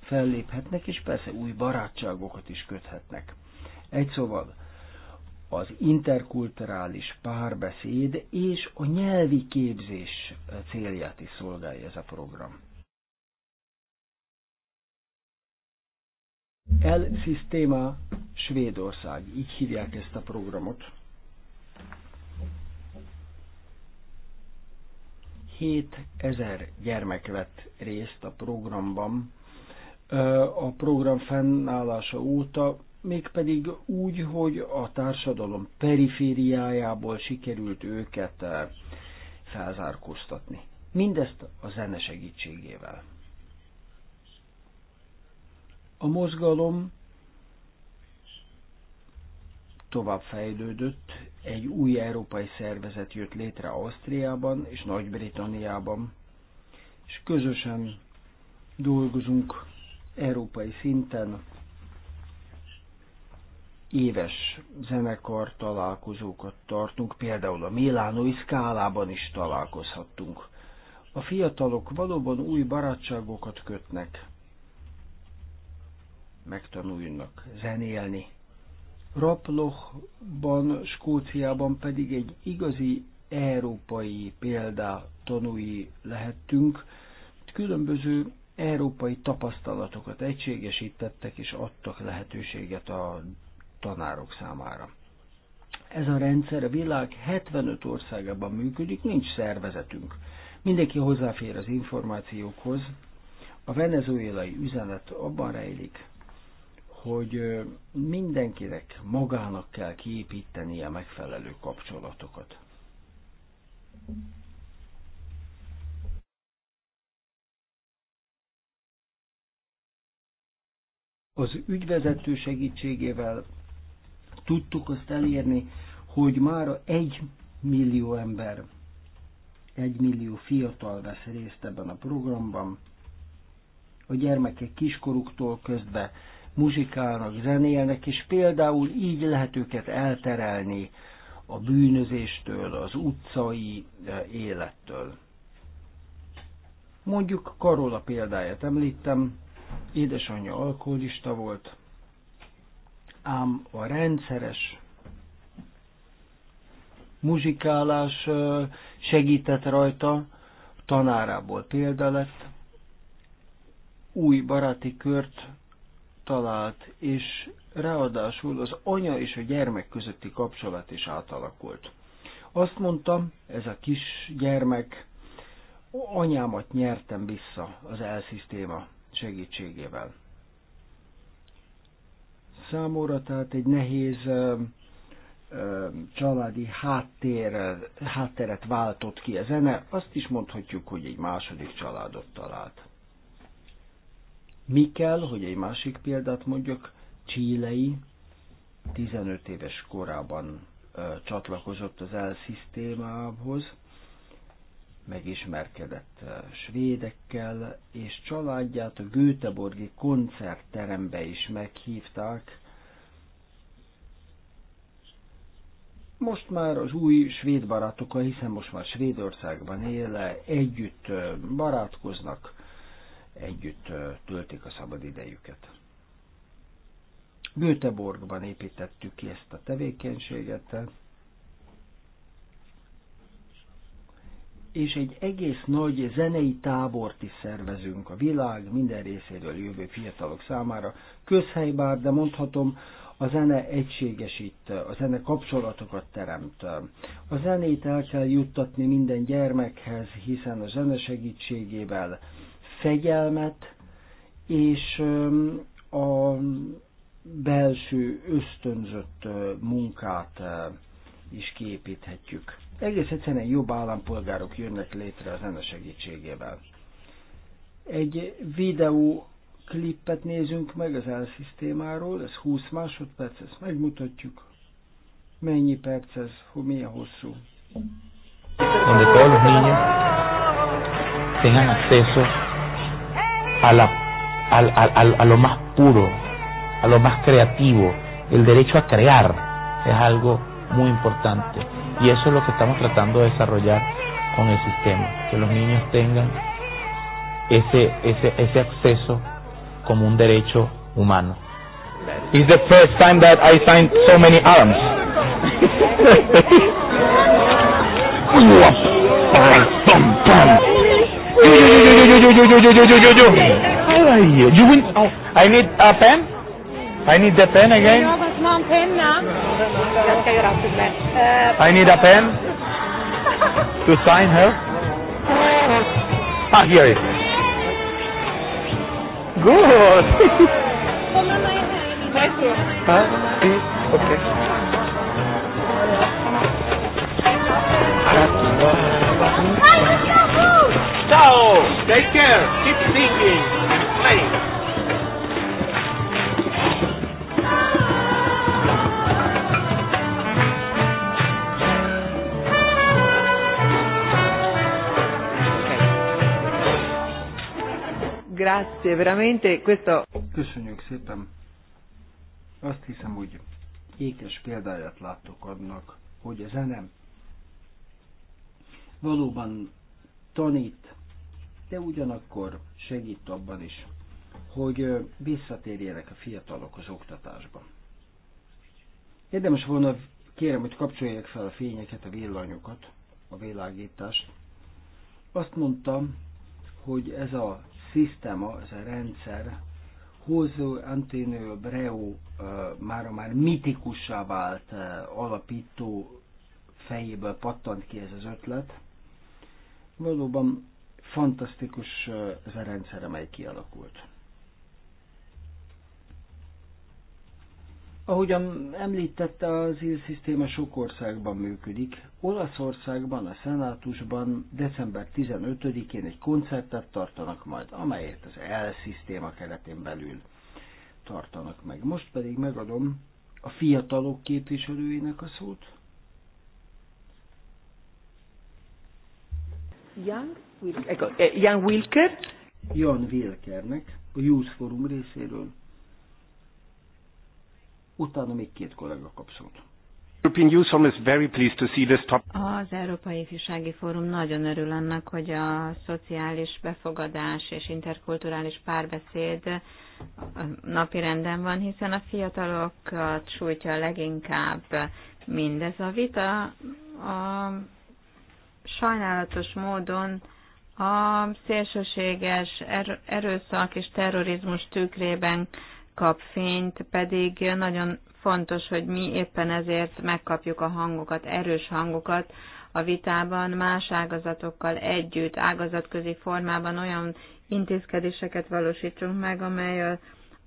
felléphetnek, és persze új barátságokat is köthetnek. Egy szóval, az interkulturális párbeszéd és a nyelvi képzés célját is szolgálja ez a program. El Sistema Svédország, így hívják ezt a programot. ezer gyermek vett részt a programban. A program fennállása óta mégpedig úgy, hogy a társadalom perifériájából sikerült őket eh, felzárkóztatni. Mindezt a zene segítségével. A mozgalom tovább fejlődött, egy új európai szervezet jött létre Ausztriában és Nagy-Britanniában, és közösen dolgozunk európai szinten éves zenekar találkozókat tartunk, például a Milánói Szkálában is találkozhattunk. A fiatalok valóban új barátságokat kötnek, megtanulnak zenélni. Raplochban, Skóciában pedig egy igazi európai példá tanúi lehettünk. Különböző európai tapasztalatokat egységesítettek és adtak lehetőséget a tanárok számára. Ez a rendszer a világ 75 országában működik, nincs szervezetünk. Mindenki hozzáfér az információkhoz. A venezuelai üzenet abban rejlik, hogy mindenkinek magának kell kiépítenie a megfelelő kapcsolatokat. Az ügyvezető segítségével tudtuk azt elérni, hogy már egy millió ember, egy millió fiatal vesz részt ebben a programban. A gyermekek kiskoruktól közbe muzsikálnak, zenélnek, és például így lehet őket elterelni a bűnözéstől, az utcai eh, élettől. Mondjuk Karola példáját említem, édesanyja alkoholista volt, ám a rendszeres muzsikálás segített rajta, tanárából példa lett, új baráti kört talált, és ráadásul az anya és a gyermek közötti kapcsolat is átalakult. Azt mondtam, ez a kis gyermek, anyámat nyertem vissza az elszisztéma segítségével számomra, tehát egy nehéz családi háttér, hátteret váltott ki a zene, azt is mondhatjuk, hogy egy második családot talált. Mi kell, hogy egy másik példát mondjak, Csílei 15 éves korában ö, csatlakozott az l megismerkedett eh, svédekkel, és családját a Göteborgi koncertterembe is meghívták. Most már az új svéd barátokkal, hiszen most már Svédországban él, együtt eh, barátkoznak, együtt eh, töltik a szabad idejüket. Göteborgban építettük ki ezt a tevékenységet, és egy egész nagy zenei tábort is szervezünk a világ minden részéről jövő fiatalok számára. bár, de mondhatom, a zene egységesít, a zene kapcsolatokat teremt. A zenét el kell juttatni minden gyermekhez, hiszen a zene segítségével fegyelmet és a belső ösztönzött munkát is képíthetjük. Egész egyszerűen jobb állampolgárok jönnek létre az ennek segítségével. Egy videó klippet nézünk meg az elszisztémáról, ez 20 másodperc, ezt megmutatjuk. Mennyi perc ez, hogy milyen hosszú. Donde todos los niños tengan acceso a, la, a, a, a, a lo más puro, a lo más creativo. El derecho a crear es algo muy importante. Y eso es lo que estamos tratando de desarrollar con el sistema, que los niños tengan ese, ese, ese acceso como un derecho humano. Es the first time that I signed so many arms. I need a pen. I need the pen again ma un penna? Grazie, I need a pen to sign her. Ah, here it is. Good. huh? See? Okay. Ciao. Take care. Keep thinking. Bye. Grazie, veramente questo... Köszönjük szépen. Azt hiszem, hogy ékes példáját láttok annak, hogy a zene valóban tanít, de ugyanakkor segít abban is, hogy visszatérjenek a fiatalok az oktatásba. Érdemes volna, kérem, hogy kapcsolják fel a fényeket, a villanyokat, a világítást. Azt mondtam, hogy ez a szisztema, ez a rendszer, Hozó Antonio Breu már már mitikussá vált alapító fejéből pattant ki ez az ötlet. Valóban fantasztikus ez a rendszer, amely kialakult. Ahogyan említette, az írszisztéma sok országban működik. Olaszországban, a szenátusban december 15-én egy koncertet tartanak majd, amelyet az elszisztéma keretén belül tartanak meg. Most pedig megadom a fiatalok képviselőinek a szót. Young Wilker. Jan Wilker. Jan Wilkernek, a Youth Forum részéről utána még két kollega kap szót. Az Európai Ifjúsági Fórum nagyon örül annak, hogy a szociális befogadás és interkulturális párbeszéd napirenden van, hiszen a fiatalokat sújtja leginkább mindez. A vita a sajnálatos módon a szélsőséges er- erőszak és terrorizmus tükrében kap fényt, pedig nagyon fontos, hogy mi éppen ezért megkapjuk a hangokat, erős hangokat a vitában, más ágazatokkal együtt, ágazatközi formában olyan intézkedéseket valósítsunk meg, amely a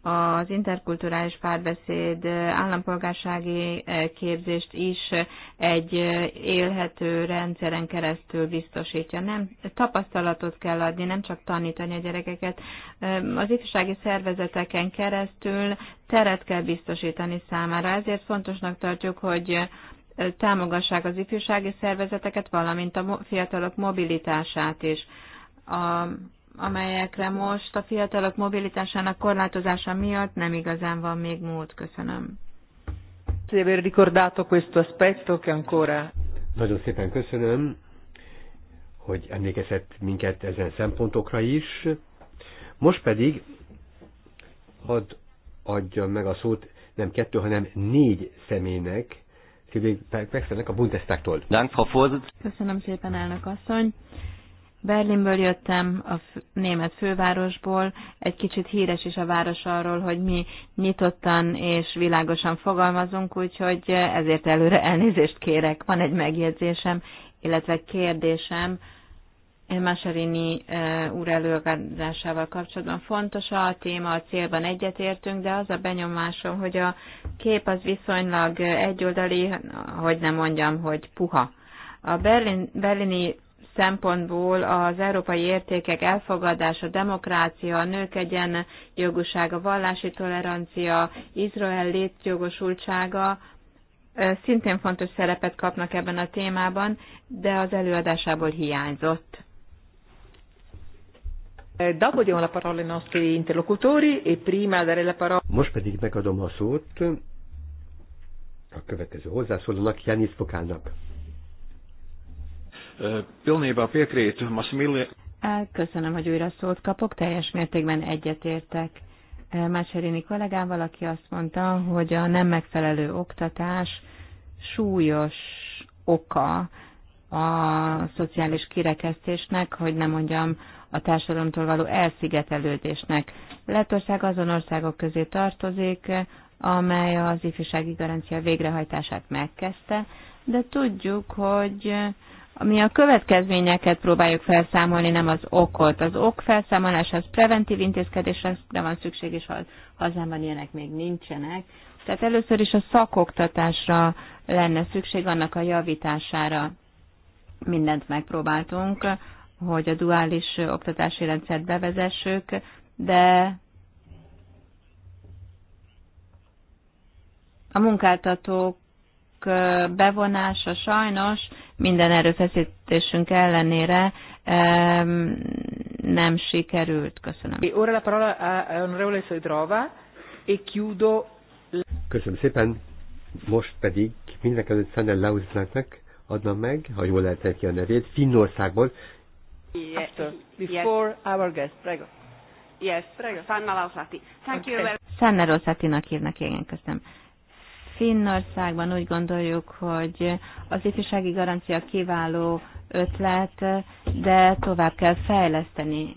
az interkulturális párbeszéd állampolgársági eh, képzést is eh, egy eh, élhető rendszeren keresztül biztosítja. Nem tapasztalatot kell adni, nem csak tanítani a gyerekeket. Az ifjúsági szervezeteken keresztül teret kell biztosítani számára. Ezért fontosnak tartjuk, hogy támogassák az ifjúsági szervezeteket, valamint a fiatalok mobilitását is. A amelyekre most a fiatalok mobilitásának korlátozása miatt nem igazán van még mód. Köszönöm. Nagyon szépen köszönöm, hogy emlékezett minket ezen szempontokra is. Most pedig hadd adja meg a szót nem kettő, hanem négy személynek, Szilvi Pexelnek a Bundestagtól. Köszönöm szépen, elnök asszony. Berlinből jöttem, a német fővárosból, egy kicsit híres is a város arról, hogy mi nyitottan és világosan fogalmazunk, úgyhogy ezért előre elnézést kérek. Van egy megjegyzésem, illetve kérdésem Maserini úr előadásával kapcsolatban. Fontos a téma, a célban egyetértünk, de az a benyomásom, hogy a kép az viszonylag egyoldali, hogy nem mondjam, hogy puha. A berlin, berlini szempontból az európai értékek elfogadása, demokrácia, a nők egyen jogúsága, vallási tolerancia, Izrael létjogosultsága szintén fontos szerepet kapnak ebben a témában, de az előadásából hiányzott. Eh, dopo diamo la parola ai nostri interlocutori e prima dare la parola... Most pedig megadom a szót a következő hozzászólónak, Janis Fokának. Pilnībā piekrītu Masimilija. Köszönöm, hogy újra szót kapok, teljes mértékben egyetértek Mácserini kollégával, aki azt mondta, hogy a nem megfelelő oktatás súlyos oka a szociális kirekesztésnek, hogy nem mondjam a társadalomtól való elszigetelődésnek. Lettország azon országok közé tartozik, amely az ifjúsági garancia végrehajtását megkezdte, de tudjuk, hogy mi a következményeket próbáljuk felszámolni, nem az okot. Az ok felszámolás, az preventív intézkedésre de van szükség, és hazámban ilyenek még nincsenek. Tehát először is a szakoktatásra lenne szükség, annak a javítására mindent megpróbáltunk, hogy a duális oktatási rendszert bevezessük, de a munkáltatók bevonása sajnos minden erőfeszítésünk ellenére nem sikerült. Köszönöm. E ora la parola a e chiudo... Köszönöm szépen. Most pedig mindenek előtt Szene Lausnak adnám meg, ha jól lehetne ki a nevét, Finnországból. Yes. Before yes. our guest, prego. Yes, prego. Sanna Lausati. Thank okay. you very much. Sanna Lausatinak hívnak, igen, köszönöm. Finnországban úgy gondoljuk, hogy az ifjúsági garancia kiváló ötlet, de tovább kell fejleszteni.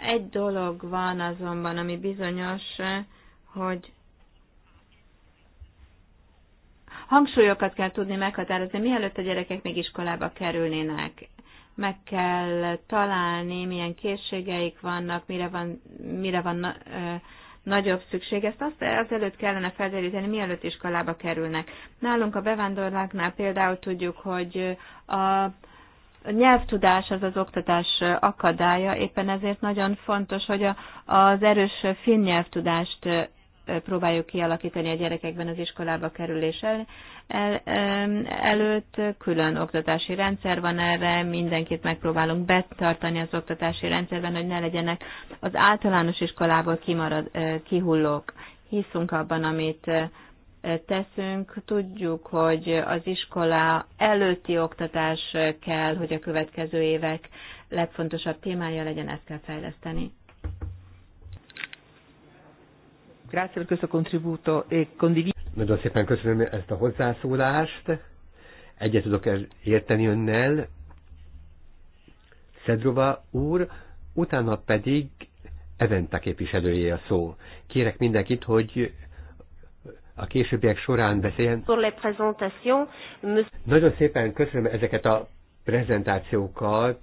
Egy dolog van azonban, ami bizonyos, hogy hangsúlyokat kell tudni meghatározni, mielőtt a gyerekek még iskolába kerülnének. Meg kell találni, milyen készségeik vannak, mire van, mire van nagyobb szükség. Ezt azt azelőtt kellene felderíteni, mielőtt iskolába kerülnek. Nálunk a bevándorláknál például tudjuk, hogy a a nyelvtudás az az oktatás akadálya, éppen ezért nagyon fontos, hogy a, az erős finn nyelvtudást próbáljuk kialakítani a gyerekekben az iskolába kerülés el, előtt külön oktatási rendszer van erre, mindenkit megpróbálunk betartani az oktatási rendszerben, hogy ne legyenek az általános iskolából kimarad, eh, kihullók. Hiszünk abban, amit eh, teszünk, tudjuk, hogy az iskola előtti oktatás eh, kell, hogy a következő évek legfontosabb témája legyen, ezt kell fejleszteni. Grazie per questo contributo e condivido nagyon szépen köszönöm ezt a hozzászólást. Egyet tudok érteni önnel, Szedrova úr, utána pedig Eventa képviselője a szó. Kérek mindenkit, hogy a későbbiek során beszéljen. Nagyon szépen köszönöm ezeket a prezentációkat.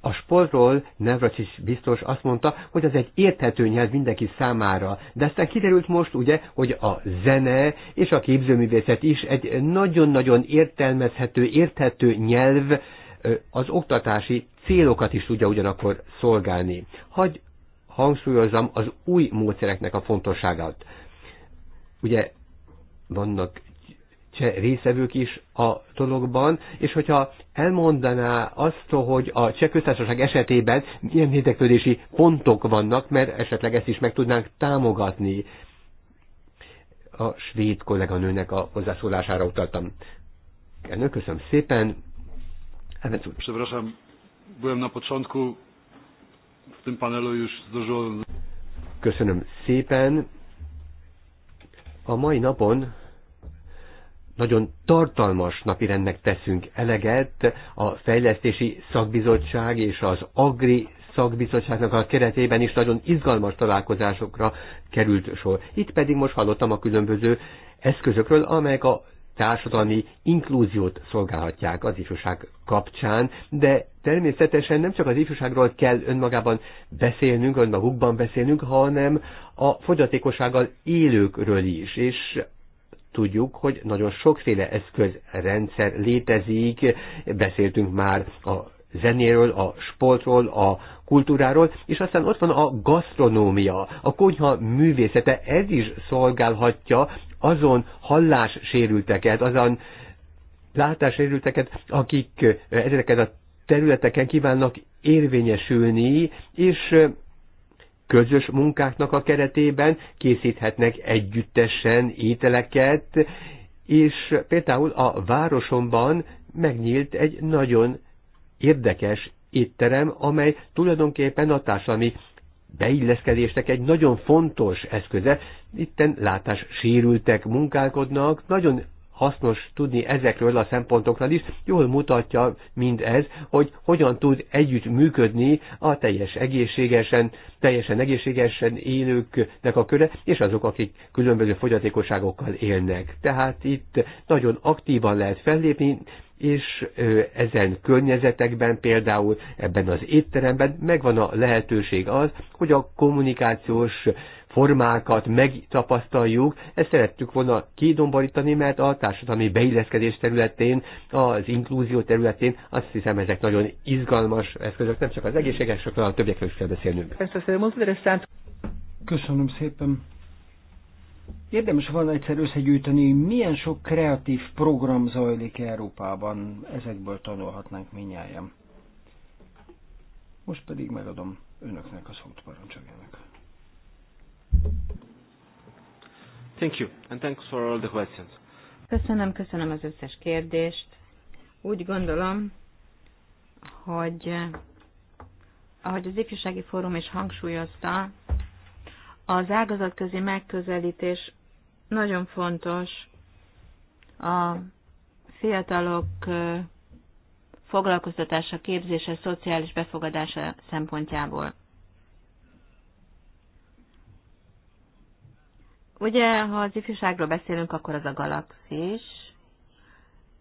A sportról Nevracsis biztos azt mondta, hogy ez egy érthető nyelv mindenki számára. De aztán kiderült most ugye, hogy a zene és a képzőművészet is egy nagyon-nagyon értelmezhető, érthető nyelv az oktatási célokat is tudja ugyanakkor szolgálni. Hagy hangsúlyozzam az új módszereknek a fontosságát. Ugye vannak se részevők is a dologban, és hogyha elmondaná azt, hogy a cseh köztársaság esetében milyen érdeklődési pontok vannak, mert esetleg ezt is meg tudnánk támogatni. A svéd kolléganőnek a hozzászólására utaltam. Elnök, köszönöm szépen. Köszönöm szépen. A mai napon nagyon tartalmas napirendnek teszünk eleget a fejlesztési szakbizottság és az agri szakbizottságnak a keretében is nagyon izgalmas találkozásokra került sor. Itt pedig most hallottam a különböző eszközökről, amelyek a társadalmi inklúziót szolgálhatják az ifjúság kapcsán, de természetesen nem csak az ifjúságról kell önmagában beszélnünk, önmagukban beszélnünk, hanem a fogyatékossággal élőkről is, és tudjuk, hogy nagyon sokféle eszközrendszer létezik, beszéltünk már a zenéről, a sportról, a kultúráról, és aztán ott van a gasztronómia, a konyha művészete, ez is szolgálhatja azon hallássérülteket, azon látássérülteket, akik ezeket a területeken kívánnak érvényesülni, és közös munkáknak a keretében készíthetnek együttesen ételeket, és például a városomban megnyílt egy nagyon érdekes étterem, amely tulajdonképpen a társadalmi beilleszkedésnek egy nagyon fontos eszköze. Itten látás sérültek munkálkodnak, nagyon hasznos tudni ezekről a szempontokról is. Jól mutatja mindez, hogy hogyan tud együtt működni a teljes egészségesen, teljesen egészségesen élőknek a köre, és azok, akik különböző fogyatékosságokkal élnek. Tehát itt nagyon aktívan lehet fellépni, és ezen környezetekben, például ebben az étteremben megvan a lehetőség az, hogy a kommunikációs formákat megtapasztaljuk, ezt szerettük volna kidomborítani, mert a társadalmi beilleszkedés területén, az inklúzió területén azt hiszem ezek nagyon izgalmas eszközök, nem csak az egészségesről, hanem a többiekről is kell beszélnünk. Köszönöm szépen. Érdemes volna egyszer összegyűjteni, milyen sok kreatív program zajlik Európában, ezekből tanulhatnánk minnyáján. Most pedig megadom önöknek a szót parancsoljanak. Thank you, and thanks for all the questions. Köszönöm, köszönöm az összes kérdést. Úgy gondolom, hogy ahogy az ifjúsági fórum is hangsúlyozta, az ágazatközi megközelítés nagyon fontos a fiatalok foglalkoztatása, képzése, szociális befogadása szempontjából. Ugye, ha az ifjúságról beszélünk, akkor az a galaxis,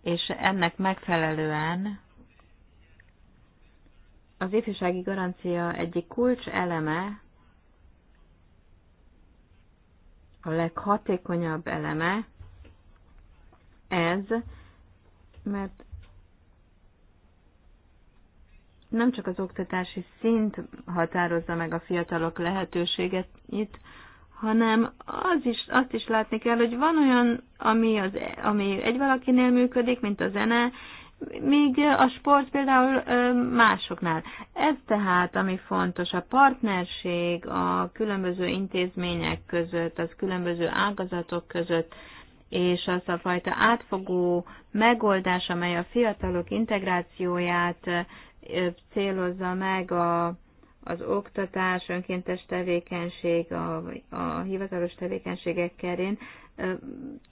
és ennek megfelelően az ifjúsági garancia egyik kulcs eleme, a leghatékonyabb eleme ez, mert nem csak az oktatási szint határozza meg a fiatalok lehetőséget, itt, hanem az is, azt is látni kell, hogy van olyan, ami, az, ami egy valakinél működik, mint a zene, míg a sport például másoknál. Ez tehát, ami fontos, a partnerség a különböző intézmények között, az különböző ágazatok között, és az a fajta átfogó megoldás, amely a fiatalok integrációját célozza meg a az oktatás, önkéntes tevékenység, a, a hivatalos tevékenységek kerén,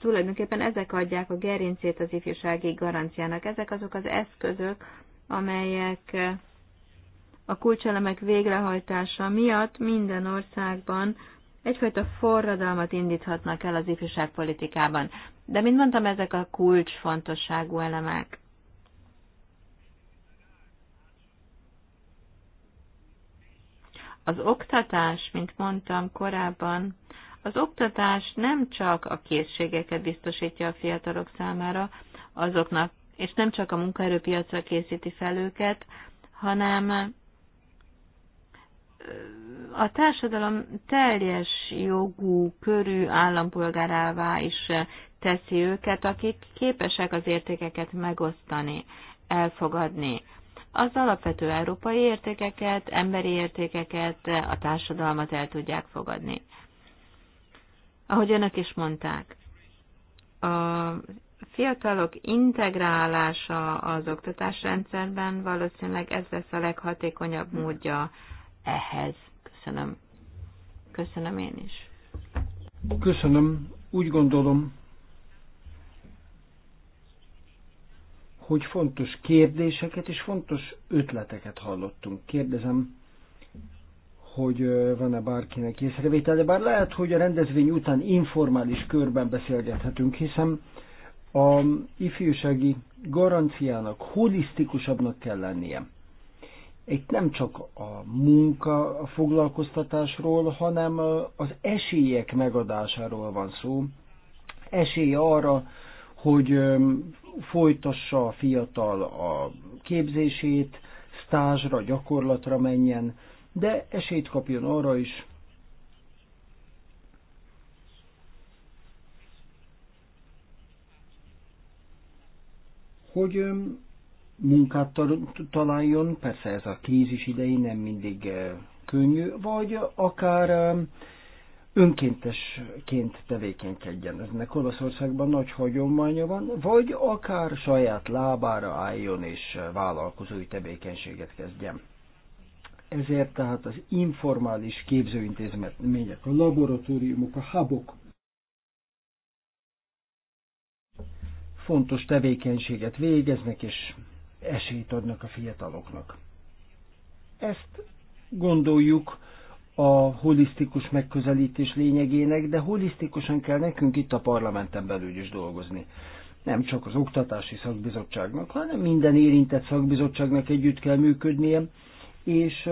tulajdonképpen ezek adják a gerincét az ifjúsági garanciának. Ezek azok az eszközök, amelyek a kulcselemek végrehajtása miatt minden országban egyfajta forradalmat indíthatnak el az ifjúságpolitikában. De, mint mondtam, ezek a kulcsfontosságú elemek. Az oktatás, mint mondtam korábban, az oktatás nem csak a készségeket biztosítja a fiatalok számára, azoknak, és nem csak a munkaerőpiacra készíti fel őket, hanem a társadalom teljes jogú, körű állampolgárává is teszi őket, akik képesek az értékeket megosztani, elfogadni az alapvető európai értékeket, emberi értékeket, a társadalmat el tudják fogadni. Ahogy önök is mondták, a fiatalok integrálása az oktatásrendszerben valószínűleg ez lesz a leghatékonyabb módja ehhez. Köszönöm. Köszönöm én is. Köszönöm. Úgy gondolom, hogy fontos kérdéseket és fontos ötleteket hallottunk. Kérdezem, hogy van-e bárkinek észrevétele, bár lehet, hogy a rendezvény után informális körben beszélgethetünk, hiszen a ifjúsági garanciának holisztikusabbnak kell lennie. Itt nem csak a munka, a foglalkoztatásról, hanem az esélyek megadásáról van szó. Esély arra, hogy folytassa a fiatal a képzését, stázsra, gyakorlatra menjen, de esélyt kapjon arra is, hogy munkát találjon, persze ez a krízis idején nem mindig könnyű, vagy akár önkéntesként tevékenykedjen. Eznek Olaszországban nagy hagyománya van, vagy akár saját lábára álljon és vállalkozói tevékenységet kezdjen. Ezért tehát az informális képzőintézmények, a laboratóriumok, a hubok fontos tevékenységet végeznek és esélyt adnak a fiataloknak. Ezt gondoljuk, a holisztikus megközelítés lényegének, de holisztikusan kell nekünk itt a parlamenten belül is dolgozni. Nem csak az oktatási szakbizottságnak, hanem minden érintett szakbizottságnak együtt kell működnie, és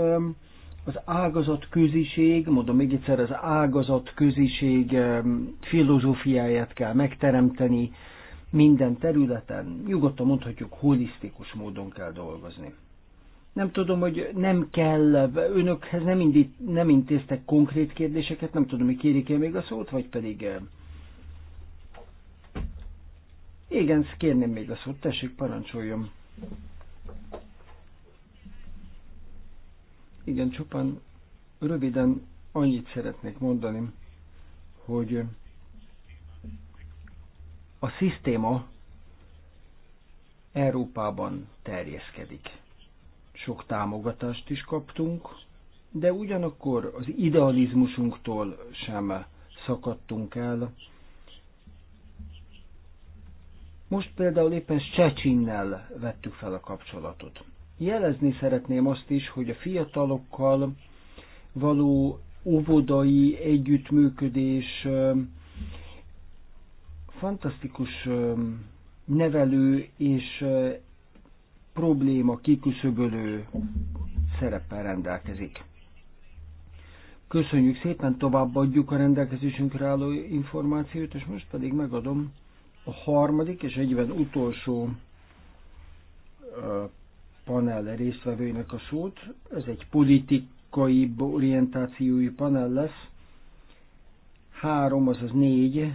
az ágazat köziség, mondom még egyszer, az ágazat köziség filozófiáját kell megteremteni minden területen. Nyugodtan mondhatjuk, holisztikus módon kell dolgozni. Nem tudom, hogy nem kell, önökhez nem, indít, nem intéztek konkrét kérdéseket, nem tudom, hogy kérik-e még a szót, vagy pedig... Eh, Igen, kérném még a szót, tessék, parancsoljon. Igen, csupán röviden annyit szeretnék mondani, hogy a szisztéma Európában terjeszkedik sok támogatást is kaptunk, de ugyanakkor az idealizmusunktól sem szakadtunk el. Most például éppen Szecsinnel vettük fel a kapcsolatot. Jelezni szeretném azt is, hogy a fiatalokkal való óvodai együttműködés fantasztikus nevelő és probléma kiküszöbölő szereppel rendelkezik. Köszönjük szépen, továbbadjuk a rendelkezésünkre álló információt, és most pedig megadom a harmadik és egyben utolsó panel résztvevőinek a szót. Ez egy politikai orientációi panel lesz. Három, azaz négy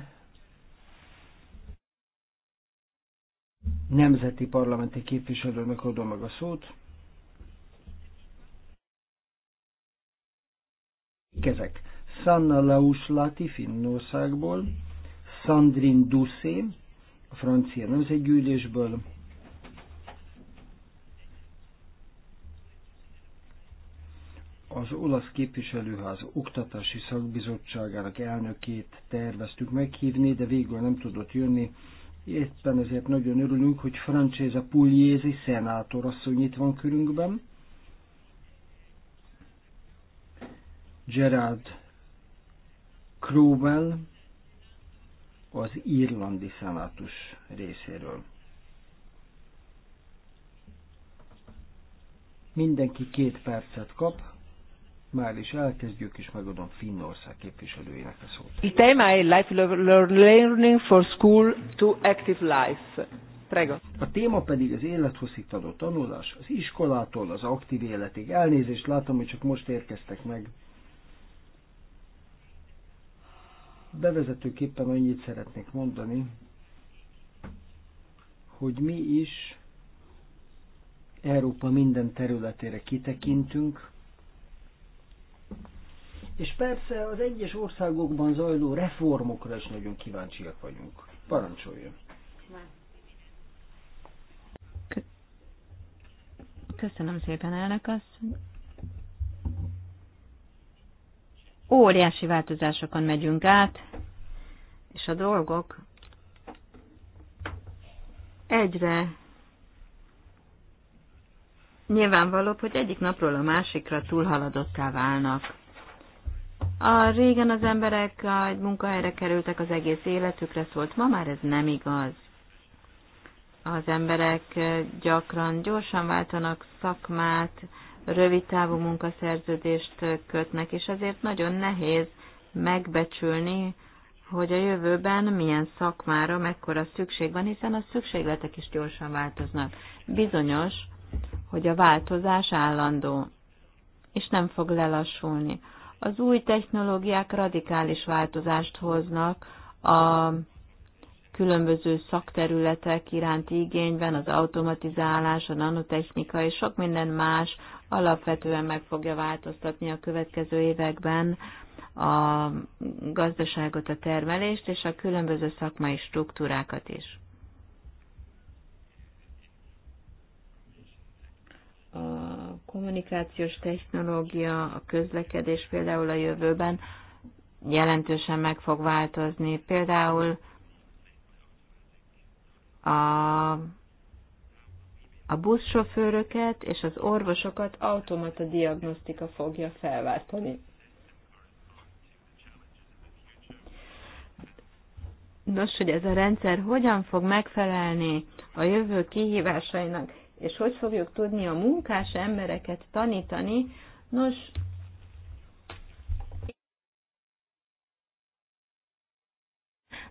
nemzeti parlamenti képviselőnek adom meg a szót. Kezek. Sanna Lauslati Finnországból, Sandrine Dussé a francia nemzetgyűlésből, az olasz képviselőház oktatási szakbizottságának elnökét terveztük meghívni, de végül nem tudott jönni, Éppen ezért nagyon örülünk, hogy Francesa Pugliesi szenátor asszony itt van körünkben. Gerard Crowell az irlandi szenátus részéről. Mindenki két percet kap, már is elkezdjük, és megadom Finnország képviselőjének a szót. It I life learning for school to active life. Prego. A téma pedig az élethosszígtartó tanulás, az iskolától az aktív életig. Elnézést látom, hogy csak most érkeztek meg. Bevezetőképpen annyit szeretnék mondani, hogy mi is Európa minden területére kitekintünk, és persze az egyes országokban zajló reformokra is nagyon kíváncsiak vagyunk. Parancsoljon! Köszönöm szépen, elnök asszony. Óriási változásokon megyünk át, és a dolgok egyre nyilvánvalóbb, hogy egyik napról a másikra túlhaladottá válnak. A régen az emberek egy munkahelyre kerültek az egész életükre szólt, ma már ez nem igaz. Az emberek gyakran gyorsan váltanak szakmát, rövid távú munkaszerződést kötnek, és ezért nagyon nehéz megbecsülni, hogy a jövőben milyen szakmára mekkora szükség van, hiszen a szükségletek is gyorsan változnak. Bizonyos, hogy a változás állandó, és nem fog lelassulni. Az új technológiák radikális változást hoznak a különböző szakterületek iránti igényben, az automatizálás, a nanotechnika és sok minden más alapvetően meg fogja változtatni a következő években a gazdaságot, a termelést és a különböző szakmai struktúrákat is. kommunikációs technológia, a közlekedés például a jövőben jelentősen meg fog változni. Például a, a buszsofőröket és az orvosokat automata diagnosztika fogja felváltani. Nos, hogy ez a rendszer hogyan fog megfelelni a jövő kihívásainak, és hogy fogjuk tudni a munkás embereket tanítani? Nos,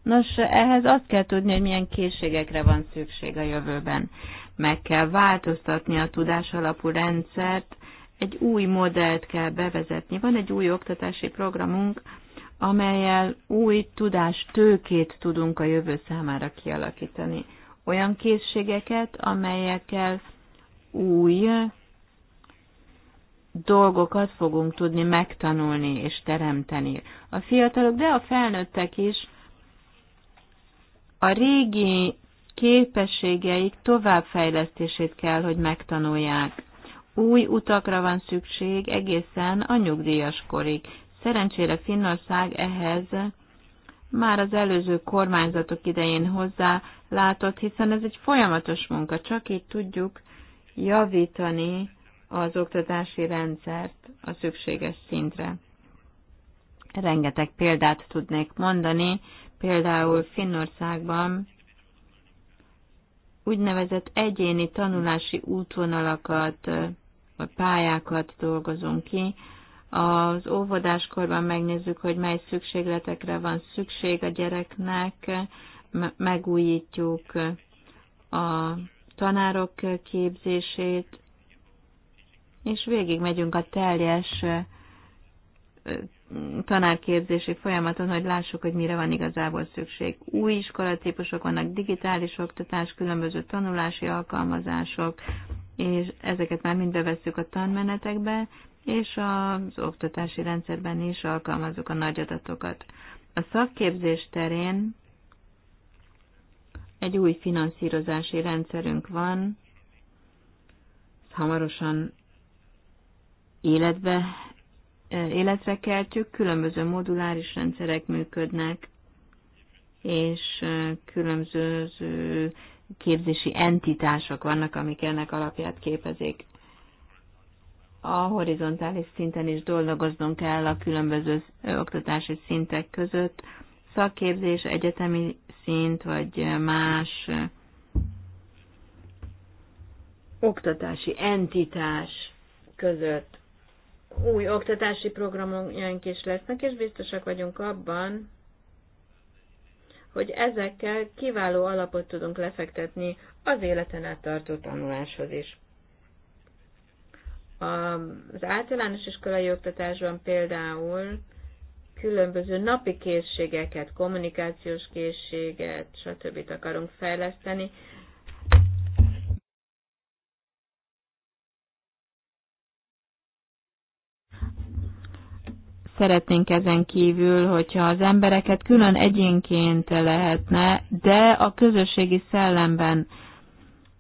Nos, ehhez azt kell tudni, hogy milyen készségekre van szükség a jövőben. Meg kell változtatni a tudásalapú rendszert, egy új modellt kell bevezetni. Van egy új oktatási programunk, amelyel új tudástőkét tudunk a jövő számára kialakítani olyan készségeket, amelyekkel új dolgokat fogunk tudni megtanulni és teremteni. A fiatalok, de a felnőttek is a régi képességeik továbbfejlesztését kell, hogy megtanulják. Új utakra van szükség egészen a nyugdíjas korig. Szerencsére Finnország ehhez már az előző kormányzatok idején hozzá látott, hiszen ez egy folyamatos munka, csak így tudjuk javítani az oktatási rendszert a szükséges szintre. Rengeteg példát tudnék mondani, például Finnországban úgynevezett egyéni tanulási útvonalakat, vagy pályákat dolgozunk ki, az óvodáskorban megnézzük, hogy mely szükségletekre van szükség a gyereknek, megújítjuk a tanárok képzését, és végig megyünk a teljes tanárképzési folyamaton, hogy lássuk, hogy mire van igazából szükség. Új iskolatípusok vannak, digitális oktatás, különböző tanulási alkalmazások, és ezeket már mind bevesszük a tanmenetekbe, és az oktatási rendszerben is alkalmazzuk a nagy adatokat. A szakképzés terén egy új finanszírozási rendszerünk van, ezt hamarosan életbe, életre keltjük, különböző moduláris rendszerek működnek, és különböző képzési entitások vannak, amik ennek alapját képezik a horizontális szinten is dolgoznunk kell a különböző oktatási szintek között, szakképzés, egyetemi szint, vagy más oktatási entitás között. Új oktatási programjaink is lesznek, és biztosak vagyunk abban, hogy ezekkel kiváló alapot tudunk lefektetni az életen át tartó tanuláshoz is. Az általános iskolai oktatásban például különböző napi készségeket, kommunikációs készséget, stb. akarunk fejleszteni. Szeretnénk ezen kívül, hogyha az embereket külön egyénként lehetne, de a közösségi szellemben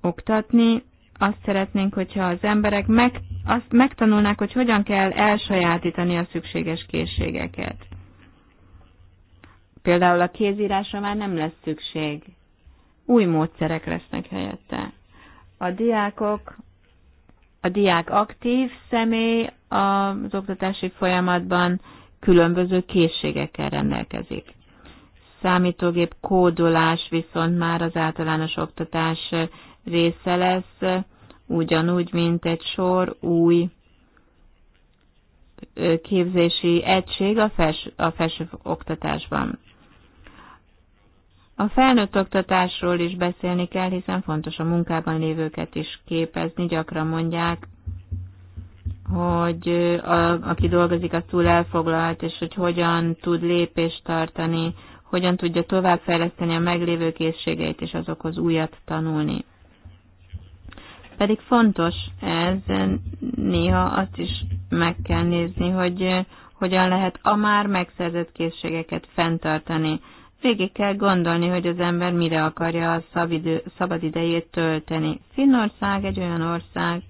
oktatni, azt szeretnénk, hogyha az emberek meg azt megtanulnák, hogy hogyan kell elsajátítani a szükséges készségeket. Például a kézírásra már nem lesz szükség. Új módszerek lesznek helyette. A diákok, a diák aktív személy az oktatási folyamatban különböző készségekkel rendelkezik. Számítógép kódolás viszont már az általános oktatás része lesz, ugyanúgy, mint egy sor új képzési egység a, fels, a felső oktatásban. A felnőtt oktatásról is beszélni kell, hiszen fontos a munkában lévőket is képezni. Gyakran mondják, hogy a, aki dolgozik, az túl elfoglalt, és hogy hogyan tud lépést tartani, hogyan tudja továbbfejleszteni a meglévő készségeit, és azokhoz újat tanulni. Pedig fontos ez, néha azt is meg kell nézni, hogy eh, hogyan lehet a már megszerzett készségeket fenntartani. Végig kell gondolni, hogy az ember mire akarja a szabidő, szabad idejét tölteni. Finnország egy olyan ország,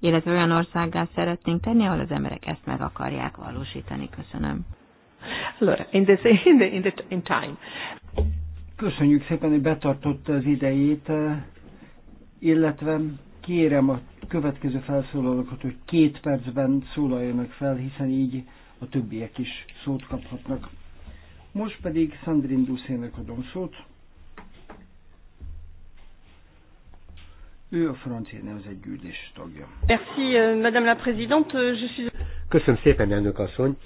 illetve olyan országgá szeretnénk tenni, ahol az emberek ezt meg akarják valósítani. Köszönöm. Allora, in, this, in, the, in, the, in time. Köszönjük szépen, hogy betartotta az idejét illetve kérem a következő felszólalókat, hogy két percben szólaljanak fel, hiszen így a többiek is szót kaphatnak. Most pedig Szandrin Duszének adom szót. Ő a francia nemzetgyűlés tagja. Merci, euh, Madame la Présidente. Euh, je suis... Köszönöm szépen, elnök asszony.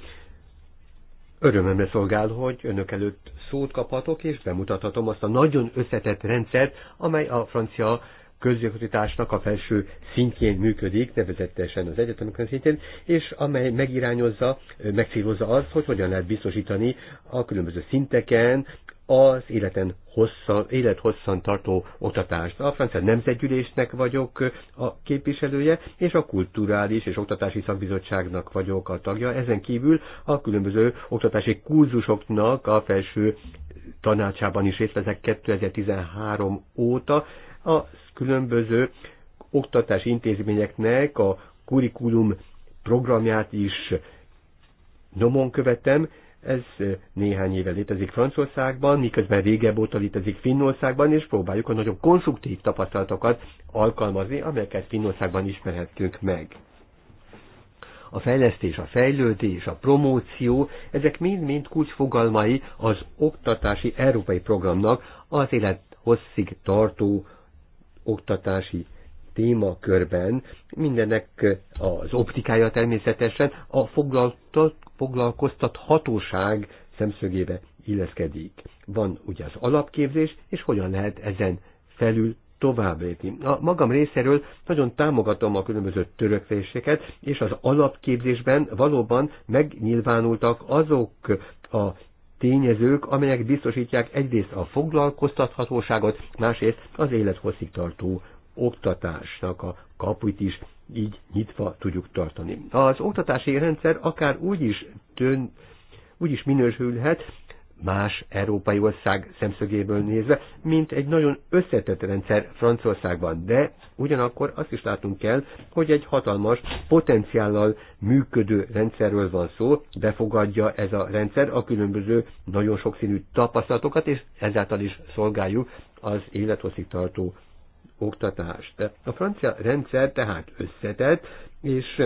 Örömömre szolgál, hogy önök előtt szót kaphatok, és bemutathatom azt a nagyon összetett rendszert, amely a francia közigazgatásnak a felső szintjén működik, nevezetesen az egyetemeken szintjén, és amely megirányozza, megcélozza azt, hogy hogyan lehet biztosítani a különböző szinteken az életen hosszan, élethosszan tartó oktatást. A francia nemzetgyűlésnek vagyok a képviselője, és a kulturális és oktatási szakbizottságnak vagyok a tagja. Ezen kívül a különböző oktatási kurzusoknak a felső tanácsában is részt vezek 2013 óta. A különböző oktatási intézményeknek a kurikulum programját is nyomon követem, ez néhány éve létezik Franciaországban, miközben régebb óta létezik Finnországban, és próbáljuk a nagyon konstruktív tapasztalatokat alkalmazni, amelyeket Finnországban ismerhetünk meg. A fejlesztés, a fejlődés, a promóció, ezek mind-mind kulcsfogalmai az oktatási európai programnak az élet hosszig tartó oktatási témakörben mindenek az optikája természetesen a foglalkoztathatóság szemszögébe illeszkedik. Van ugye az alapképzés, és hogyan lehet ezen felül tovább lépni. A magam részéről nagyon támogatom a különböző törökvéseket, és az alapképzésben valóban megnyilvánultak azok a tényezők, amelyek biztosítják egyrészt a foglalkoztathatóságot, másrészt az élethosszig tartó oktatásnak a kapuit is így nyitva tudjuk tartani. Az oktatási rendszer akár úgy is, tön, úgy is minősülhet, más európai ország szemszögéből nézve, mint egy nagyon összetett rendszer Franciaországban. De ugyanakkor azt is látunk kell, hogy egy hatalmas potenciállal működő rendszerről van szó, befogadja ez a rendszer a különböző nagyon sokszínű tapasztalatokat, és ezáltal is szolgáljuk az élethosszig tartó oktatást. A francia rendszer tehát összetett, és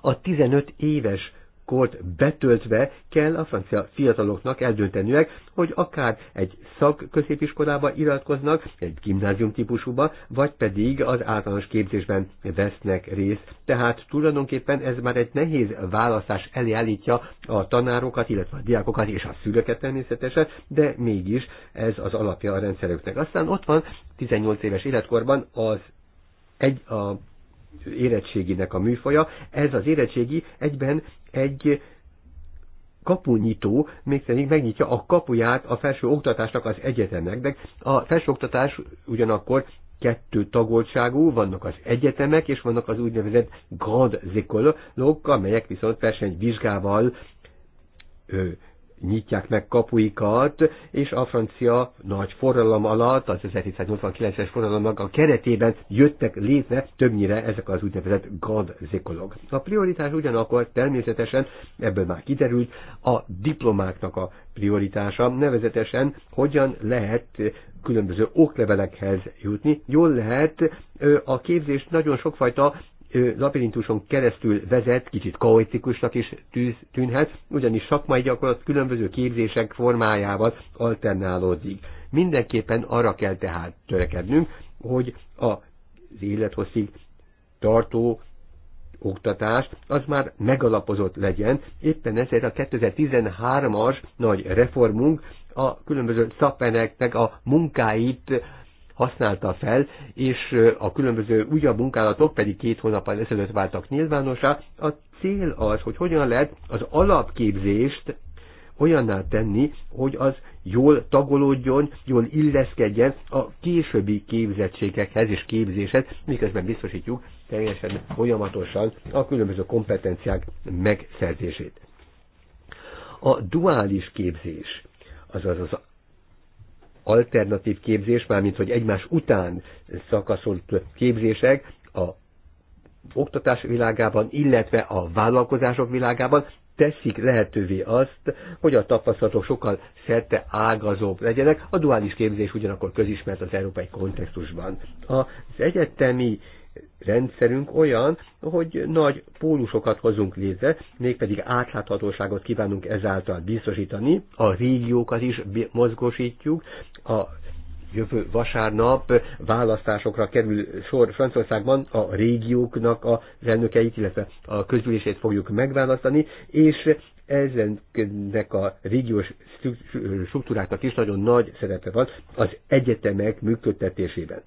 a 15 éves kort betöltve kell a francia fiataloknak eldönteniük, hogy akár egy szakközépiskolába iratkoznak, egy gimnázium típusúba, vagy pedig az általános képzésben vesznek részt. Tehát tulajdonképpen ez már egy nehéz választás elé állítja a tanárokat, illetve a diákokat és a szülőket természetesen, de mégis ez az alapja a rendszerüknek. Aztán ott van 18 éves életkorban az egy a érettséginek a műfaja. Ez az érettségi egyben egy kapunyító, mégpedig megnyitja a kapuját a felső oktatásnak az egyetemnek, de a felső oktatás ugyanakkor kettő tagoltságú, vannak az egyetemek, és vannak az úgynevezett grand zikolók, amelyek viszont versenyvizsgával vizsgával nyitják meg kapuikat, és a francia nagy forradalom alatt, az 1789-es forradalomnak a keretében jöttek létre többnyire ezek az úgynevezett grand A prioritás ugyanakkor természetesen, ebből már kiderült, a diplomáknak a prioritása, nevezetesen hogyan lehet különböző oklevelekhez jutni. Jól lehet, a képzés nagyon sokfajta labirintuson keresztül vezet, kicsit kaotikusnak is tűz, tűnhet, ugyanis szakmai gyakorlat különböző képzések formájával alternálódik. Mindenképpen arra kell tehát törekednünk, hogy az élethosszig tartó oktatás, az már megalapozott legyen. Éppen ezért a 2013-as nagy reformunk a különböző szakmeneknek a munkáit használta fel, és a különböző újabb munkálatok pedig két hónappal ezelőtt váltak nyilvánosra. A cél az, hogy hogyan lehet az alapképzést olyanná tenni, hogy az jól tagolódjon, jól illeszkedjen a későbbi képzettségekhez és képzéshez, miközben biztosítjuk teljesen folyamatosan a különböző kompetenciák megszerzését. A duális képzés, azaz az alternatív képzés, mármint hogy egymás után szakaszolt képzések a oktatás világában, illetve a vállalkozások világában teszik lehetővé azt, hogy a tapasztalatok sokkal szerte ágazóbb legyenek, a duális képzés ugyanakkor közismert az európai kontextusban. Az egyetemi rendszerünk olyan, hogy nagy pólusokat hozunk létre, mégpedig átláthatóságot kívánunk ezáltal biztosítani, a régiókat is mozgosítjuk, a jövő vasárnap választásokra kerül sor Franciaországban a régióknak a elnökeit, illetve a közgyűlését fogjuk megválasztani, és ezennek a régiós struktúráknak is nagyon nagy szerepe van az egyetemek működtetésében.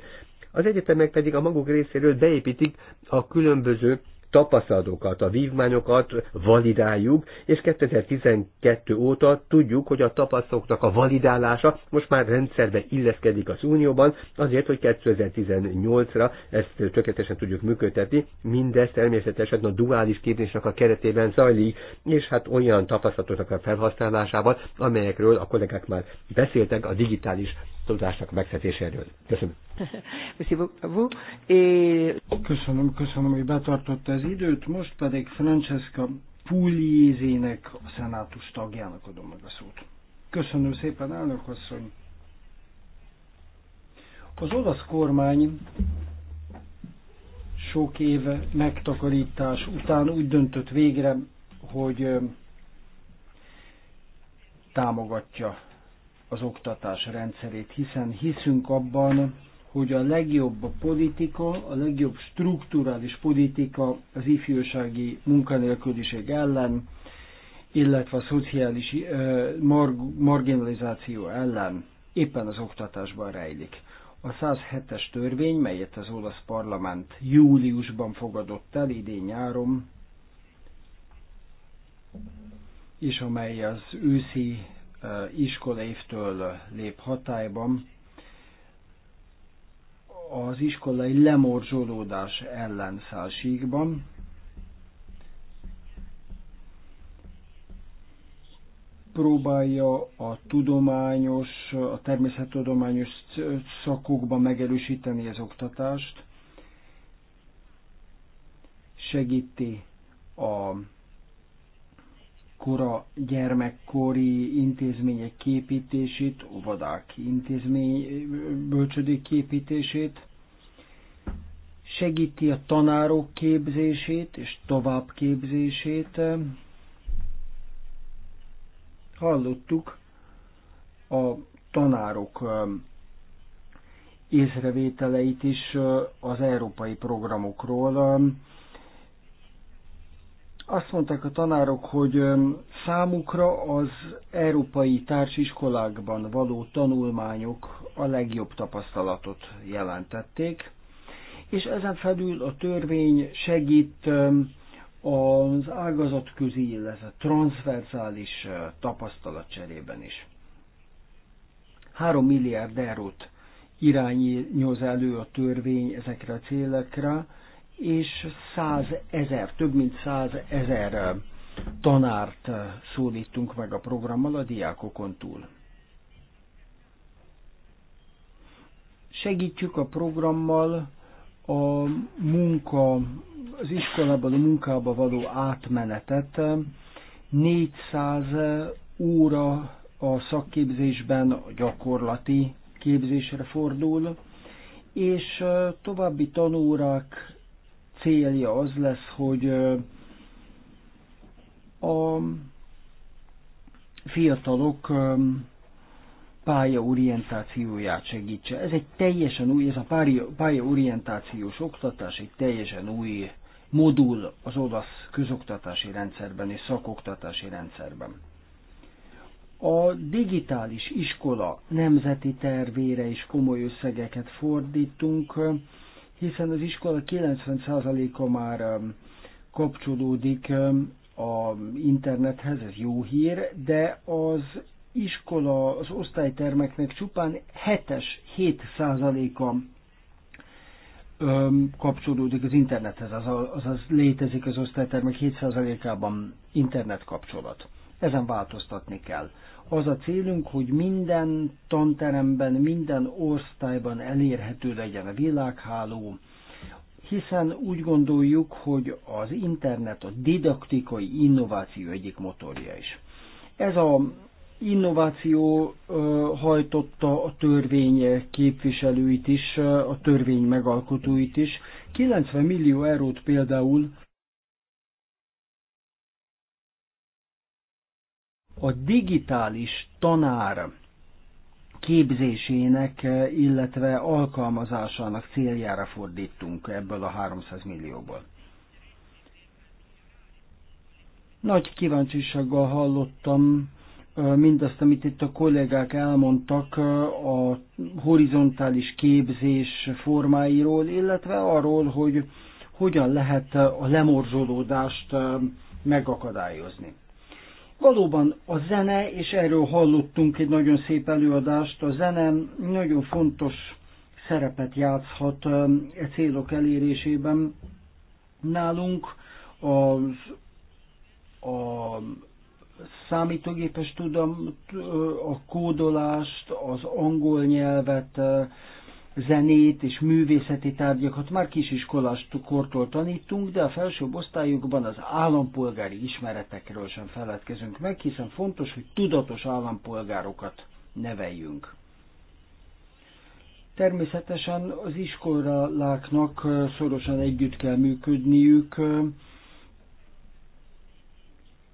Az egyetemek pedig a maguk részéről beépítik a különböző tapasztalatokat, a vívmányokat validáljuk, és 2012 óta tudjuk, hogy a tapasztalatoknak a validálása most már rendszerbe illeszkedik az Unióban, azért, hogy 2018-ra ezt tökéletesen tudjuk működtetni, mindezt természetesen a duális képzésnek a keretében zajlik, és hát olyan tapasztalatoknak a felhasználásával, amelyekről a kollégák már beszéltek a digitális tudásnak megszerzéséről. Köszönöm. Köszönöm, köszönöm, hogy betartotta az időt, most pedig Francesca Pugliézének, a szenátus tagjának adom meg a szót. Köszönöm szépen, elnök asszony! Az olasz kormány sok éve megtakarítás után úgy döntött végre, hogy támogatja az oktatás rendszerét, hiszen hiszünk abban, hogy a legjobb a politika, a legjobb strukturális politika az ifjúsági munkanélküliség ellen, illetve a szociális mar- marginalizáció ellen éppen az oktatásban rejlik. A 107-es törvény, melyet az olasz parlament júliusban fogadott el idén nyáron, és amely az őszi iskolaévtől lép hatályban, az iskolai lemorzsolódás ellen szálsíkban. Próbálja a tudományos, a természettudományos szakokban megerősíteni az oktatást, segíti a kora gyermekkori intézmények képítését, óvodák intézmény bölcsödék képítését, segíti a tanárok képzését és továbbképzését. Hallottuk a tanárok észrevételeit is az európai programokról azt mondták a tanárok, hogy számukra az európai társiskolákban való tanulmányok a legjobb tapasztalatot jelentették, és ezen felül a törvény segít az ágazatközi, illetve transzverzális tapasztalatcserében is. 3 milliárd eurót irányoz elő a törvény ezekre a célekre, és 100 ezer, több mint 100 ezer tanárt szólítunk meg a programmal a diákokon túl. Segítjük a programmal a munka, az iskolában a munkába való átmenetet. 400 óra a szakképzésben a gyakorlati képzésre fordul, és további tanórák célja az lesz, hogy a fiatalok pályaorientációját segítse. Ez egy teljesen új, ez a pályaorientációs oktatás egy teljesen új modul az olasz közoktatási rendszerben és szakoktatási rendszerben. A digitális iskola nemzeti tervére is komoly összegeket fordítunk, hiszen az iskola 90%-a már um, kapcsolódik um, a internethez, ez jó hír, de az iskola, az osztálytermeknek csupán 7-es, 7%-a um, kapcsolódik az internethez, azaz létezik az osztálytermek 7%-ában internetkapcsolat. Ezen változtatni kell. Az a célunk, hogy minden tanteremben, minden osztályban elérhető legyen a világháló, hiszen úgy gondoljuk, hogy az internet a didaktikai innováció egyik motorja is. Ez a innováció hajtotta a törvény képviselőit is, a törvény megalkotóit is. 90 millió eurót például a digitális tanár képzésének, eh, illetve alkalmazásának céljára fordítunk ebből a 300 millióból. Nagy kíváncsisággal hallottam eh, mindazt, amit itt a kollégák elmondtak eh, a horizontális képzés formáiról, illetve arról, hogy hogyan lehet a lemorzsolódást megakadályozni. Valóban a zene, és erről hallottunk egy nagyon szép előadást, a zene nagyon fontos szerepet játszhat um, e célok elérésében. Nálunk a, a számítógépes tudom, a kódolást, az angol nyelvet, zenét és művészeti tárgyakat már kisiskolás kortól tanítunk, de a felsőbb osztályokban az állampolgári ismeretekről sem feledkezünk meg, hiszen fontos, hogy tudatos állampolgárokat neveljünk. Természetesen az iskoláknak szorosan együtt kell működniük,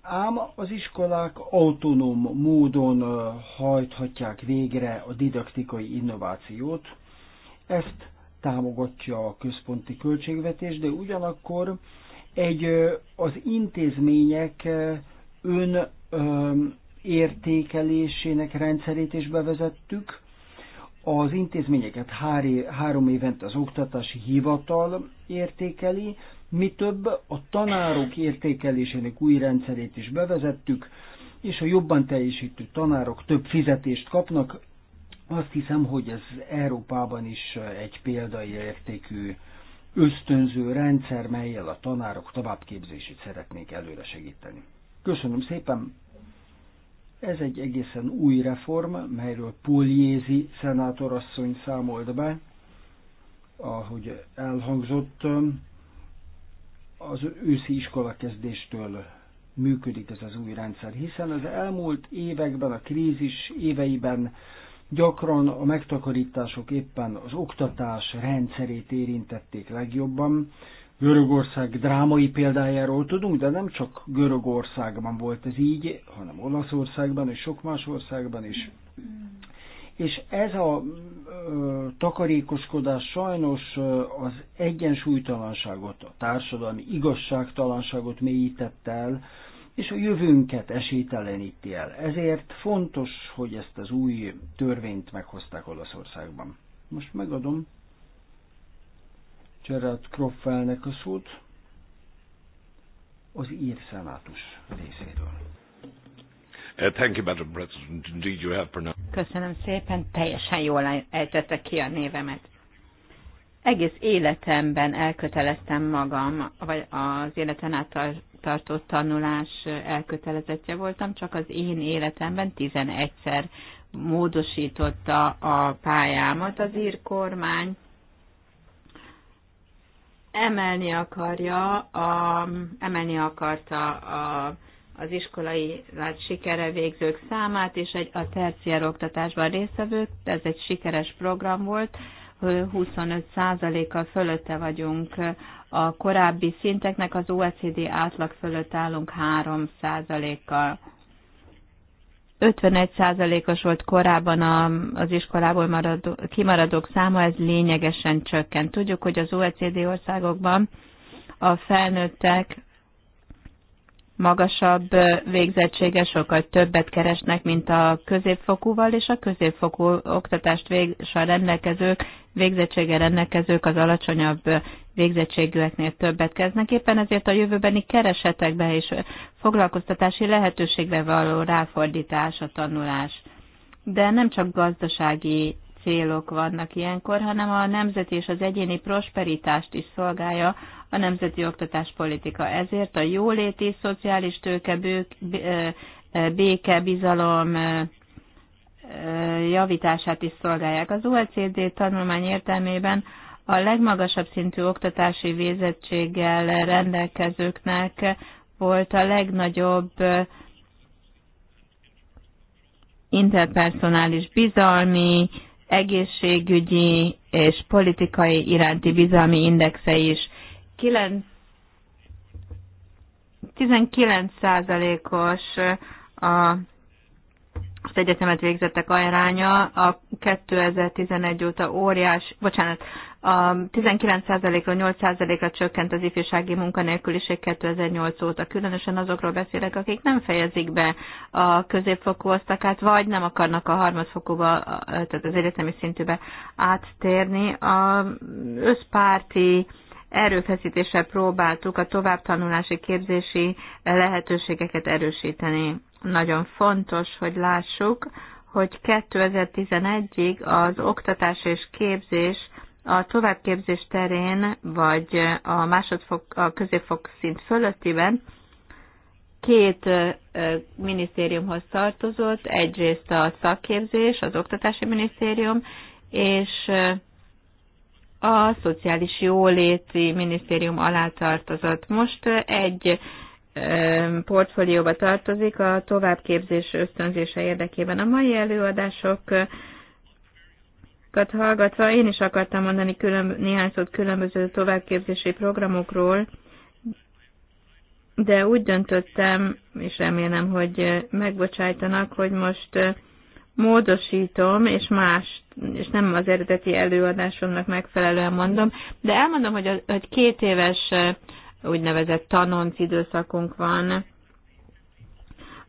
ám az iskolák autonóm módon hajthatják végre a didaktikai innovációt, ezt támogatja a központi költségvetés, de ugyanakkor egy az intézmények ön értékelésének rendszerét is bevezettük. Az intézményeket hári, három évent az oktatási hivatal értékeli, mi több a tanárok értékelésének új rendszerét is bevezettük, és a jobban teljesítő tanárok több fizetést kapnak, azt hiszem, hogy ez Európában is egy példaértékű ösztönző rendszer, melyel a tanárok továbbképzését szeretnék előre segíteni. Köszönöm szépen! Ez egy egészen új reform, melyről Póliézi szenátorasszony számolt be, ahogy elhangzott, az őszi kezdéstől működik ez az új rendszer, hiszen az elmúlt években, a krízis éveiben Gyakran a megtakarítások éppen az oktatás rendszerét érintették legjobban. Görögország drámai példájáról tudunk, de nem csak Görögországban volt ez így, hanem Olaszországban és sok más országban is. És ez a ö, takarékoskodás sajnos ö, az egyensúlytalanságot, a társadalmi igazságtalanságot mélyítette el, és a jövőnket esélyteleníti el. Ezért fontos, hogy ezt az új törvényt meghozták Olaszországban. Most megadom Gerard kroffelnek a szót az ír szenátus részéről. Uh, Köszönöm szépen, teljesen jól ejtette ki a névemet. Egész életemben elköteleztem magam, vagy az életen által tartott tanulás elkötelezettje voltam, csak az én életemben 11-szer módosította a pályámat. Az írkormány. emelni akarja, a, emelni akarta a, az iskolai lát sikere végzők számát, és egy, a terciár oktatásban résztvevők, ez egy sikeres program volt, 25%-kal fölötte vagyunk a korábbi szinteknek, az OECD átlag fölött állunk 3 kal 51%-os volt korábban az iskolából maradó, kimaradók száma, ez lényegesen csökkent. Tudjuk, hogy az OECD országokban a felnőttek magasabb végzettsége sokkal többet keresnek, mint a középfokúval, és a középfokú oktatást végsel rendelkezők, végzettsége rendelkezők az alacsonyabb végzettségűeknél többet kezdnek, éppen ezért a jövőbeni keresetekbe és foglalkoztatási lehetőségbe való ráfordítás a tanulás. De nem csak gazdasági célok vannak ilyenkor, hanem a nemzeti és az egyéni prosperitást is szolgálja a nemzeti oktatáspolitika. Ezért a jóléti, szociális tőke, bők, béke, bizalom javítását is szolgálják. Az OECD tanulmány értelmében a legmagasabb szintű oktatási végzettséggel rendelkezőknek volt a legnagyobb interpersonális bizalmi, egészségügyi és politikai iránti bizalmi indexe is. 19%-os a az egyetemet végzettek aránya a 2011 óta óriás, bocsánat, a 19%-ról 8%-ra csökkent az ifjúsági munkanélküliség 2008 óta. Különösen azokról beszélek, akik nem fejezik be a középfokú osztakát, vagy nem akarnak a harmadfokúba, tehát az egyetemi szintűbe áttérni. A összpárti erőfeszítéssel próbáltuk a továbbtanulási képzési lehetőségeket erősíteni. Nagyon fontos, hogy lássuk, hogy 2011-ig az oktatás és képzés a továbbképzés terén, vagy a másodfok, a középfok szint fölöttiben két minisztériumhoz tartozott, egyrészt a szakképzés, az oktatási minisztérium, és a szociális jóléti minisztérium alá tartozott. Most egy portfólióba tartozik a továbbképzés ösztönzése érdekében. A mai előadások előadásokat hallgatva én is akartam mondani külön, néhány szót különböző továbbképzési programokról, de úgy döntöttem, és remélem, hogy megbocsájtanak, hogy most módosítom, és más, és nem az eredeti előadásomnak megfelelően mondom, de elmondom, hogy, hogy két éves úgynevezett tanonc időszakunk van,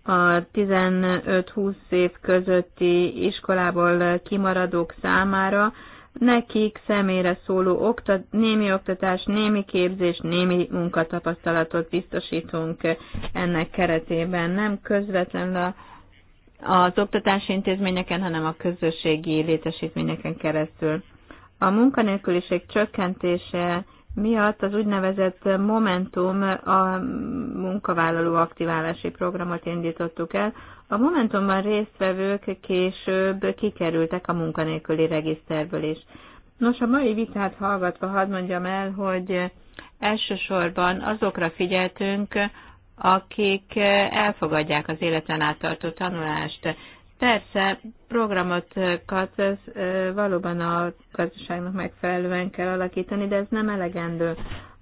a 15-20 év közötti iskolából kimaradók számára, nekik személyre szóló oktat, némi oktatás, némi képzés, némi munkatapasztalatot biztosítunk ennek keretében. Nem közvetlenül a az oktatási intézményeken, hanem a közösségi létesítményeken keresztül. A munkanélküliség csökkentése miatt az úgynevezett Momentum a munkavállaló aktiválási programot indítottuk el. A Momentumban résztvevők később kikerültek a munkanélküli regiszterből is. Nos, a mai vitát hallgatva hadd mondjam el, hogy elsősorban azokra figyeltünk, akik elfogadják az életen áttartó tanulást. Persze, programokat ez valóban a gazdaságnak megfelelően kell alakítani, de ez nem elegendő.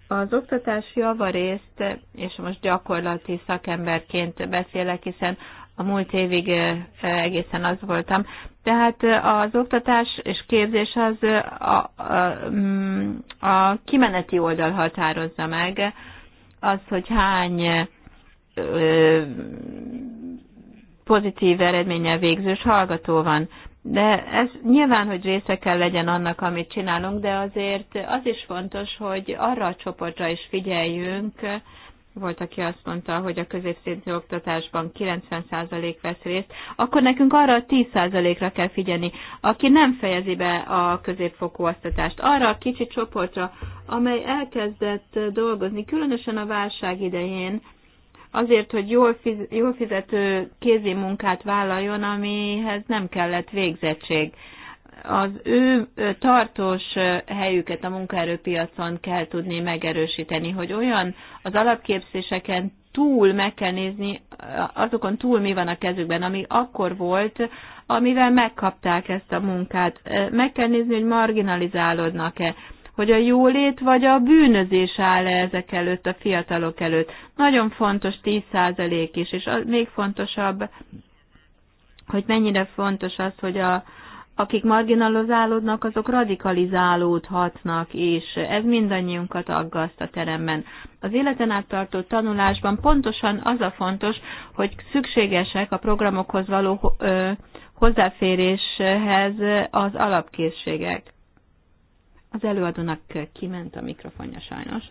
Az oktatás javarészt, és most gyakorlati szakemberként beszélek, hiszen a múlt évig egészen az voltam. Tehát az oktatás és képzés az a, a, mm, a kimeneti oldal határozza meg az, hogy hány pozitív eredménnyel végzős hallgató van. De ez nyilván, hogy része kell legyen annak, amit csinálunk, de azért az is fontos, hogy arra a csoportra is figyeljünk, volt, aki azt mondta, hogy a középszintű oktatásban 90% vesz részt, akkor nekünk arra a 10%-ra kell figyelni, aki nem fejezi be a középfokú oktatást, arra a kicsi csoportra, amely elkezdett dolgozni, különösen a válság idején, azért, hogy jól, fiz, jól fizető kézi munkát vállaljon, amihez nem kellett végzettség. Az ő tartós helyüket a munkaerőpiacon kell tudni megerősíteni, hogy olyan az alapképzéseken túl meg kell nézni, azokon túl mi van a kezükben, ami akkor volt, amivel megkapták ezt a munkát. Meg kell nézni, hogy marginalizálódnak-e hogy a jólét vagy a bűnözés áll -e ezek előtt, a fiatalok előtt. Nagyon fontos 10% is, és az még fontosabb, hogy mennyire fontos az, hogy a, akik marginalizálódnak, azok radikalizálódhatnak, és ez mindannyiunkat aggaszt a teremben. Az életen át tartó tanulásban pontosan az a fontos, hogy szükségesek a programokhoz való ö, hozzáféréshez az alapkészségek. Az előadónak kiment a mikrofonja sajnos.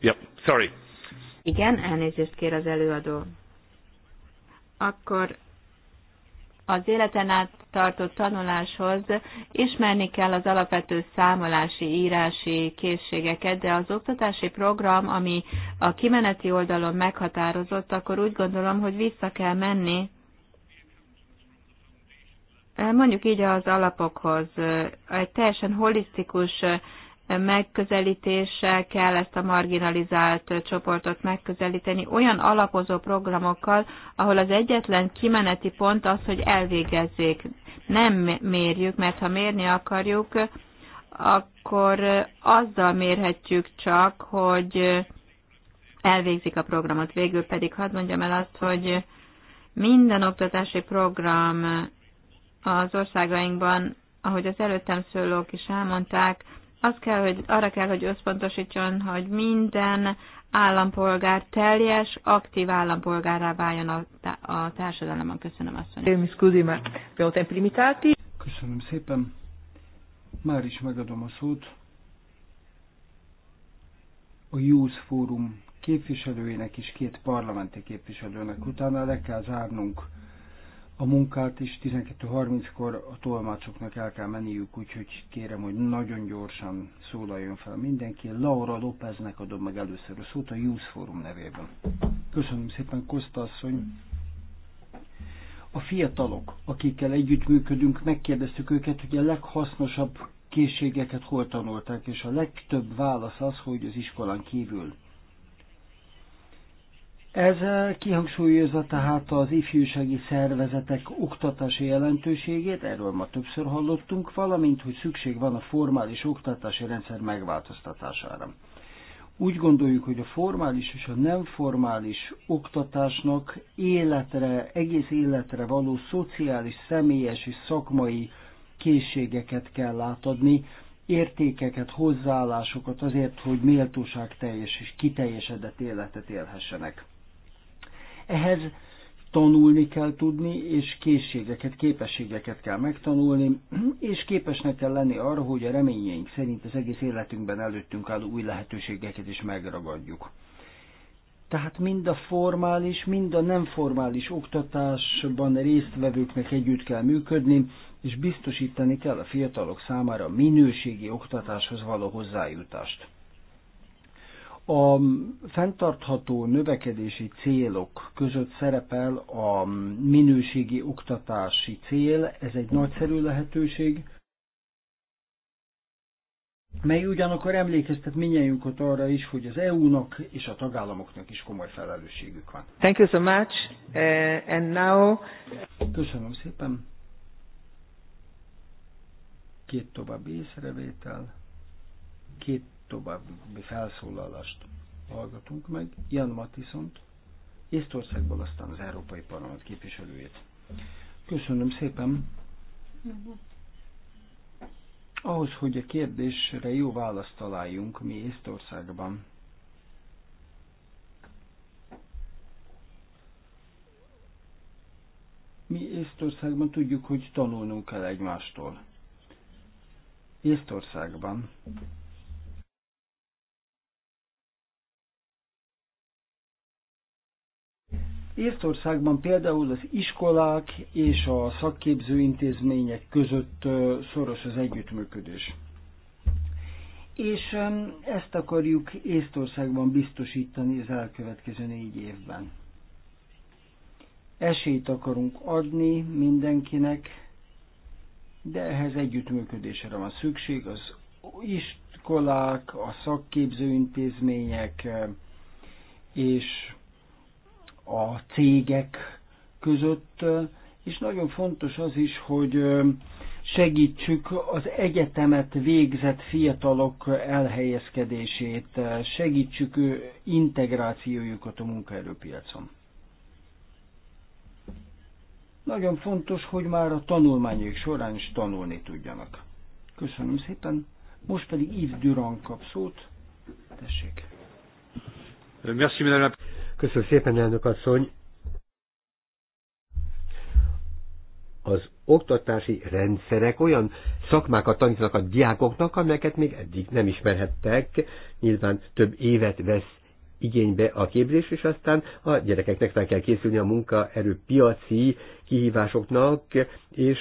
Yep, sorry. Igen, elnézést kér az előadó. Akkor az életen át tartott tanuláshoz ismerni kell az alapvető számolási, írási készségeket, de az oktatási program, ami a kimeneti oldalon meghatározott, akkor úgy gondolom, hogy vissza kell menni mondjuk így az alapokhoz. Egy teljesen holisztikus megközelítéssel kell ezt a marginalizált csoportot megközelíteni, olyan alapozó programokkal, ahol az egyetlen kimeneti pont az, hogy elvégezzék. Nem mérjük, mert ha mérni akarjuk, akkor azzal mérhetjük csak, hogy elvégzik a programot. Végül pedig hadd mondjam el azt, hogy minden oktatási program az országainkban, ahogy az előttem szólók is elmondták, az kell, hogy, arra kell, hogy összpontosítson, hogy minden állampolgár teljes, aktív állampolgárá váljon a, a társadalomban. Köszönöm, asszony. Köszönöm szépen. Már is megadom a szót a Youth fórum képviselőjének és két parlamenti képviselőnek. Utána le kell zárnunk a munkát, és 12.30-kor a tolmácsoknak el kell menniük, úgyhogy kérem, hogy nagyon gyorsan szólaljon fel mindenki. Laura Lópeznek adom meg először a szót a Youth Forum nevében. Köszönöm szépen, Kosta asszony. A fiatalok, akikkel együttműködünk, megkérdeztük őket, hogy a leghasznosabb készségeket hol tanulták, és a legtöbb válasz az, hogy az iskolán kívül ez kihangsúlyozza tehát az ifjúsági szervezetek oktatási jelentőségét, erről ma többször hallottunk, valamint, hogy szükség van a formális oktatási rendszer megváltoztatására. Úgy gondoljuk, hogy a formális és a nem formális oktatásnak életre, egész életre való szociális, személyes és szakmai készségeket kell átadni, értékeket, hozzáállásokat azért, hogy méltóság teljes és kiteljesedett életet élhessenek. Ehhez tanulni kell tudni, és készségeket, képességeket kell megtanulni, és képesnek kell lenni arra, hogy a reményeink szerint az egész életünkben előttünk álló új lehetőségeket is megragadjuk. Tehát mind a formális, mind a nem formális oktatásban résztvevőknek együtt kell működni, és biztosítani kell a fiatalok számára minőségi oktatáshoz való hozzájutást. A fenntartható növekedési célok között szerepel a minőségi oktatási cél, ez egy nagyszerű lehetőség, mely ugyanakkor emlékeztet minnyájunkat arra is, hogy az EU-nak és a tagállamoknak is komoly felelősségük van. Thank you so much, uh, and now... Köszönöm szépen. Két további észrevétel, két további felszólalást hallgatunk meg. Jan Matiszont, Észtországból aztán az Európai Parlament képviselőjét. Köszönöm szépen! Ahhoz, hogy a kérdésre jó választ találjunk mi Észtországban, mi Észtországban tudjuk, hogy tanulnunk kell egymástól. Észtországban Észtországban például az iskolák és a szakképző intézmények között szoros az együttműködés. És ezt akarjuk Észtországban biztosítani az elkövetkező négy évben. Esélyt akarunk adni mindenkinek, de ehhez együttműködésre van szükség az iskolák, a szakképző intézmények és a cégek között, és nagyon fontos az is, hogy segítsük az egyetemet végzett fiatalok elhelyezkedését, segítsük ő integrációjukat a munkaerőpiacon. Nagyon fontos, hogy már a tanulmányok során is tanulni tudjanak. Köszönöm szépen. Most pedig Yves Durand kap szót. Tessék. Merci, madame. Köszönöm szépen, elnök asszony. Az oktatási rendszerek olyan szakmákat tanítanak a diákoknak, amelyeket még eddig nem ismerhettek. Nyilván több évet vesz igénybe a képzés, és aztán a gyerekeknek fel kell készülni a piaci kihívásoknak, és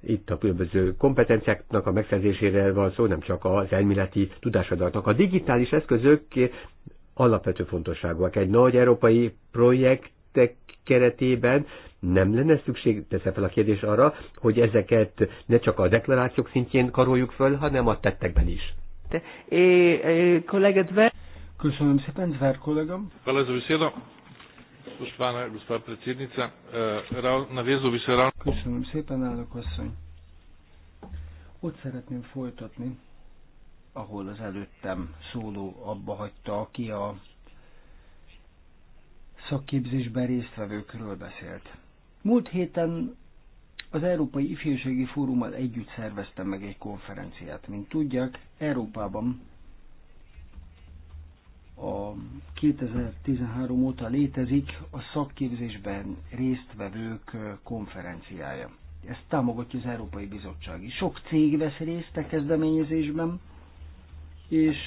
itt a különböző kompetenciáknak a megszerzésére van szó, nem csak az elméleti tudásadatnak. A digitális eszközök alapvető fontosságúak. Egy nagy európai projektek keretében nem lenne szükség, teszem fel a kérdés arra, hogy ezeket ne csak a deklarációk szintjén karoljuk föl, hanem a tettekben is. É, Köszönöm szépen, Zver kollégám. Eh, Köszönöm szépen, állok asszony. Ott szeretném folytatni, ahol az előttem szóló abba hagyta, aki a szakképzésben résztvevőkről beszélt. Múlt héten az Európai Ifjúsági Fórummal együtt szerveztem meg egy konferenciát. Mint tudják, Európában a 2013 óta létezik a szakképzésben résztvevők konferenciája. Ezt támogatja az Európai Bizottság is. Sok cég vesz részt a kezdeményezésben, és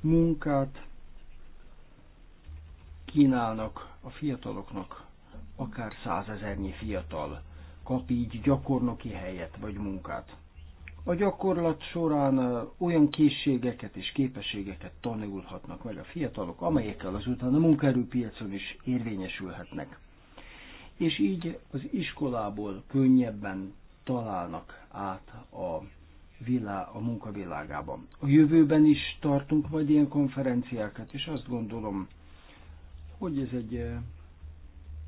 munkát kínálnak a fiataloknak, akár százezernyi fiatal kap így gyakornoki helyet vagy munkát. A gyakorlat során olyan készségeket és képességeket tanulhatnak meg a fiatalok, amelyekkel azután a munkaerőpiacon is érvényesülhetnek. És így az iskolából könnyebben találnak át a vilá, a munkavilágában. A jövőben is tartunk majd ilyen konferenciákat, és azt gondolom, hogy ez egy eh,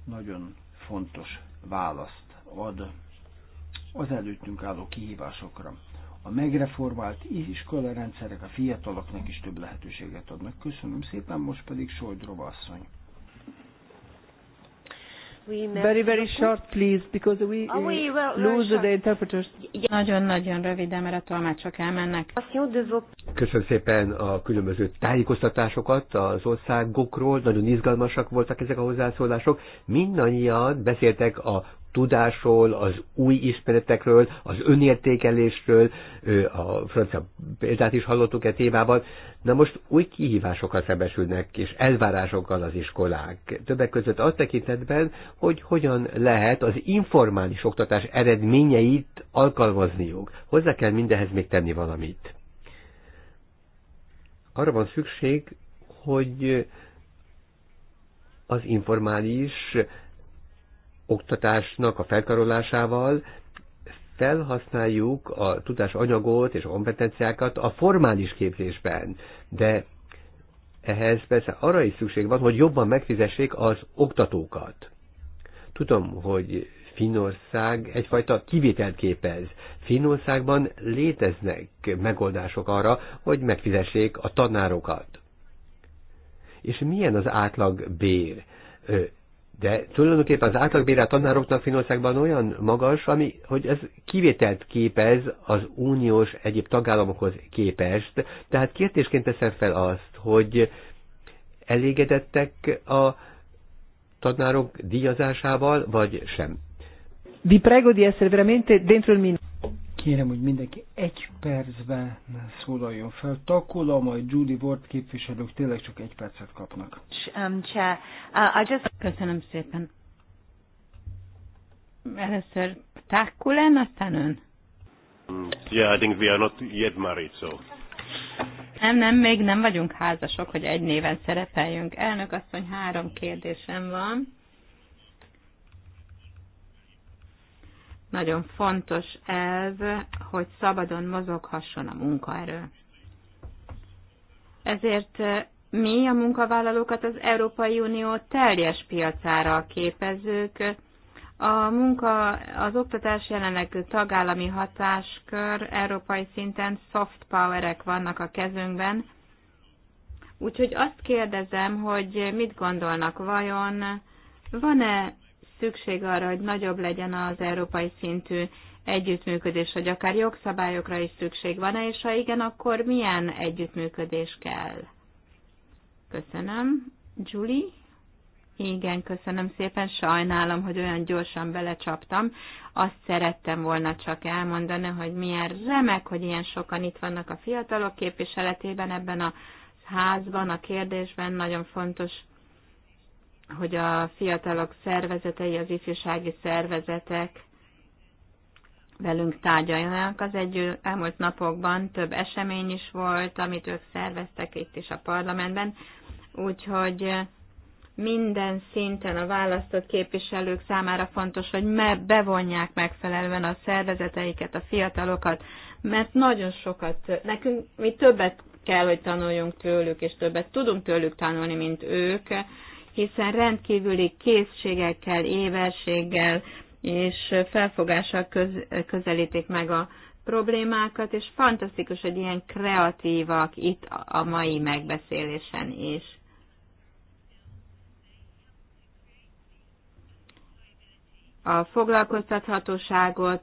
nagyon fontos választ ad az előttünk álló kihívásokra. A megreformált iskolarendszerek a fiataloknak is több lehetőséget adnak. Köszönöm szépen, most pedig Sojdrova asszony. Very, very short, please, because we oh, uh, lose the interpreters. Nagyon-nagyon röviden, mert a tolmácsok elmennek. Köszönöm szépen a különböző tájékoztatásokat az országokról. Nagyon izgalmasak voltak ezek a hozzászólások. Mindannyian beszéltek a tudásról, az új ismeretekről, az önértékelésről, a francia példát is hallottuk e témában. Na most új kihívásokkal szembesülnek, és elvárásokkal az iskolák. Többek között az tekintetben, hogy hogyan lehet az informális oktatás eredményeit alkalmazniuk. Hozzá kell mindehhez még tenni valamit. Arra van szükség, hogy az informális oktatásnak a felkarolásával felhasználjuk a tudásanyagot és a kompetenciákat a formális képzésben, de ehhez persze arra is szükség van, hogy jobban megfizessék az oktatókat. Tudom, hogy Finország egyfajta kivételt képez. Finországban léteznek megoldások arra, hogy megfizessék a tanárokat. És milyen az átlag bér? De tulajdonképpen az átlagbére tanároknak Finországban olyan magas, ami, hogy ez kivételt képez az uniós egyéb tagállamokhoz képest. Tehát kérdésként teszem fel azt, hogy elégedettek a tanárok díjazásával, vagy sem? Vi prego di essere veramente dentro il minuto. Kérem, hogy mindenki egy percben szólaljon fel. Takula, majd Judy Ward képviselők tényleg csak egy percet kapnak. Um, uh, Köszönöm szépen. Először Takulán, aztán ön. Yeah, I think we are not yet married, so. Nem, nem, még nem vagyunk házasok, hogy egy néven szerepeljünk. Elnök asszony, három kérdésem van. nagyon fontos elv, hogy szabadon mozoghasson a munkaerő. Ezért eh, mi a munkavállalókat az Európai Unió teljes piacára képezők, a munka, az oktatás jelenleg tagállami hatáskör, európai szinten soft powerek vannak a kezünkben, úgyhogy azt kérdezem, hogy mit gondolnak vajon, van-e szükség arra, hogy nagyobb legyen az európai szintű együttműködés, hogy akár jogszabályokra is szükség van-e, és ha igen, akkor milyen együttműködés kell? Köszönöm. Julie? Igen, köszönöm szépen. Sajnálom, hogy olyan gyorsan belecsaptam. Azt szerettem volna csak elmondani, hogy milyen remek, hogy ilyen sokan itt vannak a fiatalok képviseletében ebben a házban, a kérdésben. Nagyon fontos hogy a fiatalok szervezetei, az ifjúsági szervezetek velünk tárgyaljanak. Az egy elmúlt napokban több esemény is volt, amit ők szerveztek itt is a parlamentben, úgyhogy minden szinten a választott képviselők számára fontos, hogy me bevonják megfelelően a szervezeteiket, a fiatalokat, mert nagyon sokat, nekünk mi többet kell, hogy tanuljunk tőlük, és többet tudunk tőlük tanulni, mint ők, hiszen rendkívüli készségekkel, éverséggel és felfogással köz, közelítik meg a problémákat, és fantasztikus, hogy ilyen kreatívak itt a mai megbeszélésen is. a foglalkoztathatóságot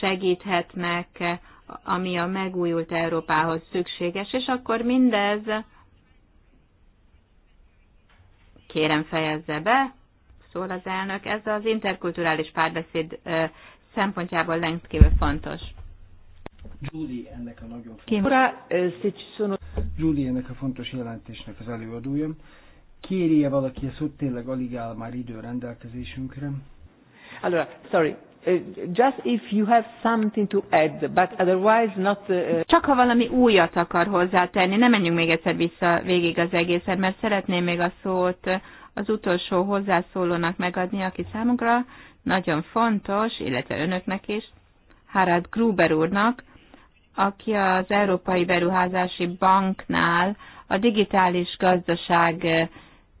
segíthetnek, ami a megújult Európához szükséges, és akkor mindez Kérem fejezze be, szól az elnök. Ez az interkulturális párbeszéd szempontjából rendkívül fontos. Júli ennek a nagyon fontos, ennek a fontos jelentésnek az előadója. Kérje valaki a szót, tényleg alig áll már idő rendelkezésünkre. Allora, sorry, Uh, just if you have something to add, but otherwise not... Uh... uh Csak ha valami újat akar hozzátenni, nem menjünk még egyszer vissza végig az egészen, mert szeretném még a szót az utolsó hozzászólónak megadni, aki számunkra nagyon fontos, illetve önöknek is, Harald Gruber úrnak, aki az Európai Beruházási Banknál a digitális gazdaság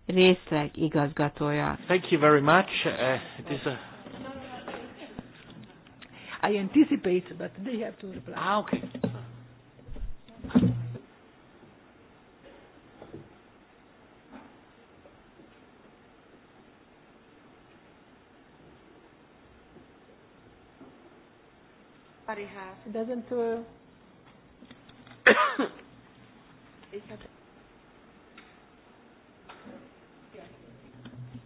részleg igazgatója. Thank you very much. Uh, it is a I anticipate, but they have to reply. Ah, okay. It doesn't. Uh,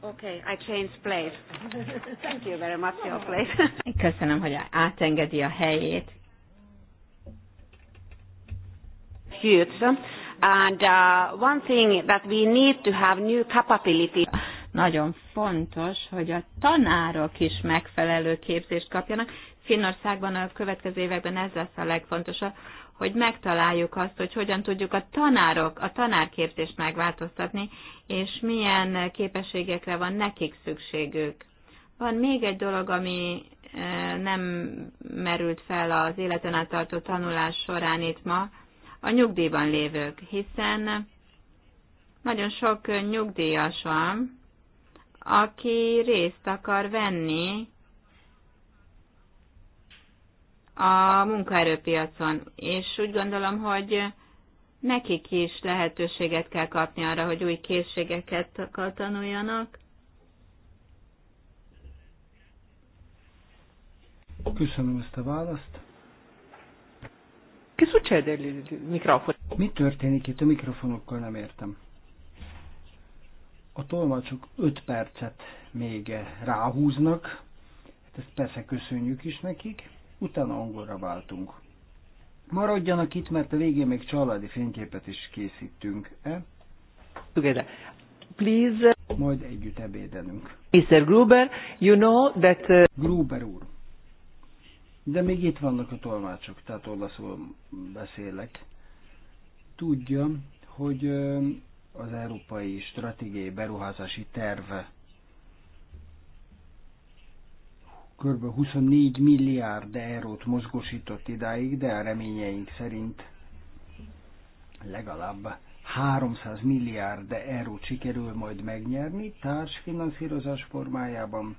Okay, I change place. Thank you very much your place. Köszönöm, hogy átengedi a helyét. Huge. And uh, one thing that we need to have new capability. Nagyon fontos, hogy a tanárok is megfelelő képzést kapjanak. Finnországban a következő években ez lesz a legfontosabb, hogy megtaláljuk azt, hogy hogyan tudjuk a tanárok, a tanárképzést megváltoztatni, és milyen képességekre van nekik szükségük. Van még egy dolog, ami eh, nem merült fel az életen át tartó tanulás során itt ma, a nyugdíjban lévők, hiszen nagyon sok nyugdíjas van, aki részt akar venni a munkaerőpiacon. És úgy gondolom, hogy nekik is lehetőséget kell kapni arra, hogy új készségeket tanuljanak. Köszönöm ezt a választ. Mi történik itt a mikrofonokkal, nem értem. A tolmácsok 5 percet még ráhúznak, hát ezt persze köszönjük is nekik utána angolra váltunk. Maradjanak itt, mert a végén még családi fényképet is készítünk. E? Together. Please. Uh, Majd együtt ebédelünk. Mr. Gruber, you know that... Uh... Gruber úr. De még itt vannak a tolmácsok, tehát olaszul beszélek. Tudja, hogy az európai stratégiai beruházási terve kb. 24 milliárd eurót mozgosított idáig, de a reményeink szerint legalább 300 milliárd eurót sikerül majd megnyerni társfinanszírozás formájában.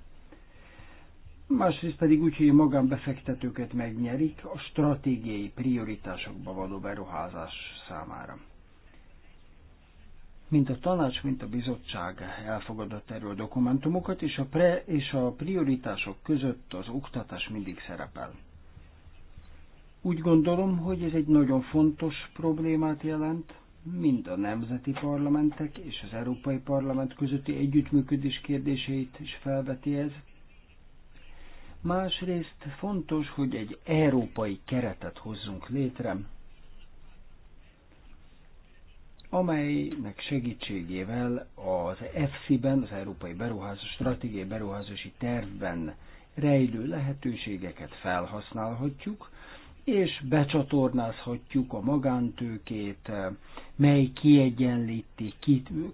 Másrészt pedig úgy, hogy a magánbefektetőket megnyerik a stratégiai prioritásokba való beruházás számára. Mint a tanács, mint a bizottság elfogadott erről dokumentumokat, és a, pre, és a prioritások között az oktatás mindig szerepel. Úgy gondolom, hogy ez egy nagyon fontos problémát jelent, mind a nemzeti parlamentek és az Európai Parlament közötti együttműködés kérdéseit is felveti ez. Másrészt fontos, hogy egy európai keretet hozzunk létre, amelynek segítségével az EFSI-ben, az Európai Beruházás Stratégiai Beruházási Tervben rejlő lehetőségeket felhasználhatjuk, és becsatornázhatjuk a magántőkét, mely kiegyenlíti,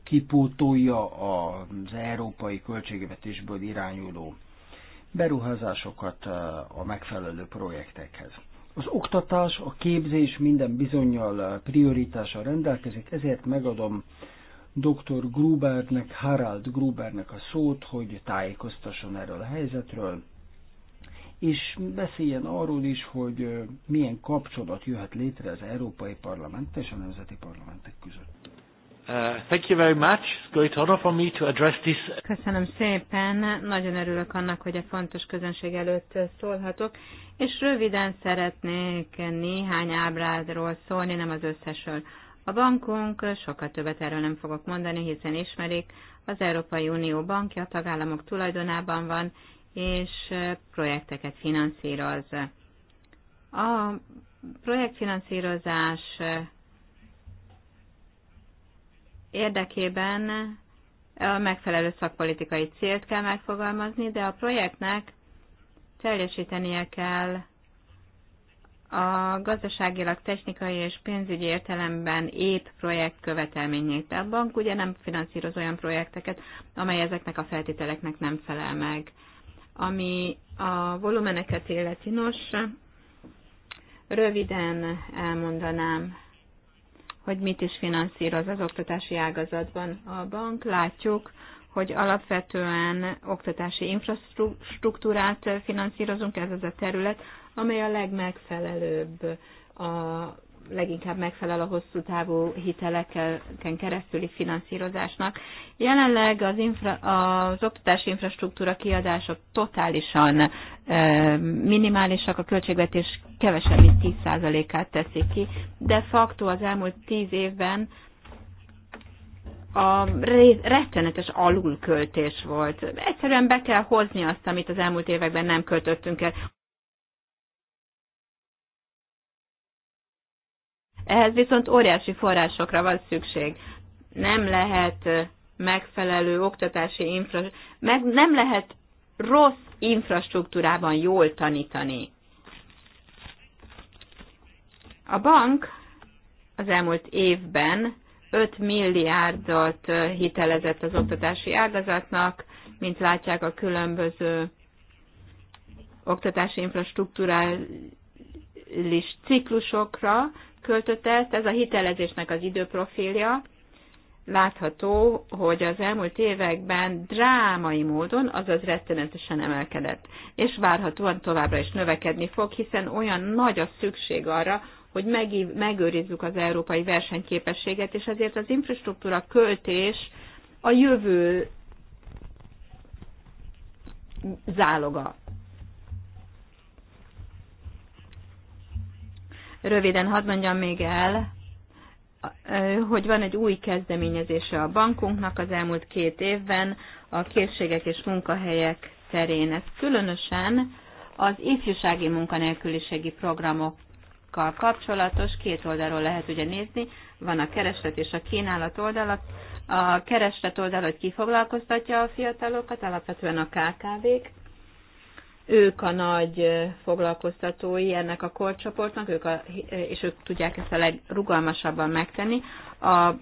kipótolja az európai költségvetésből irányuló beruházásokat a megfelelő projektekhez. Az oktatás, a képzés minden bizonyal prioritással rendelkezik, ezért megadom dr. Grubernek, Harald Grubernek a szót, hogy tájékoztasson erről a helyzetről, és beszéljen arról is, hogy milyen kapcsolat jöhet létre az Európai Parlament és a Nemzeti Parlamentek között. Uh, thank you very much. It's great honor for me to address this. Köszönöm szépen. Nagyon örülök annak, hogy a e fontos közönség előtt szólhatok, és röviden szeretnék néhány ábrádról szólni, nem az összesről. A bankunk, sokkal többet erről nem fogok mondani, hiszen ismerik, az Európai Unió bankja a tagállamok tulajdonában van, és projekteket finanszíroz. A projektfinanszírozás érdekében a megfelelő szakpolitikai célt kell megfogalmazni, de a projektnek teljesítenie kell a gazdaságilag, technikai és pénzügyi értelemben épp projekt követelményét. A bank ugye nem finanszíroz olyan projekteket, amely ezeknek a feltételeknek nem felel meg. Ami a volumeneket illeti, nos, röviden elmondanám hogy mit is finanszíroz az oktatási ágazatban a bank. Látjuk, hogy alapvetően oktatási infrastruktúrát finanszírozunk, ez az a terület, amely a legmegfelelőbb a leginkább megfelel a hosszú távú hiteleken keresztüli finanszírozásnak. Jelenleg az, infra, az oktatási infrastruktúra kiadások totálisan e, minimálisak, a költségvetés kevesebb, mint 10%-át teszik ki. De facto az elmúlt 10 évben a rettenetes alulköltés volt. Egyszerűen be kell hozni azt, amit az elmúlt években nem költöttünk el. Ehhez viszont óriási forrásokra van szükség. Nem lehet megfelelő oktatási infrastruktúrában, meg nem lehet rossz infrastruktúrában jól tanítani. A bank az elmúlt évben 5 milliárdot hitelezett az oktatási ágazatnak, mint látják a különböző oktatási infrastruktúrá hitelezés ciklusokra költött ezt, ez a hitelezésnek az időprofilja. Látható, hogy az elmúlt években drámai módon, azaz rettenetesen emelkedett, és várhatóan továbbra is növekedni fog, hiszen olyan nagy a szükség arra, hogy megőrizzük az európai versenyképességet, és ezért az infrastruktúra költés a jövő záloga. Röviden hadd mondjam még el, hogy van egy új kezdeményezése a bankunknak az elmúlt két évben a készségek és munkahelyek terén. Ez különösen az ifjúsági munkanélküliségi programokkal kapcsolatos, két oldalról lehet ugye nézni, van a kereslet és a kínálat oldal. A kereslet oldal, hogy kifoglalkoztatja a fiatalokat, alapvetően a KKV-k, ők a nagy foglalkoztatói ennek a korcsoportnak, ők a, és ők tudják ezt a legrugalmasabban megtenni. A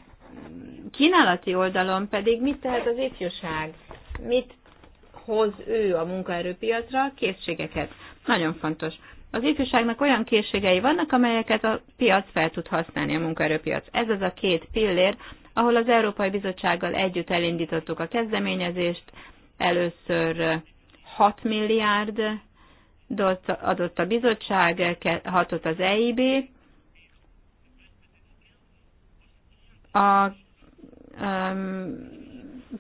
kínálati oldalon pedig mit tehet az ifjúság? Mit hoz ő a munkaerőpiacra? Készségeket. Nagyon fontos. Az ifjúságnak olyan készségei vannak, amelyeket a piac fel tud használni, a munkaerőpiac. Ez az a két pillér, ahol az Európai Bizottsággal együtt elindítottuk a kezdeményezést, először 6 milliárd adott a bizottság, 6-ot az EIB. A um,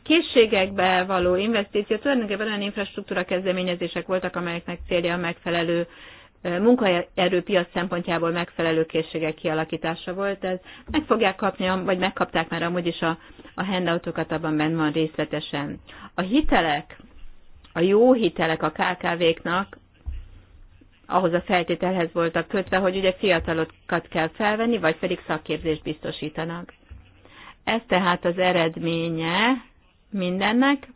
készségekbe való investíció tulajdonképpen olyan infrastruktúra kezdeményezések voltak, amelyeknek célja a megfelelő munkaerőpiac szempontjából megfelelő készségek kialakítása volt. Ez meg fogják kapni, vagy megkapták már amúgy is a, a handoutokat, abban benne van részletesen. A hitelek a jó hitelek a KKV-knak ahhoz a feltételhez voltak kötve, hogy ugye fiatalokat kell felvenni, vagy pedig szakképzést biztosítanak. Ez tehát az eredménye mindennek.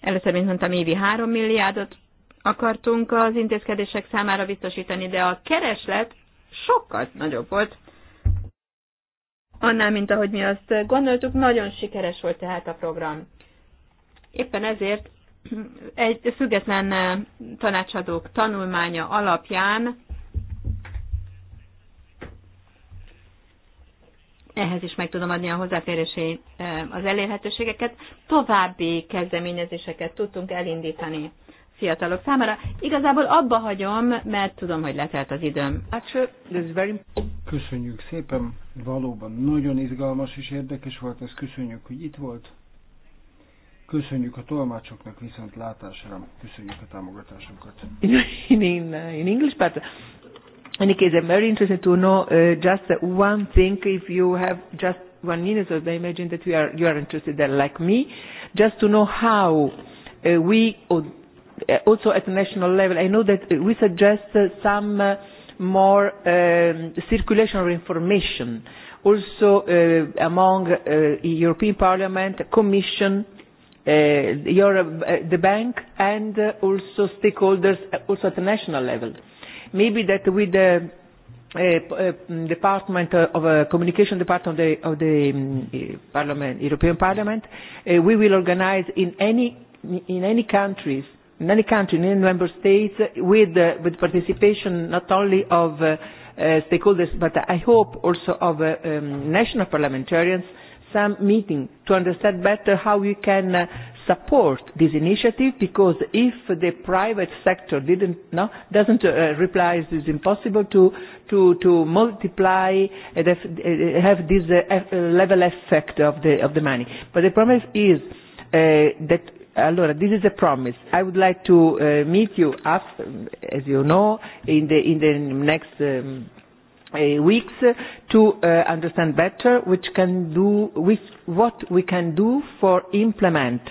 Először, mint mondtam, évi 3 milliárdot akartunk az intézkedések számára biztosítani, de a kereslet sokkal nagyobb volt, annál, mint ahogy mi azt gondoltuk, nagyon sikeres volt tehát a program. Éppen ezért egy független eh, tanácsadók tanulmánya alapján ehhez is meg tudom adni a hozzáférési eh, az elérhetőségeket, további kezdeményezéseket tudtunk elindítani fiatalok számára. Igazából abba hagyom, mert tudom, hogy letelt az időm. Köszönjük szépen, valóban nagyon izgalmas és érdekes volt ez, köszönjük, hogy itt volt. Köszönjük a tolmácsoknak viszont látásra, köszönjük a támogatásunkat. In, in, in English, but in any case, I'm very interested to know uh, just one thing, if you have just one minute, so I imagine that we are, you are interested in, like me, just to know how uh, we, Uh, also at the national level. I know that we suggest uh, some uh, more uh, circulation of information also uh, among uh, European Parliament, Commission, uh, your, uh, the bank and uh, also stakeholders also at the national level. Maybe that with the uh, uh, department of uh, communication department of the, of the um, parliament, European Parliament, uh, we will organize in any, in any countries many countries, many member states, with, uh, with participation not only of uh, uh, stakeholders, but I hope also of uh, um, national parliamentarians, some meeting to understand better how we can uh, support this initiative because if the private sector didn't no doesn't uh, reply it's impossible to to to multiply and uh, uh, uh, have this uh, level effect of the of the money but the promise is uh, that Allora, this is a promise. I would like to uh, meet you, after, as you know, in the, in the next um, uh, weeks to uh, understand better which can do, which, what we can do for implement uh,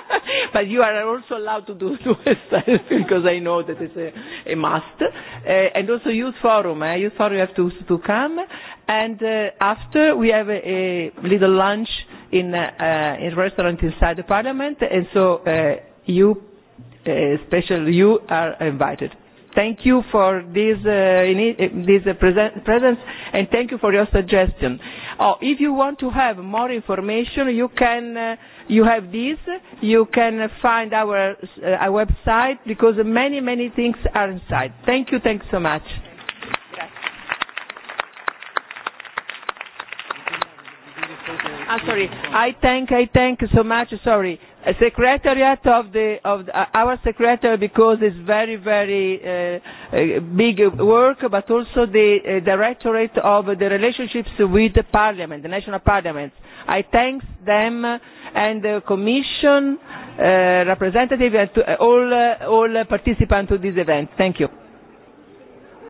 but you are also allowed to do two exercises because I know that it's a, a must. Uh, and also youth forum, eh? youth forum you have to, to come. And uh, after we have a, a little lunch in a uh, uh, in restaurant inside the parliament, and so uh, you, uh, especially you, are invited thank you for this, uh, uh this uh, present, presence and thank you for your suggestion. Oh, if you want to have more information, you can uh, you have this. You can find our, uh, our website because many many things are inside. Thank you. Thanks so much. Ah, sorry. I thank I thank so much. Sorry a secretariat of the of the, uh, our secretary because it's very very uh, uh, big work but also the uh, directorate of the relationships with the parliament the national parliaments i thank them and the commission uh, representative and to uh, all uh, all participants to this event thank you